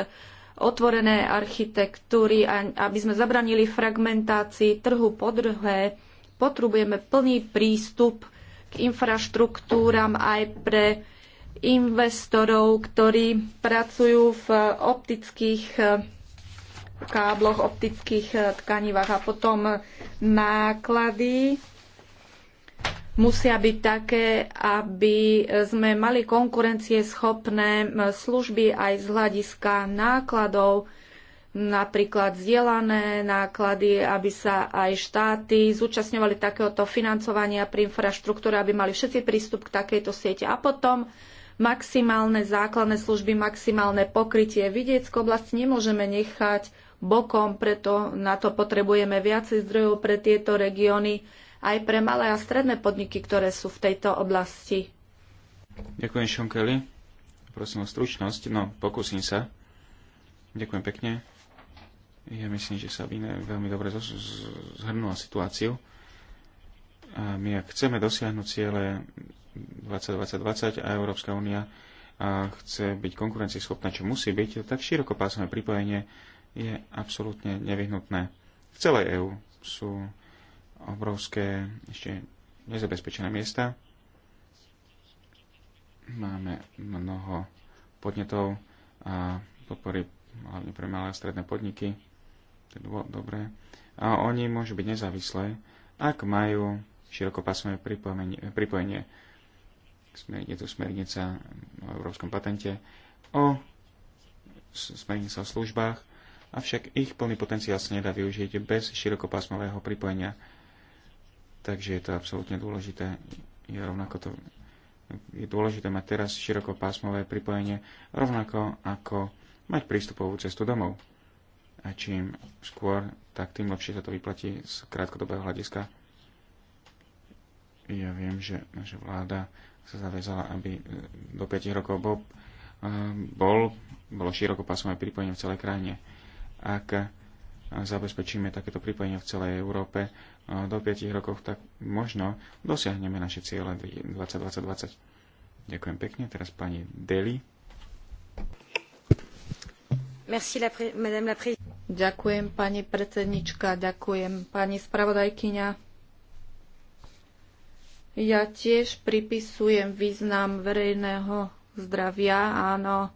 otvorené architektúry, aby sme zabranili fragmentácii trhu. Po druhé, potrebujeme plný prístup k infraštruktúram aj pre investorov, ktorí pracujú v optických v kábloch, optických eh, tkanivách a potom náklady musia byť také, aby eh, sme mali konkurencieschopné služby aj z hľadiska nákladov, napríklad zdieľané náklady, aby sa aj štáty zúčastňovali takéhoto financovania pri infraštruktúre, aby mali všetci prístup k takejto siete. A potom maximálne základné služby, maximálne pokrytie vidiecku oblasti nemôžeme nechať bokom, preto na to potrebujeme viacej zdrojov pre tieto regióny, aj pre malé a stredné podniky, ktoré sú v tejto oblasti. Ďakujem, Šonkeli. Prosím o stručnosť. No, pokúsim sa. Ďakujem pekne. Ja myslím, že Sabine veľmi dobre zhrnula situáciu. A my, ak chceme dosiahnuť ciele 2020 a Európska únia a chce byť konkurencieschopná, čo musí byť, tak širokopásové pripojenie je absolútne nevyhnutné. V celej EÚ sú obrovské ešte nezabezpečené miesta. Máme mnoho podnetov a podpory hlavne pre malé a stredné podniky. To je dobré. A oni môžu byť nezávislé, ak majú širokopásmové pripojenie. Je tu smernica o európskom patente, o smernica o službách avšak ich plný potenciál sa nedá využiť bez širokopásmového pripojenia. Takže je to absolútne dôležité. Je rovnako to je dôležité mať teraz širokopásmové pripojenie, rovnako ako mať prístupovú cestu domov. A čím skôr, tak tým lepšie sa to vyplatí z krátkodobého hľadiska. Ja viem, že naša vláda sa zavezala, aby e, do 5 rokov bol, e, bol bolo širokopásmové pripojenie v celej krajine ak zabezpečíme takéto pripojenie v celej Európe eh, do 5 rokov, tak možno dosiahneme naše ciele 2020 Ďakujem pekne. Teraz pani Deli. ďakujem pani predsednička, ďakujem pani spravodajkyňa. Ja tiež pripisujem význam verejného zdravia, áno,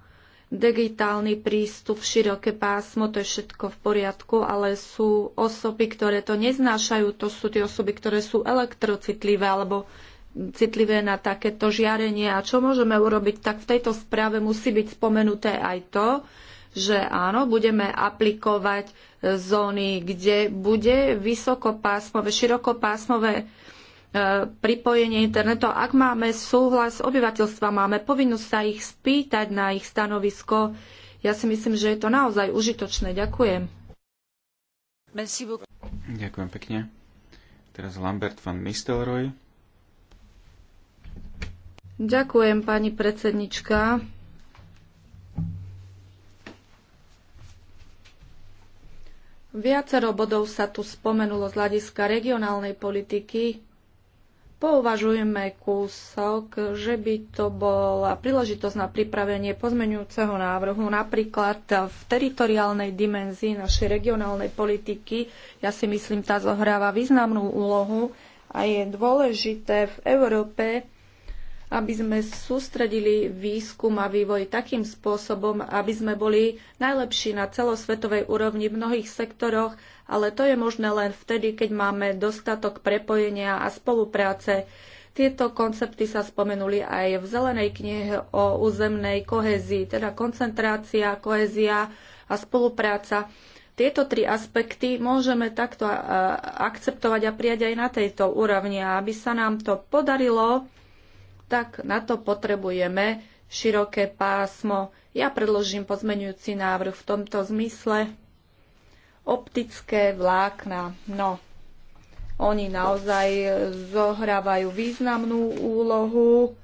digitálny prístup, široké pásmo, to je všetko v poriadku, ale sú osoby, ktoré to neznášajú, to sú tie osoby, ktoré sú elektrocitlivé alebo citlivé na takéto žiarenie. A čo môžeme urobiť, tak v tejto správe musí byť spomenuté aj to, že áno, budeme aplikovať zóny, kde bude vysokopásmové, širokopásmové pripojenie internetu. Ak máme súhlas obyvateľstva, máme povinnosť sa ich spýtať na ich stanovisko. Ja si myslím, že je to naozaj užitočné. Ďakujem. Ďakujem pekne. Teraz Lambert van Mistelroy. Ďakujem, pani predsednička. Viacero bodov sa tu spomenulo z hľadiska regionálnej politiky. Pouvažujeme kúsok, že by to bola príležitosť na pripravenie pozmenujúceho návrhu napríklad v teritoriálnej dimenzii našej regionálnej politiky. Ja si myslím, tá zohráva významnú úlohu a je dôležité v Európe aby sme sústredili výskum a vývoj takým spôsobom, aby sme boli najlepší na celosvetovej úrovni v mnohých sektoroch, ale to je možné len vtedy, keď máme dostatok prepojenia a spolupráce. Tieto koncepty sa spomenuli aj v zelenej knihe o územnej kohezii, teda koncentrácia, kohezia a spolupráca. Tieto tri aspekty môžeme takto akceptovať a prijať aj na tejto úrovni. A aby sa nám to podarilo, tak na to potrebujeme široké pásmo. Ja predložím pozmenujúci návrh v tomto zmysle. Optické vlákna. No, oni naozaj zohrávajú významnú úlohu,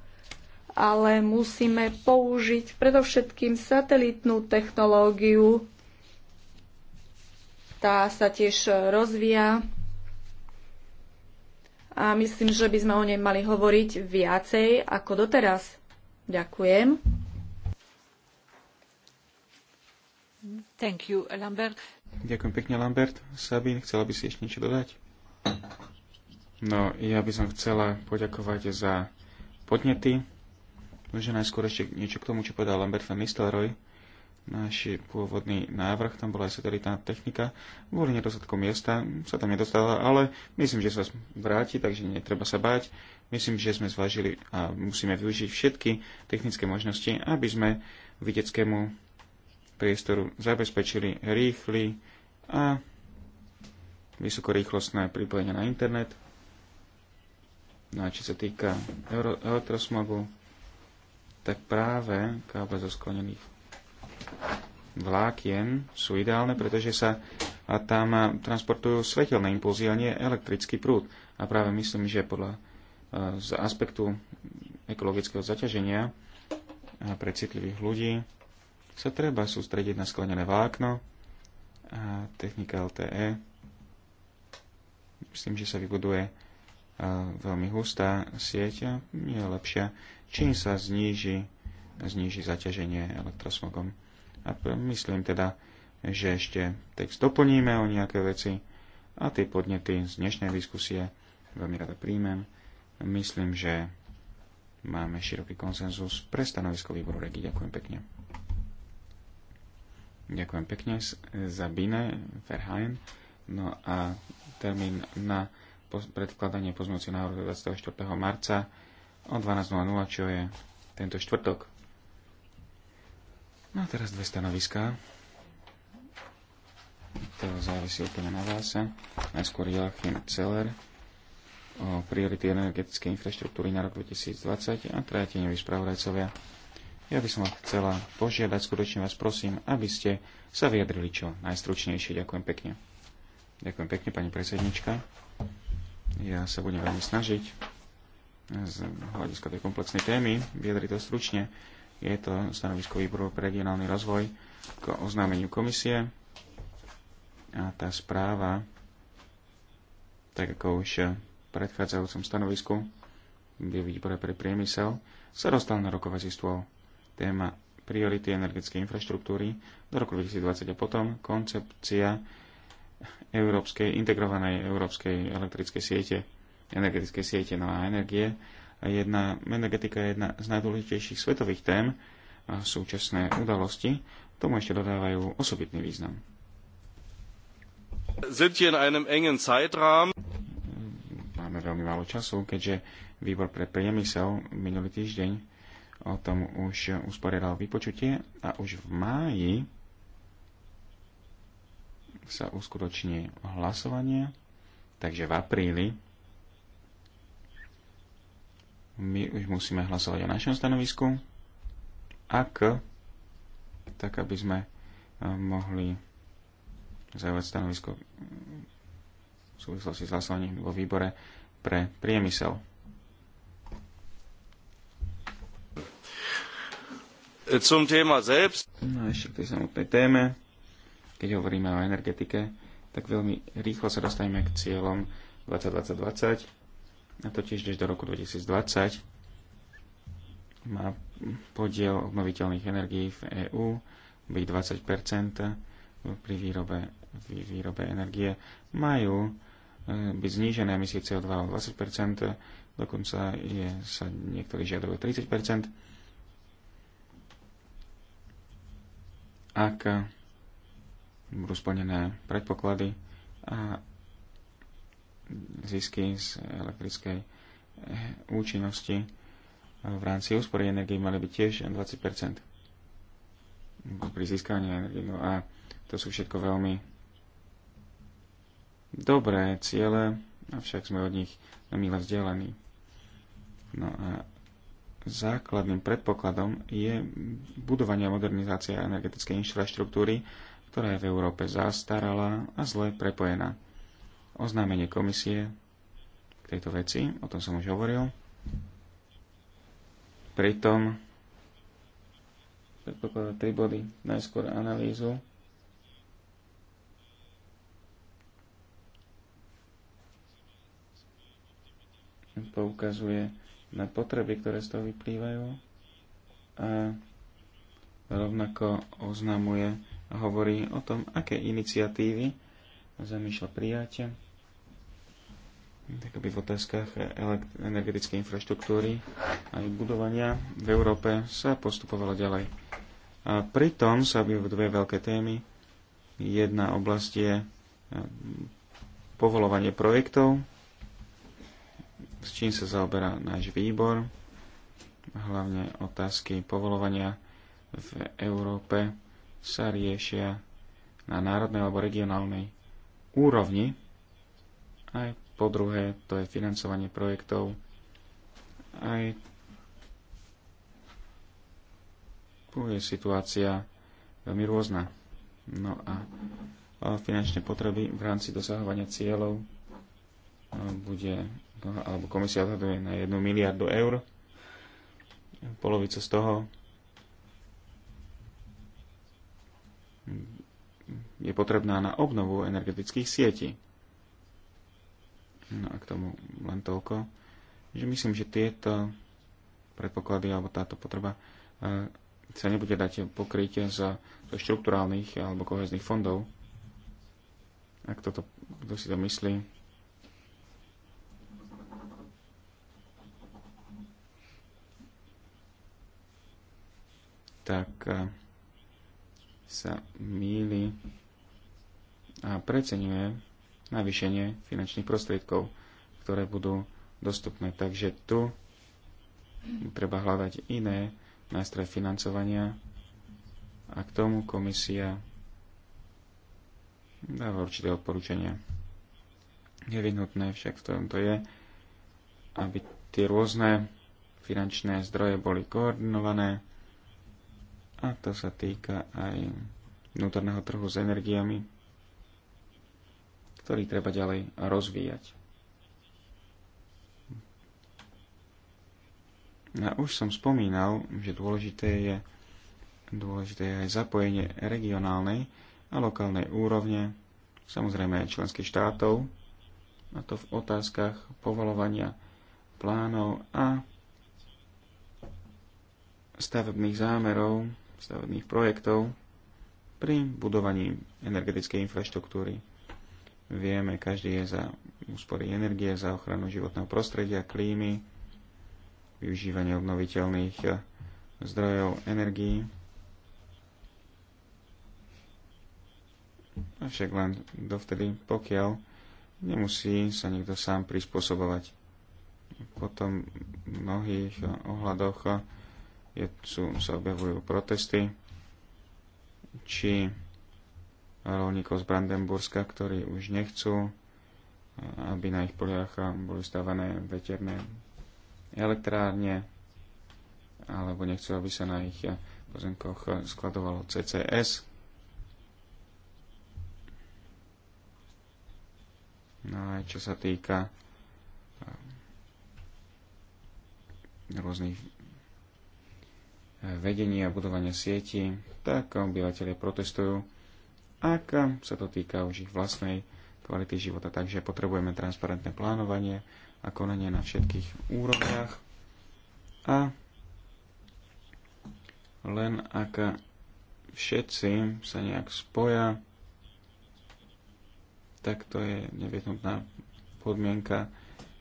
ale musíme použiť predovšetkým satelitnú technológiu. Tá sa tiež rozvíja a myslím, že by sme o nej mali hovoriť viacej ako doteraz. Ďakujem. Thank you, Lambert. Ďakujem pekne, Lambert. Sabine, chcela by si ešte niečo dodať? No, ja by som chcela poďakovať za podnety. Možno najskôr ešte niečo k tomu, čo povedal Lambert van Nistelrooy náš pôvodný návrh, tam bola aj satelitná technika, kvôli nedostatku miesta sa tam nedostala, ale myslím, že sa vráti, takže netreba sa báť. Myslím, že sme zvážili a musíme využiť všetky technické možnosti, aby sme videckému priestoru zabezpečili rýchly a vysokorýchlostné pripojenie na internet. No a čo sa týka elektrosmogu, tak práve káble zo sklenených vlákien sú ideálne, pretože sa tam transportujú svetelné impulzy a nie elektrický prúd. A práve myslím, že podľa eh, z aspektu ekologického zaťaženia a pre citlivých ľudí sa treba sústrediť na sklenené vlákno a technika LTE. Myslím, že sa vybuduje eh, veľmi hustá sieť a je lepšia, čím sa zníži, zníži zaťaženie elektrosmogom. A myslím teda, že ešte text doplníme o nejaké veci a tie podnety z dnešnej diskusie veľmi rada príjmem. Myslím, že máme široký konsenzus pre stanovisko výboru regi. Ďakujem pekne. Ďakujem pekne za Bine Verheyen. No a termín na predkladanie pozmúci návrhu 24. marca o 12.00, čo je tento štvrtok. No a teraz dve stanoviská. To závisí úplne na vás. Najskôr Joachim Celer o priority energetickej infraštruktúry na rok 2020 a traja spravodajcovia. Ja by som vás chcela požiadať, skutočne vás prosím, aby ste sa vyjadrili čo najstručnejšie. Ďakujem pekne. Ďakujem pekne, pani predsednička. Ja sa budem veľmi snažiť z hľadiska tej komplexnej témy vyjadriť to stručne. Je to stanovisko výboru pre regionálny rozvoj k oznámeniu komisie. A tá správa, tak ako už v predchádzajúcom stanovisku, kde výbore pre priemysel, sa dostal na rokovací stôl. Téma priority energetickej infraštruktúry do roku 2020 a potom koncepcia európskej, integrovanej európskej elektrickej siete, energetickej siete na energie jedna, energetika je jedna z najdôležitejších svetových tém a súčasné udalosti. Tomu ešte dodávajú osobitný význam. Máme veľmi málo času, keďže výbor pre priemysel minulý týždeň o tom už usporiadal vypočutie a už v máji sa uskutoční hlasovanie, takže v apríli my už musíme hlasovať o našom stanovisku. Ak, tak aby sme eh, mohli zaujať stanovisko v súvislosti s hlasovaním vo výbore pre priemysel. Zum Thema selbst. No ešte k tej samotnej téme. Keď hovoríme o energetike, tak veľmi rýchlo sa dostaneme k cieľom 2020. -20 a to tiež do roku 2020 má podiel obnoviteľných energií v EÚ byť 20 pri výrobe, výrobe energie. Majú e, byť znížené emisie CO2 o 20 dokonca je, sa niektorí žiadajú 30 Ak budú splnené predpoklady a zisky z elektrickej eh, účinnosti eh, v rámci úspory energie mali by tiež 20 pri získaní energie. No a to sú všetko veľmi dobré ciele, avšak sme od nich milo vzdelení. No a základným predpokladom je budovanie a modernizácia energetickej infraštruktúry, ktorá je v Európe zastarala a zle prepojená oznámenie komisie k tejto veci, o tom som už hovoril. Pritom predpokladá tri body. Najskôr analýzu poukazuje na potreby, ktoré z toho vyplývajú a rovnako oznamuje a hovorí o tom, aké iniciatívy zamýšľa prijatie v otázkach energetickej infraštruktúry a ich budovania v Európe sa postupovalo ďalej. A pritom sa objavujú dve veľké témy. Jedna oblasť je e, povolovanie projektov, s čím sa zaoberá náš výbor, hlavne otázky povolovania v Európe sa riešia na národnej alebo regionálnej úrovni aj po druhé, to je financovanie projektov. Aj tu je situácia veľmi rôzna. No a finančné potreby v rámci dosahovania cieľov bude, alebo komisia odhaduje na 1 miliardu eur. Polovicu z toho je potrebná na obnovu energetických sietí. No a k tomu len toľko, že myslím, že tieto predpoklady alebo táto potreba eh, sa nebude dať pokryť z, z štruktúrálnych alebo kohezných fondov. Ak toto, kto si to myslí, tak eh, sa míli a preceňuje navýšenie finančných prostriedkov, ktoré budú dostupné. Takže tu treba hľadať iné nástroje financovania a k tomu komisia dáva určité odporúčania. Nevyhnutné však v tomto je, aby tie rôzne finančné zdroje boli koordinované a to sa týka aj vnútorného trhu s energiami, ktorý treba ďalej rozvíjať. A už som spomínal, že dôležité je, dôležité je aj zapojenie regionálnej a lokálnej úrovne, samozrejme aj členských štátov, a to v otázkach povolovania plánov a stavebných zámerov, stavebných projektov pri budovaní energetickej infraštruktúry. Vieme, každý je za úspory energie, za ochranu životného prostredia, klímy, využívanie obnoviteľných eh, zdrojov energií. Avšak len dovtedy, pokiaľ nemusí sa nikto sám prispôsobovať. Potom v mnohých eh, ohľadoch eh, je, sú, sa objavujú protesty, či rolníkov z Brandenburska, ktorí už nechcú, eh, aby na ich poliach boli stávané veterné elektrárne, alebo nechcú, aby sa na ich eh, pozemkoch skladovalo CCS. No aj čo sa týka eh, rôznych vedení a budovania sieti, tak obyvateľe protestujú ak sa to týka už ich vlastnej kvality života. Takže potrebujeme transparentné plánovanie a konanie na všetkých úrovniach a len ak všetci sa nejak spoja, tak to je nevyhnutná podmienka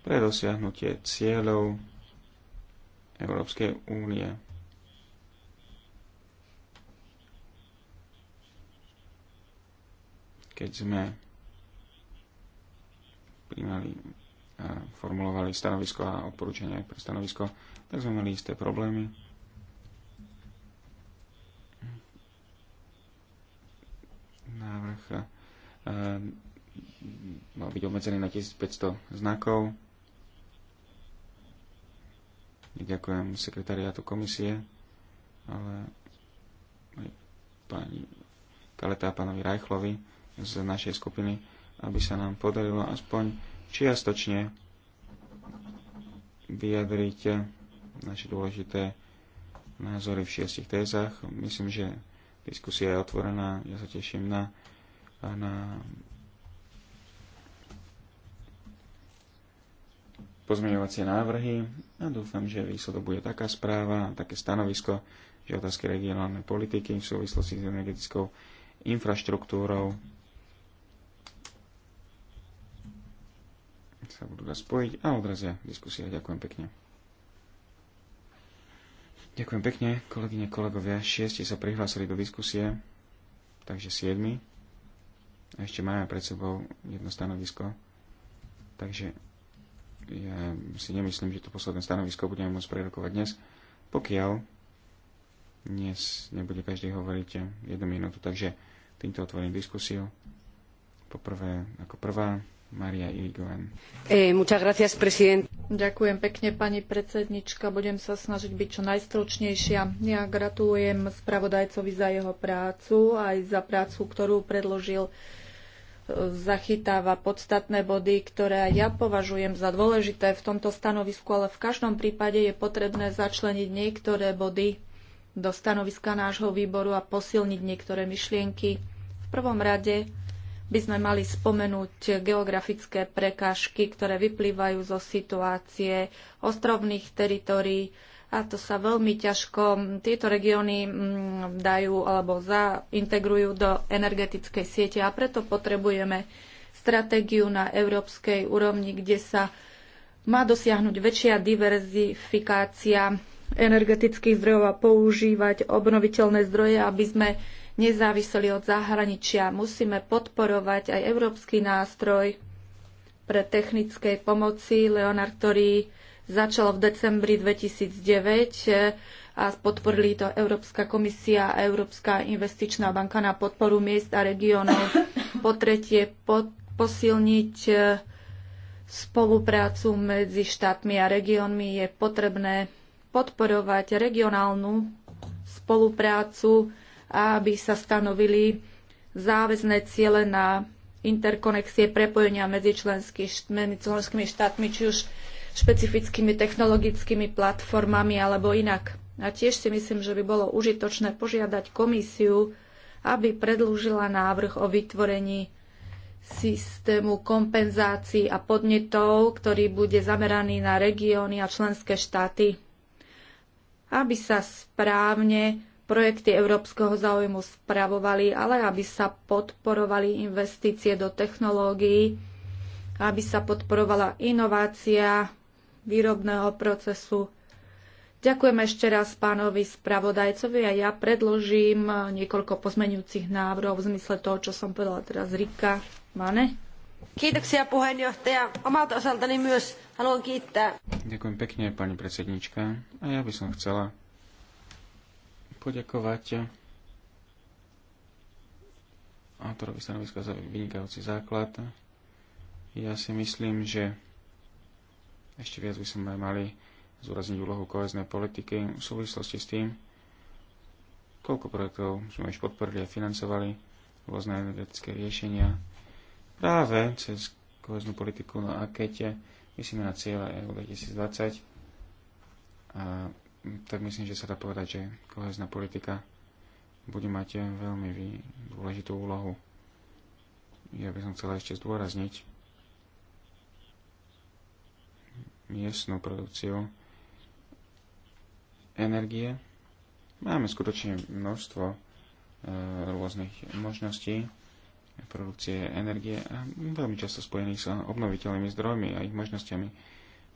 pre dosiahnutie cieľov Európskej únie. keď sme príjmali a formulovali stanovisko a odporúčania pre stanovisko, tak sme mali isté problémy. Návrh e, mal byť obmedzený na 1500 znakov. Ďakujem sekretariátu komisie, ale pani Kaleta a pánovi Rajchlovi z našej skupiny, aby sa nám podarilo aspoň čiastočne vyjadriť naše dôležité názory v šiestich tézach. Myslím, že diskusia je otvorená. Ja sa teším na, na pozmeňovacie návrhy a dúfam, že výsledok bude taká správa, také stanovisko, že otázky regionálnej politiky v súvislosti s energetickou infraštruktúrou sa budú dať spojiť a odrazia diskusia. Ďakujem pekne. Ďakujem pekne, kolegyne, kolegovia. Šiesti sa prihlásili do diskusie, takže siedmi. A ešte máme pred sebou jedno stanovisko. Takže ja si nemyslím, že to posledné stanovisko budeme môcť prerokovať dnes, pokiaľ dnes nebude každý hovoriť jednu minútu. Takže týmto otvorím diskusiu. Poprvé, ako prvá, Maria Irigoyen. E, gracias, Ďakujem pekne, pani predsednička. Budem sa snažiť byť čo najstručnejšia. Ja gratulujem spravodajcovi za jeho prácu, aj za prácu, ktorú predložil eh, zachytáva podstatné body, ktoré ja považujem za dôležité v tomto stanovisku, ale v každom prípade je potrebné začleniť niektoré body do stanoviska nášho výboru a posilniť niektoré myšlienky. V prvom rade by sme mali spomenúť geografické prekážky, ktoré vyplývajú zo situácie ostrovných teritorií. A to sa veľmi ťažko tieto regióny dajú alebo zaintegrujú do energetickej siete a preto potrebujeme stratégiu na európskej úrovni, kde sa má dosiahnuť väčšia diverzifikácia energetických zdrojov a používať obnoviteľné zdroje, aby sme nezávislí od zahraničia. Musíme podporovať aj európsky nástroj pre technické pomoci Leonard, ktorý začal v decembri 2009 a podporili to Európska komisia a Európska investičná banka na podporu miest a regiónov. Po tretie, pod, posilniť e, spoluprácu medzi štátmi a regiónmi je potrebné podporovať regionálnu spoluprácu aby sa stanovili záväzné ciele na interkonexie prepojenia medzi členskými štátmi, či už špecifickými technologickými platformami alebo inak. A tiež si myslím, že by bolo užitočné požiadať komisiu, aby predlúžila návrh o vytvorení systému kompenzácií a podnetov, ktorý bude zameraný na regióny a členské štáty, aby sa správne projekty európskeho záujmu spravovali, ale aby sa podporovali investície do technológií, aby sa podporovala inovácia výrobného procesu. Ďakujem ešte raz pánovi spravodajcovi a ja predložím niekoľko pozmenujúcich návrhov v zmysle toho, čo som povedala teraz Rika. Mane? Kiitoksia puheenjohtaja. Omalta osaltani myös haluan kiittää. Ďakujem pekne, pani predsednička. A ja by som chcela poďakovať autorovi stanoviska za vynikajúci základ. Ja si myslím, že ešte viac by sme mali zúrazniť úlohu koheznej politiky v súvislosti s tým, koľko projektov sme už podporili a financovali, rôzne energetické riešenia, práve cez koheznú politiku. No a keď myslíme na cieľe EU 2020 a tak myslím, že sa dá povedať, že kohezná politika bude mať veľmi dôležitú úlohu. Ja by som chcela ešte zdôrazniť miestnú produkciu energie. Máme skutočne množstvo e, rôznych možností produkcie energie a veľmi často spojených s obnoviteľnými zdrojmi a ich možnosťami.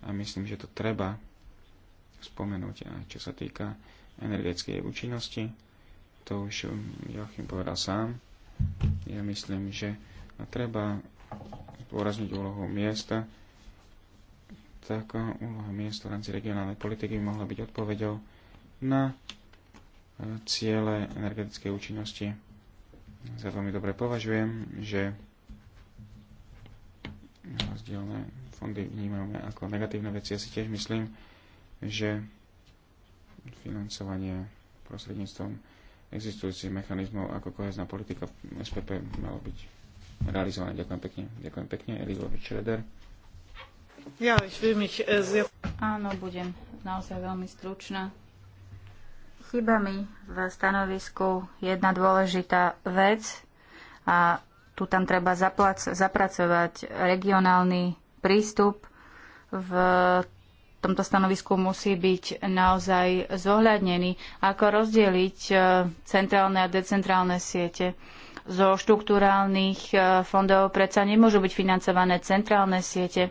A myslím, že to treba spomenúť. čo sa týka energetickej účinnosti, to už Joachim povedal sám. Ja myslím, že treba zdôrazniť úlohu miesta. Tak úloha miesta v rámci regionálnej politiky by mohla byť odpovedou na e, ciele energetickej účinnosti. Za veľmi dobre považujem, že rozdielne fondy vnímame ako negatívne veci. Ja si tiež myslím, že financovanie prostredníctvom existujúcich mechanizmov ako kohezná politika SPP malo byť realizované. Ďakujem pekne. Ďakujem pekne. Elizabeth Schroeder. Ja, ich will mich, äh, sehr... Áno, budem naozaj veľmi stručná. Chyba mi v stanovisku jedna dôležitá vec a tu tam treba zaplac- zapracovať regionálny prístup v tomto stanovisku musí byť naozaj zohľadnený. Ako rozdeliť e, centrálne a decentrálne siete? Zo štruktúrálnych e, fondov predsa nemôžu byť financované centrálne siete.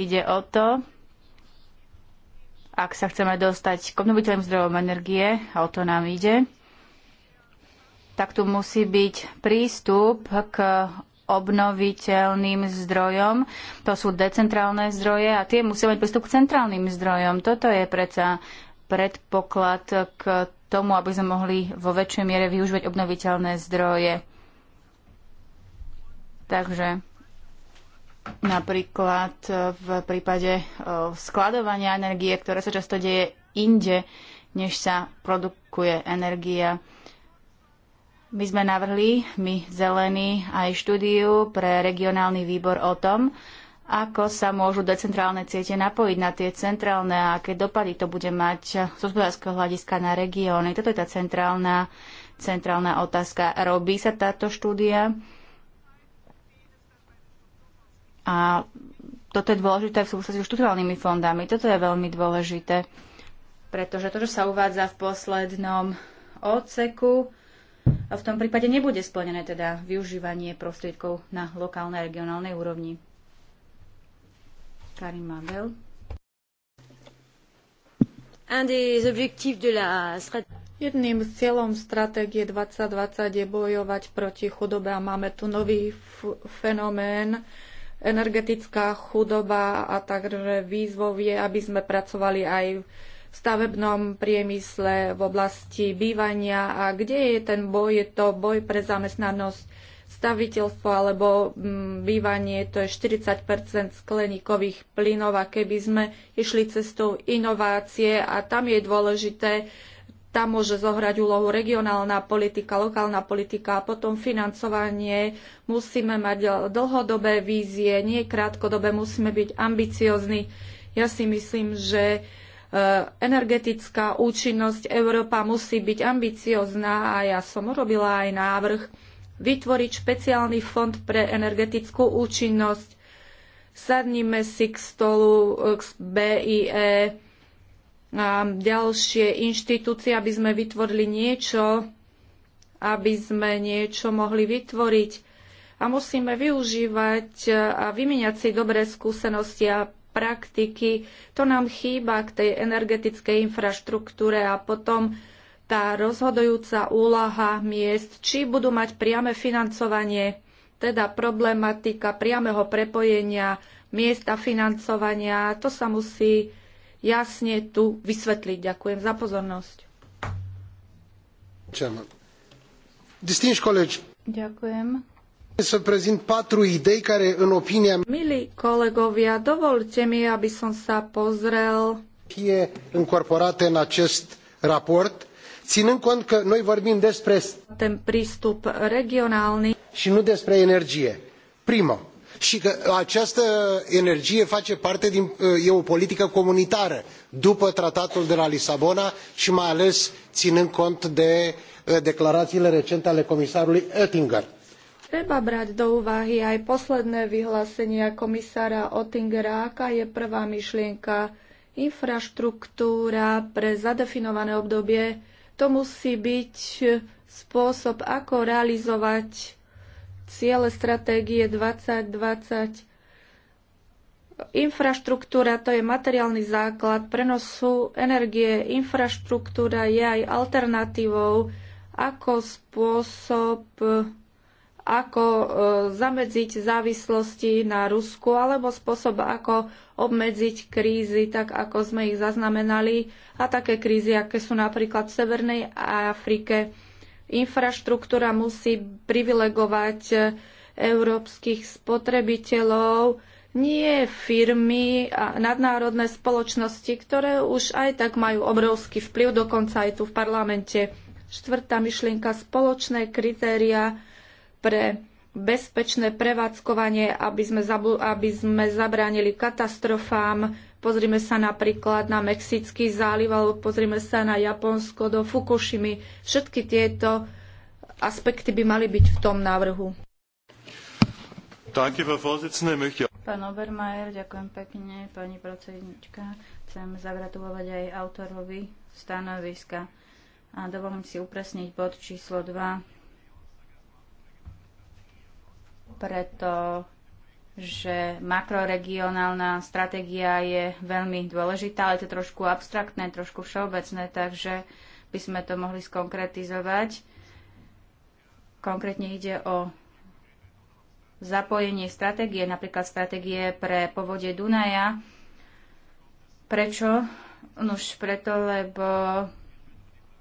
Ide o to, ak sa chceme dostať k obnoviteľným zdrojom energie, a o to nám ide, tak tu musí byť prístup k obnoviteľným zdrojom. To sú decentrálne zdroje a tie musia mať prístup k centrálnym zdrojom. Toto je predsa predpoklad k tomu, aby sme mohli vo väčšej miere využívať obnoviteľné zdroje. Takže napríklad v prípade skladovania energie, ktoré sa často deje inde, než sa produkuje energia. My sme navrhli, my zelení, aj štúdiu pre regionálny výbor o tom, ako sa môžu decentrálne siete napojiť na tie centrálne a aké dopady to bude mať z hospodárskeho hľadiska na regióny. Toto je tá centrálna, centrálna otázka. Robí sa táto štúdia? A toto je dôležité v súvislosti s štruktúralnými fondami. Toto je veľmi dôležité, pretože to, čo sa uvádza v poslednom odseku, v tom prípade nebude splnené teda využívanie prostriedkov na lokálnej a regionálnej úrovni. Karim Mabel. Jedným z cieľom stratégie 2020 je bojovať proti chudobe a máme tu nový fenomén energetická chudoba a takže výzvou je, aby sme pracovali aj v v stavebnom priemysle, v oblasti bývania a kde je ten boj, je to boj pre zamestnanosť staviteľstvo alebo mm, bývanie, to je 40 skleníkových plynov a keby sme išli cestou inovácie a tam je dôležité, tam môže zohrať úlohu regionálna politika, lokálna politika a potom financovanie. Musíme mať dlhodobé vízie, nie krátkodobé, musíme byť ambiciozni. Ja si myslím, že Eh, energetická účinnosť Európa musí byť ambiciozná a ja som urobila aj návrh vytvoriť špeciálny fond pre energetickú účinnosť. Sadnime si k stolu eh, k BIE a ďalšie inštitúcie, aby sme vytvorili niečo, aby sme niečo mohli vytvoriť. A musíme využívať eh, a vymeniať si dobré skúsenosti a praktiky. To nám chýba k tej energetickej infraštruktúre a potom tá rozhodujúca úlaha miest, či budú mať priame financovanie, teda problematika priameho prepojenia miesta financovania. To sa musí jasne tu vysvetliť. Ďakujem za pozornosť. Ďakujem prezint patru idei care, în opinia Milí kolegovia, dovolte mi, aby som sa pozrel fie încorporate în acest raport, ținând cont că noi vorbim despre ten prístup regionálny și nu despre energie. Primă, și că această energie face parte din e o politică comunitară după tratatul de la Lisabona și mai ales ținând cont de uh, declarațiile recente ale comisarului Oettinger Treba brať do úvahy aj posledné vyhlásenia komisára Ottingera, aká je prvá myšlienka infraštruktúra pre zadefinované obdobie. To musí byť spôsob, ako realizovať ciele stratégie 2020 Infraštruktúra to je materiálny základ prenosu energie. Infraštruktúra je aj alternatívou ako spôsob ako e, zamedziť závislosti na Rusku alebo spôsob, ako obmedziť krízy, tak ako sme ich zaznamenali a také krízy, aké sú napríklad v Severnej Afrike. Infraštruktúra musí privilegovať e, európskych spotrebiteľov, nie firmy a nadnárodné spoločnosti, ktoré už aj tak majú obrovský vplyv, dokonca aj tu v parlamente. Štvrtá myšlienka, spoločné kritéria pre bezpečné prevádzkovanie, aby sme, zabu- aby sme zabránili katastrofám. Pozrime sa napríklad na Mexický záliv alebo pozrime sa na Japonsko do Fukushimy. Všetky tieto aspekty by mali byť v tom návrhu. Pán Obermajer, ďakujem pekne, pani predsednička. Chcem zagratulovať aj autorovi stanoviska. A dovolím si upresniť bod číslo 2 preto, že makroregionálna stratégia je veľmi dôležitá, ale je to trošku abstraktné, trošku všeobecné, takže by sme to mohli skonkretizovať. Konkrétne ide o zapojenie stratégie, napríklad stratégie pre povode Dunaja. Prečo? Už preto, lebo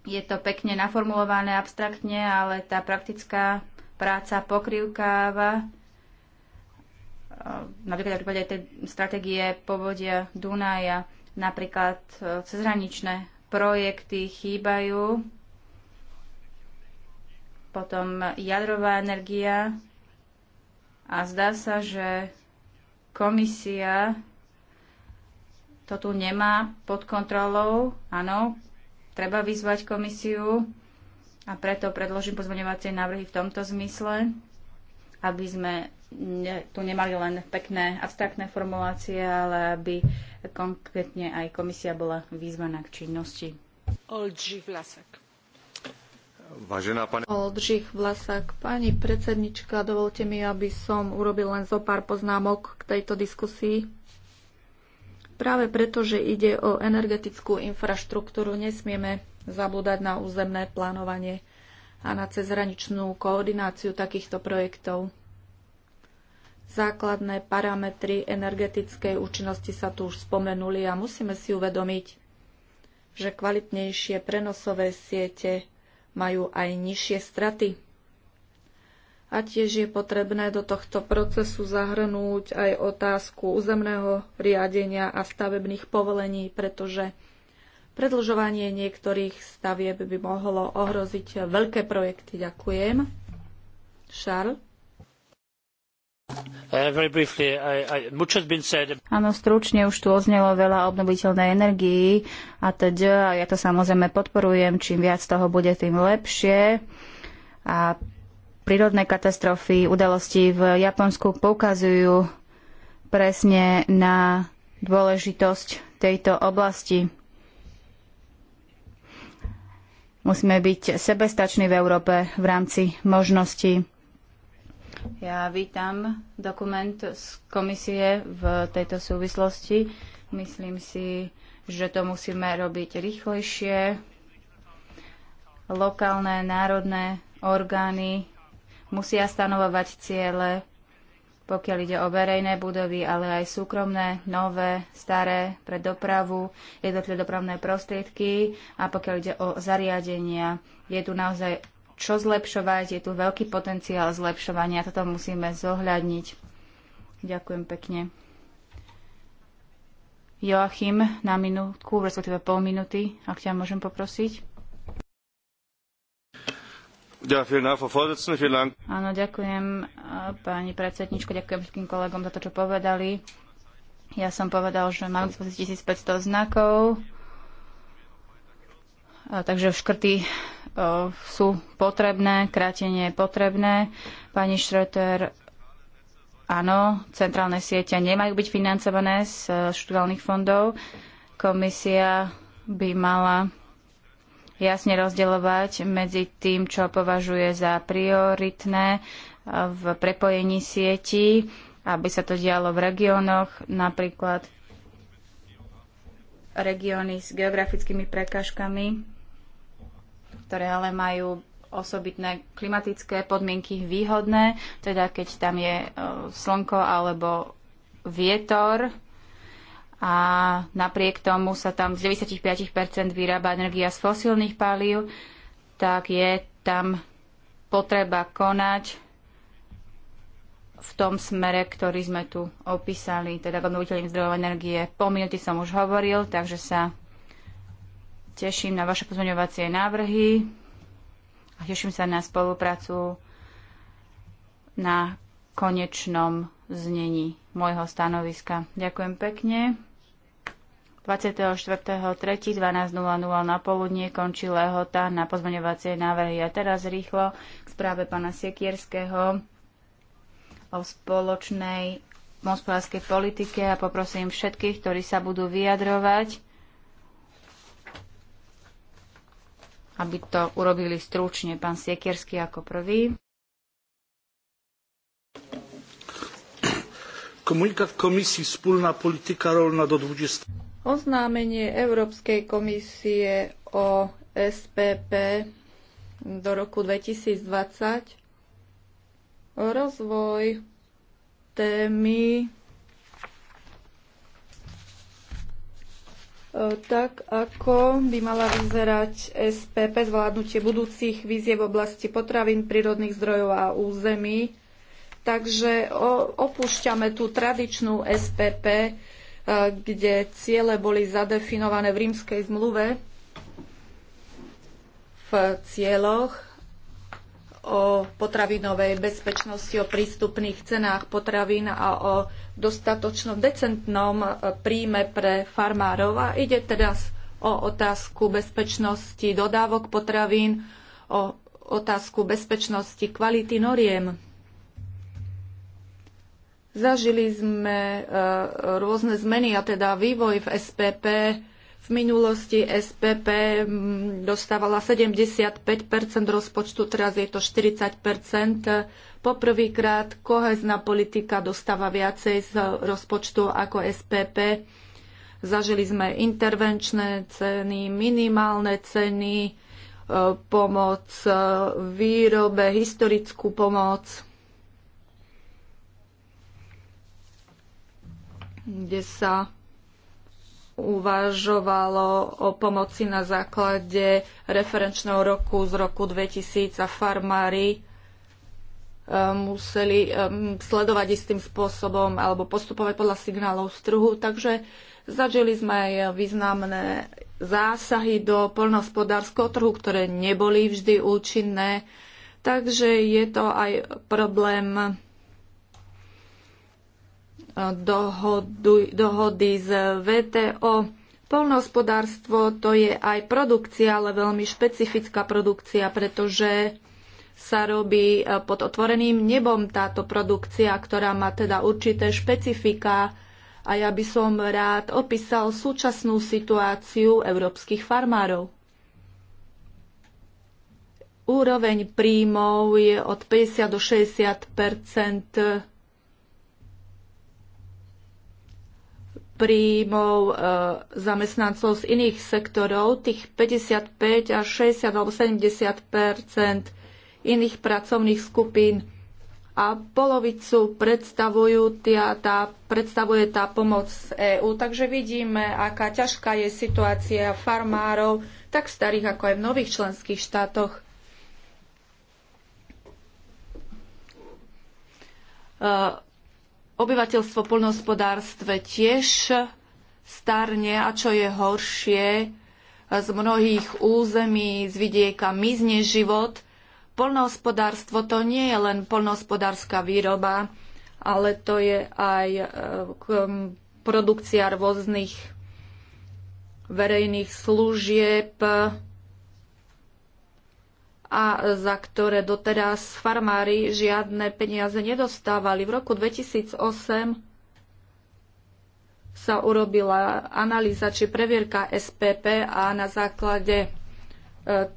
je to pekne naformulované abstraktne, ale tá praktická práca pokrývkáva e, napríklad v prípade tej stratégie povodia Dunaja, napríklad e, cezhraničné projekty chýbajú, potom jadrová energia a zdá sa, že komisia to tu nemá pod kontrolou. Áno, treba vyzvať komisiu, a preto predložím pozmeňovacie návrhy v tomto zmysle, aby sme tu nemali len pekné abstraktné formulácie, ale aby konkrétne aj komisia bola vyzvaná k činnosti. Olži Vlasak. Vážená pani... Oldřich Vlasak, pani predsednička, dovolte mi, aby som urobil len zo pár poznámok k tejto diskusii. Práve preto, že ide o energetickú infraštruktúru, nesmieme zabúdať na územné plánovanie a na cezhraničnú koordináciu takýchto projektov. Základné parametry energetickej účinnosti sa tu už spomenuli a musíme si uvedomiť, že kvalitnejšie prenosové siete majú aj nižšie straty. A tiež je potrebné do tohto procesu zahrnúť aj otázku územného riadenia a stavebných povolení, pretože Predlžovanie niektorých stavieb by mohlo ohroziť veľké projekty. Ďakujem. Charles? Uh, Áno, stručne už tu oznelo veľa obnoviteľnej energii a teda ja to samozrejme podporujem, čím viac toho bude, tým lepšie. A prírodné katastrofy, udalosti v Japonsku poukazujú presne na dôležitosť tejto oblasti. Musíme byť sebestační v Európe v rámci možností. Ja vítam dokument z komisie v tejto súvislosti. Myslím si, že to musíme robiť rýchlejšie. Lokálne, národné orgány musia stanovovať ciele pokiaľ ide o verejné budovy, ale aj súkromné, nové, staré pre dopravu, jednotlivé dopravné prostriedky a pokiaľ ide o zariadenia. Je tu naozaj čo zlepšovať, je tu veľký potenciál zlepšovania, toto musíme zohľadniť. Ďakujem pekne. Joachim, na minútku, respektíve pol minúty, ak ťa môžem poprosiť. Áno, ďakujem eh, pani predsedničko, ďakujem všetkým kolegom za to, čo povedali. Ja som povedal, že mám 1500 znakov, eh, takže škrty eh, sú potrebné, krátenie je potrebné. Pani Schröter, áno, centrálne siete nemajú byť financované z štruktúrálnych fondov. Komisia by mala jasne rozdeľovať medzi tým, čo považuje za prioritné eh, v prepojení sietí, aby sa to dialo v regiónoch, napríklad regióny s geografickými prekažkami, ktoré ale majú osobitné klimatické podmienky výhodné, teda keď tam je eh, slnko alebo vietor, a napriek tomu sa tam z 95% vyrába energia z fosílnych palív, tak je tam potreba konať v tom smere, ktorý sme tu opísali, teda obnoviteľným zdrojov energie. Po minúti som už hovoril, takže sa teším na vaše pozmeňovacie návrhy a teším sa na spoluprácu na konečnom znení môjho stanoviska. Ďakujem pekne. 24.3.12.00 na poludnie končí lehota na pozmeňovacie návrhy. A teraz rýchlo k správe pána Sekierského o spoločnej hospodárskej politike a poprosím všetkých, ktorí sa budú vyjadrovať, aby to urobili stručne. Pán Siekierský ako prvý. Komunikat komisji Wspólna polityka rolna do 20. Oznámenie Európskej komisie o SPP do roku 2020, rozvoj témy e, tak, ako by mala vyzerať SPP, zvládnutie budúcich vízie v oblasti potravín, prírodných zdrojov a území. Takže opúšťame tú tradičnú SPP, kde ciele boli zadefinované v rímskej zmluve v cieľoch o potravinovej bezpečnosti, o prístupných cenách potravín a o dostatočnom decentnom e, príjme pre farmárov. A ide teda o otázku bezpečnosti dodávok potravín, o otázku bezpečnosti kvality noriem. Zažili sme e, rôzne zmeny a teda vývoj v SPP. V minulosti SPP dostávala 75 rozpočtu, teraz je to 40 Poprvýkrát kohezná politika dostáva viacej z rozpočtu ako SPP. Zažili sme intervenčné ceny, minimálne ceny, e, pomoc e, výrobe, historickú pomoc kde sa uvažovalo o pomoci na základe referenčného roku z roku 2000 a farmári e, museli e, sledovať istým spôsobom alebo postupovať podľa signálov z trhu. Takže zažili sme aj významné zásahy do poľnohospodárskeho trhu, ktoré neboli vždy účinné. Takže je to aj problém dohodu, dohody z VTO. Polnohospodárstvo to je aj produkcia, ale veľmi špecifická produkcia, pretože sa robí e, pod otvoreným nebom táto produkcia, ktorá má teda určité špecifika. A ja by som rád opísal súčasnú situáciu európskych farmárov. Úroveň príjmov je od 50 do 60 príjmov e, zamestnancov z iných sektorov, tých 55 až 60 alebo 70 iných pracovných skupín a polovicu predstavujú tia, tá, predstavuje tá pomoc z EÚ. Takže vidíme, aká ťažká je situácia farmárov, tak v starých ako aj v nových členských štátoch. Uh, obyvateľstvo v poľnohospodárstve tiež starne a čo je horšie, z mnohých území, z vidieka mizne život. Poľnohospodárstvo to nie je len poľnohospodárska výroba, ale to je aj e, produkcia rôznych verejných služieb, a za ktoré doteraz farmári žiadne peniaze nedostávali. V roku 2008 sa urobila analýza či previerka SPP a na základe e,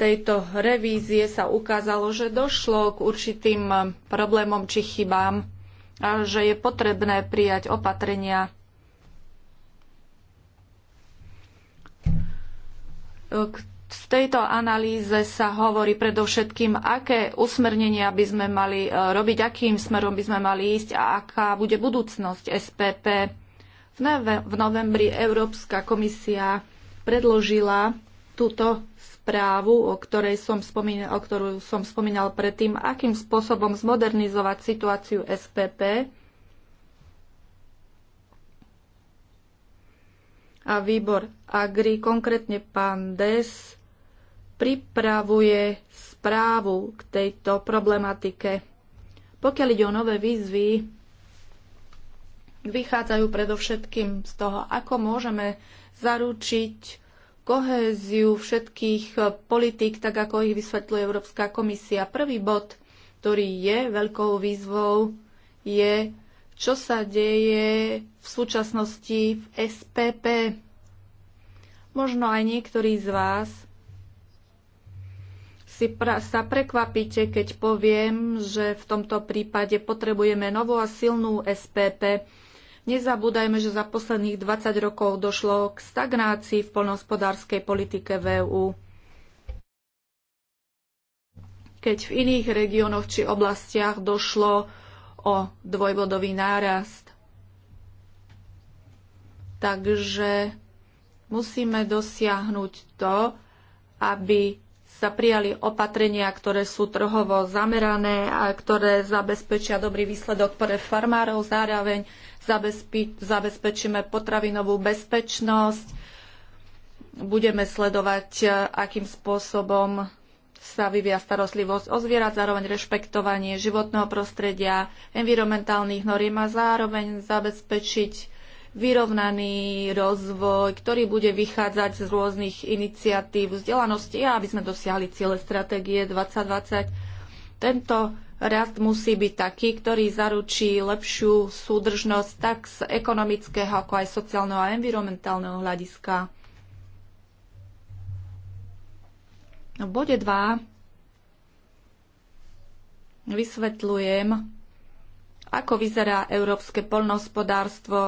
tejto revízie sa ukázalo, že došlo k určitým e, problémom či chybám a že je potrebné prijať opatrenia. E, v tejto analýze sa hovorí predovšetkým, aké usmernenia by sme mali e, robiť, akým smerom by sme mali ísť a aká bude budúcnosť SPP. V novembri Európska komisia predložila túto správu, o, ktorej som spomínal, o ktorú som spomínal predtým, akým spôsobom zmodernizovať situáciu SPP a výbor Agri, konkrétne pán Des, pripravuje správu k tejto problematike. Pokiaľ ide o nové výzvy, vychádzajú predovšetkým z toho, ako môžeme zaručiť kohéziu všetkých politík, tak ako ich vysvetľuje Európska komisia. Prvý bod, ktorý je veľkou výzvou, je, čo sa deje v súčasnosti v SPP. Možno aj niektorí z vás si pra- sa prekvapíte, keď poviem, že v tomto prípade potrebujeme novú a silnú SPP. Nezabúdajme, že za posledných 20 rokov došlo k stagnácii v poľnohospodárskej politike v e Keď v iných regiónoch či oblastiach došlo o dvojbodový nárast. Takže musíme dosiahnuť to, aby sa prijali opatrenia, ktoré sú trhovo zamerané a ktoré zabezpečia dobrý výsledok pre farmárov. Zároveň zabezpečíme potravinovú bezpečnosť. Budeme sledovať, e, akým spôsobom sa vyvia starostlivosť o zvierat, zároveň rešpektovanie životného prostredia, environmentálnych noriem a zároveň zabezpečiť vyrovnaný rozvoj, ktorý bude vychádzať z rôznych iniciatív vzdelanosti a aby sme dosiahli ciele stratégie 2020. Tento rast musí byť taký, ktorý zaručí lepšiu súdržnosť tak z ekonomického, ako aj sociálneho a environmentálneho hľadiska. V bode 2 vysvetľujem, ako vyzerá európske poľnohospodárstvo,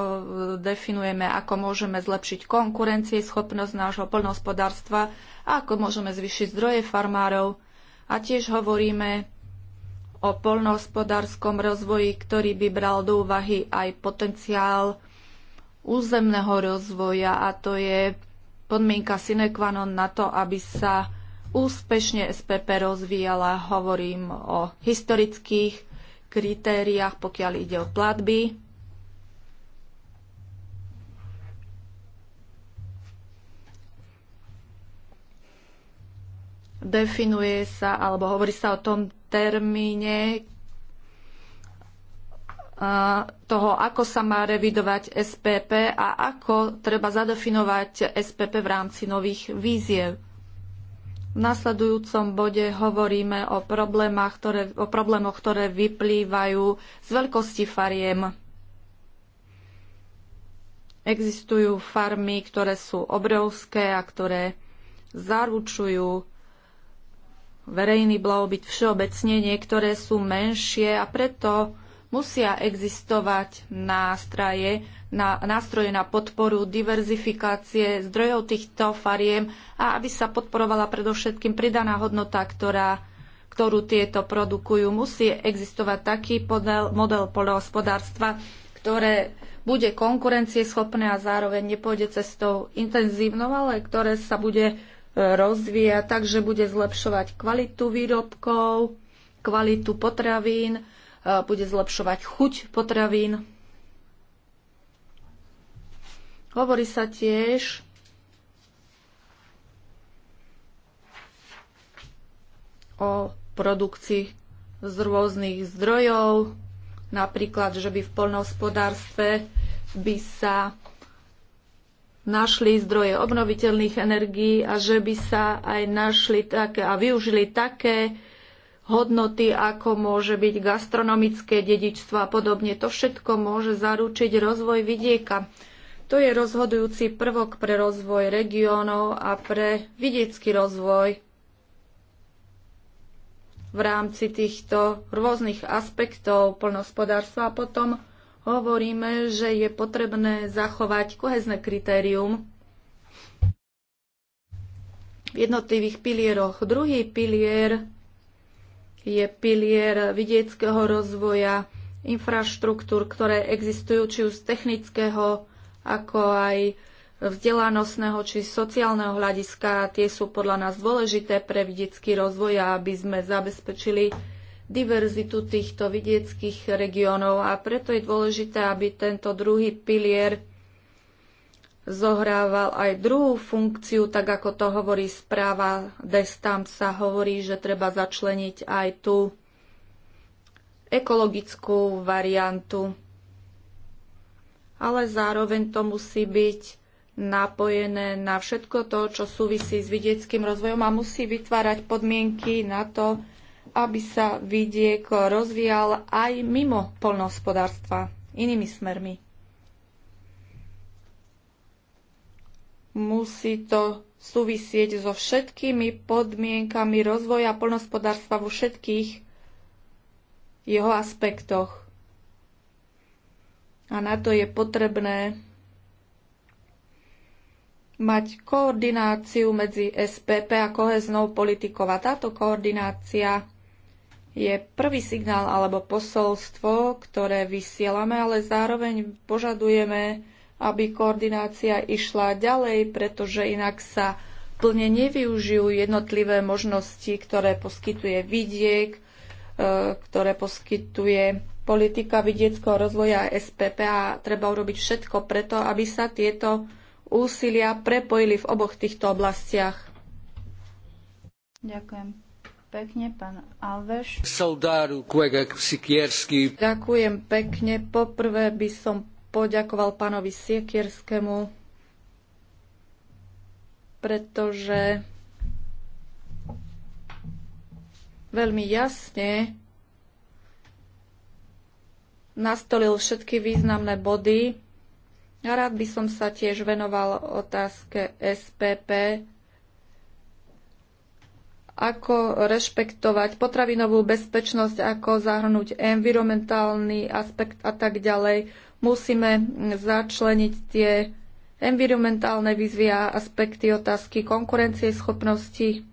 definujeme, ako môžeme zlepšiť schopnosť nášho poľnohospodárstva a ako môžeme zvyšiť zdroje farmárov. A tiež hovoríme o poľnohospodárskom rozvoji, ktorý by bral do úvahy aj potenciál územného rozvoja a to je podmienka sine qua non na to, aby sa úspešne SPP rozvíjala. Hovorím o historických kritériách, pokiaľ ide o platby. Definuje sa, alebo hovorí sa o tom termíne toho, ako sa má revidovať SPP a ako treba zadefinovať SPP v rámci nových víziev. V nasledujúcom bode hovoríme o, ktoré, o problémoch, ktoré vyplývajú z veľkosti fariem. Existujú farmy, ktoré sú obrovské a ktoré zaručujú verejný blahobyt všeobecne, niektoré sú menšie a preto Musia existovať nástroje na, nástroje na podporu diverzifikácie zdrojov týchto fariem a aby sa podporovala predovšetkým pridaná hodnota, ktorá ktorú tieto produkujú. Musí existovať taký model, model poľnohospodárstva, ktoré bude konkurencieschopné a zároveň nepôjde cestou intenzívnou, ale ktoré sa bude e, rozvíjať, takže bude zlepšovať kvalitu výrobkov, kvalitu potravín Eh, bude zlepšovať chuť potravín. Hovorí sa tiež, o produkcii z rôznych zdrojov, napríklad, že by v poľnohospodárstve by sa našli zdroje obnoviteľných energií a že by sa aj našli také a využili také hodnoty, ako môže byť gastronomické dedičstvo a podobne. To všetko môže zaručiť rozvoj vidieka. To je rozhodujúci prvok pre rozvoj regiónov a pre vidiecký rozvoj v rámci týchto rôznych aspektov plnospodárstva. A potom hovoríme, že je potrebné zachovať kohezné kritérium v jednotlivých pilieroch. Druhý pilier je pilier vidieckého rozvoja, infraštruktúr, ktoré existujú či už z technického, ako aj vzdelanostného či sociálneho hľadiska. Tie sú podľa nás dôležité pre vidiecký rozvoj, aby sme zabezpečili diverzitu týchto vidieckých regiónov a preto je dôležité, aby tento druhý pilier zohrával aj druhú funkciu, tak ako to hovorí správa Destam, sa hovorí, že treba začleniť aj tú ekologickú variantu. Ale zároveň to musí byť napojené na všetko to, čo súvisí s vidieckým rozvojom a musí vytvárať podmienky na to, aby sa vidiek rozvíjal aj mimo polnohospodárstva, inými smermi. Musí to súvisieť so všetkými podmienkami rozvoja poľnohospodárstva vo všetkých jeho aspektoch. A na to je potrebné mať koordináciu medzi SPP a koheznou politikou. A táto koordinácia je prvý signál alebo posolstvo, ktoré vysielame, ale zároveň požadujeme aby koordinácia išla ďalej, pretože inak sa plne nevyužijú jednotlivé možnosti, ktoré poskytuje vidiek, e, ktoré poskytuje politika vidieckého rozvoja SPP a treba urobiť všetko preto, aby sa tieto úsilia prepojili v oboch týchto oblastiach. Ďakujem pekne, pán Alveš. Soldáru, Sikierský. Ďakujem pekne. Poprvé by som poďakoval pánovi Siekierskému, pretože veľmi jasne nastolil všetky významné body. A rád by som sa tiež venoval otázke SPP, ako rešpektovať potravinovú bezpečnosť, ako zahrnúť environmentálny aspekt a tak ďalej. Musíme začleniť tie environmentálne výzvy a aspekty otázky konkurencie schopnosti,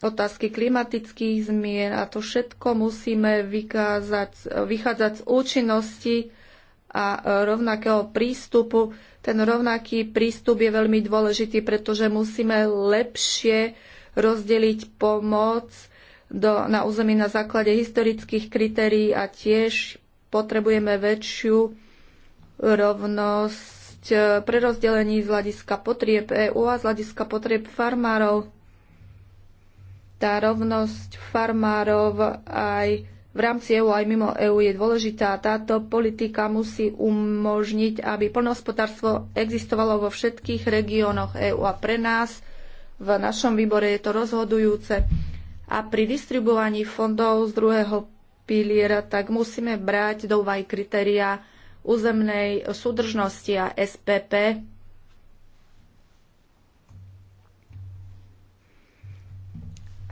otázky klimatických zmien a to všetko musíme vykázať, vychádzať z účinnosti a rovnakého prístupu. Ten rovnaký prístup je veľmi dôležitý, pretože musíme lepšie rozdeliť pomoc do, na území na základe historických kritérií a tiež potrebujeme väčšiu rovnosť e, pri rozdelení z hľadiska potrieb EÚ a z hľadiska potrieb farmárov. Tá rovnosť farmárov aj v rámci EU, aj mimo EU je dôležitá. Táto politika musí umožniť, aby plnohospodárstvo existovalo vo všetkých regiónoch EÚ a pre nás v našom výbore je to rozhodujúce. A pri distribuovaní fondov z druhého pilier, tak musíme brať do úvahy kritéria územnej súdržnosti a SPP.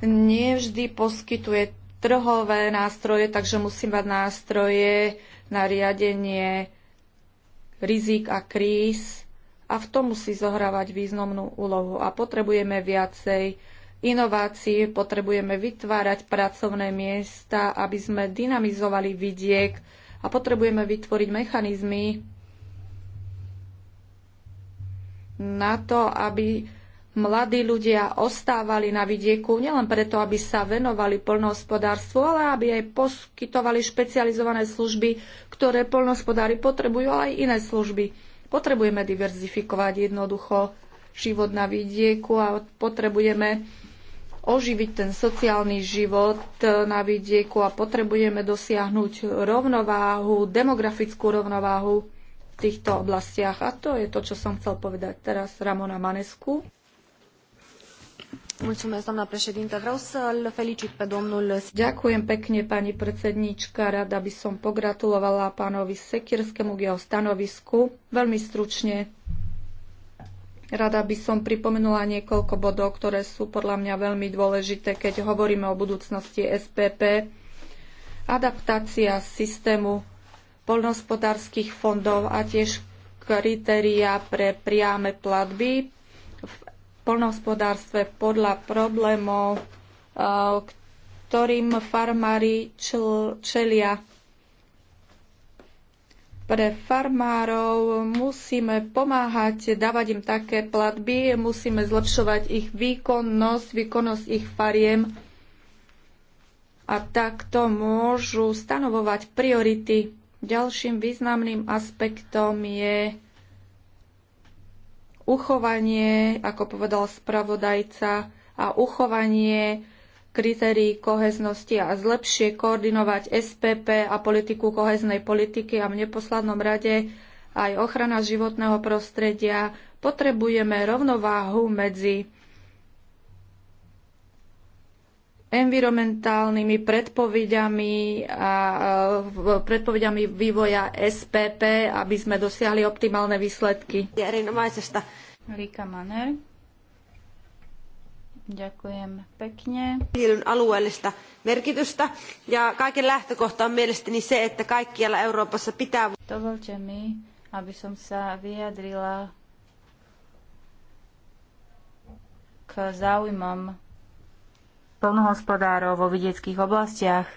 Nevždy poskytuje trhové nástroje, takže musí mať nástroje na riadenie rizik a kríz a v tom musí zohrávať významnú úlohu a potrebujeme viacej inovácií, potrebujeme vytvárať pracovné miesta, aby sme dynamizovali vidiek a potrebujeme vytvoriť mechanizmy na to, aby mladí ľudia ostávali na vidieku nielen preto, aby sa venovali poľnohospodárstvu, ale aby aj poskytovali špecializované služby, ktoré poľnohospodári potrebujú, ale aj iné služby. Potrebujeme diverzifikovať jednoducho život na vidieku a potrebujeme oživiť ten sociálny život e, na vidieku a potrebujeme dosiahnuť rovnováhu, demografickú rovnováhu v týchto oblastiach. A to je to, čo som chcel povedať teraz Ramona Manescu. Ďakujem pekne, pani predsednička. Rada by som pogratulovala pánovi Sekirskému k jeho stanovisku. Veľmi stručne Rada by som pripomenula niekoľko bodov, ktoré sú podľa mňa veľmi dôležité, keď hovoríme o budúcnosti SPP. Adaptácia systému poľnohospodárskych fondov a tiež kritériá pre priame platby v poľnohospodárstve podľa problémov, eh, ktorým farmári čelia pre farmárov, musíme pomáhať, dávať im také platby, musíme zlepšovať ich výkonnosť, výkonnosť ich fariem a takto môžu stanovovať priority. Ďalším významným aspektom je uchovanie, ako povedal spravodajca, a uchovanie kritérií koheznosti a zlepšie koordinovať SPP a politiku koheznej politiky a v neposlednom rade aj ochrana životného prostredia, potrebujeme rovnováhu medzi environmentálnymi predpovediami a e, predpovediami vývoja SPP, aby sme dosiahli optimálne výsledky. Rika Maner. Ďakujem pekne. Hiilyn alueellista merkitystä ja kaiken lähtökohta on mielestäni se, että kaikkialla Euroopassa pitää... Dovolte mi, aby som sa vyjadrila k záujmom plnohospodárov vo vidieckých oblastiach.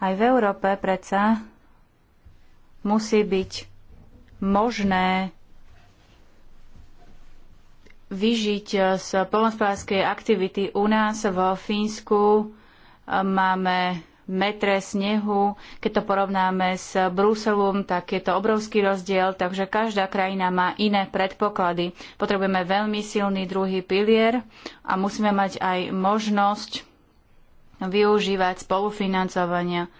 Aj v Európe predsa musí byť možné vyžiť eh, z polnospodárskej aktivity u nás vo Fínsku. Eh, máme metre snehu. Keď to porovnáme s Bruselom, tak je to obrovský rozdiel, takže každá krajina má iné predpoklady. Potrebujeme veľmi silný druhý pilier a musíme mať aj možnosť využívať spolufinancovania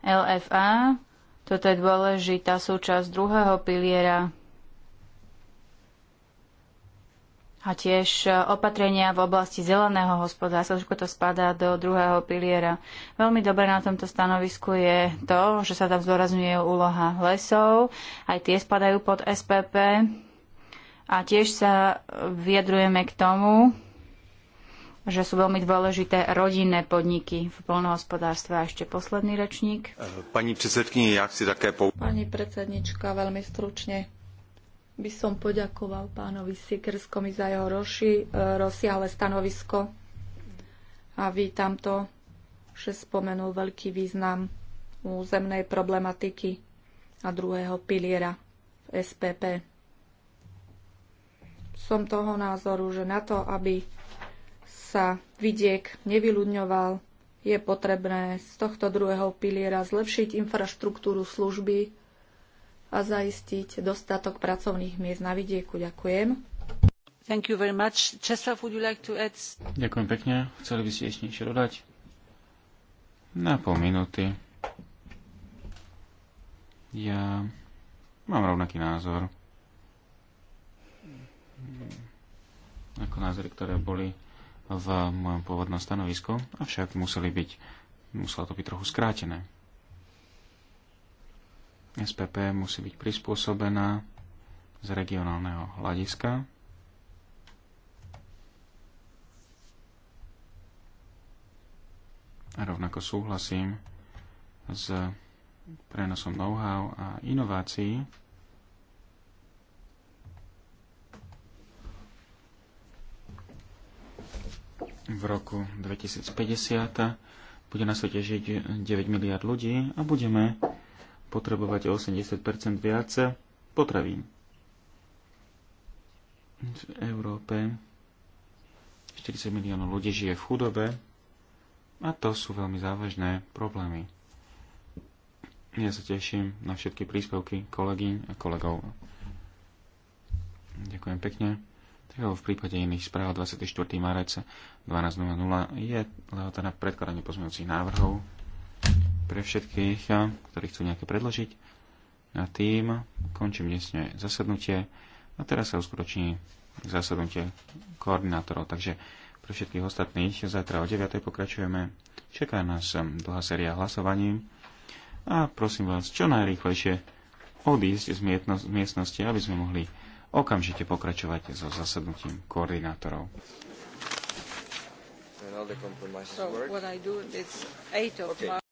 LFA. Toto je dôležitá súčasť druhého piliera a tiež e, opatrenia v oblasti zeleného hospodárstva, všetko to spadá do druhého piliera. Veľmi dobre na tomto stanovisku je to, že sa tam zdôrazňuje úloha lesov, aj tie spadajú pod SPP a tiež sa vyjadrujeme k tomu, že sú veľmi dôležité rodinné podniky v polnohospodárstve. A ešte posledný rečník. E, pani predsedkynia, ja chci také pou... Pani predsednička, veľmi stručne by som poďakoval pánovi Sikerskomi za jeho roši, e, rozsiahle stanovisko a vítam to, že spomenul veľký význam územnej problematiky a druhého piliera v SPP. Som toho názoru, že na to, aby sa vidiek nevyľudňoval, je potrebné z tohto druhého piliera zlepšiť infraštruktúru služby a zaistiť dostatok pracovných miest na vidieku. Ďakujem. Thank you very much. Česlav, would you like to add? Ďakujem pekne. Chceli by ste ešte niečo dodať? Na pol minúty. Ja mám rovnaký názor. Ako názory, ktoré boli v mojom pôvodnom stanovisku, avšak museli byť, muselo to byť trochu skrátené. SPP musí byť prispôsobená z regionálneho hľadiska. A rovnako súhlasím s prenosom know-how a inovácií. V roku 2050 bude na svete žiť 9 miliard ľudí a budeme potrebovať 80 viac potravín. V Európe 40 miliónov ľudí žije v chudobe a to sú veľmi závažné problémy. Ja sa teším na všetky príspevky kolegyň a kolegov. Ďakujem pekne. Tak v prípade iných správ 24. marec 12.00 je lehota na predkladanie pozmeňujúcich návrhov pre všetkých, ktorí chcú nejaké predložiť. A tým končím dnesne zasadnutie a teraz sa uskutoční zasadnutie koordinátorov. Takže pre všetkých ostatných zajtra o 9. pokračujeme. Čaká nás um, dlhá séria hlasovaní a prosím vás čo najrýchlejšie odísť z miestnosti, aby sme mohli okamžite pokračovať so zasadnutím koordinátorov all the compromises so work. what I do of okay.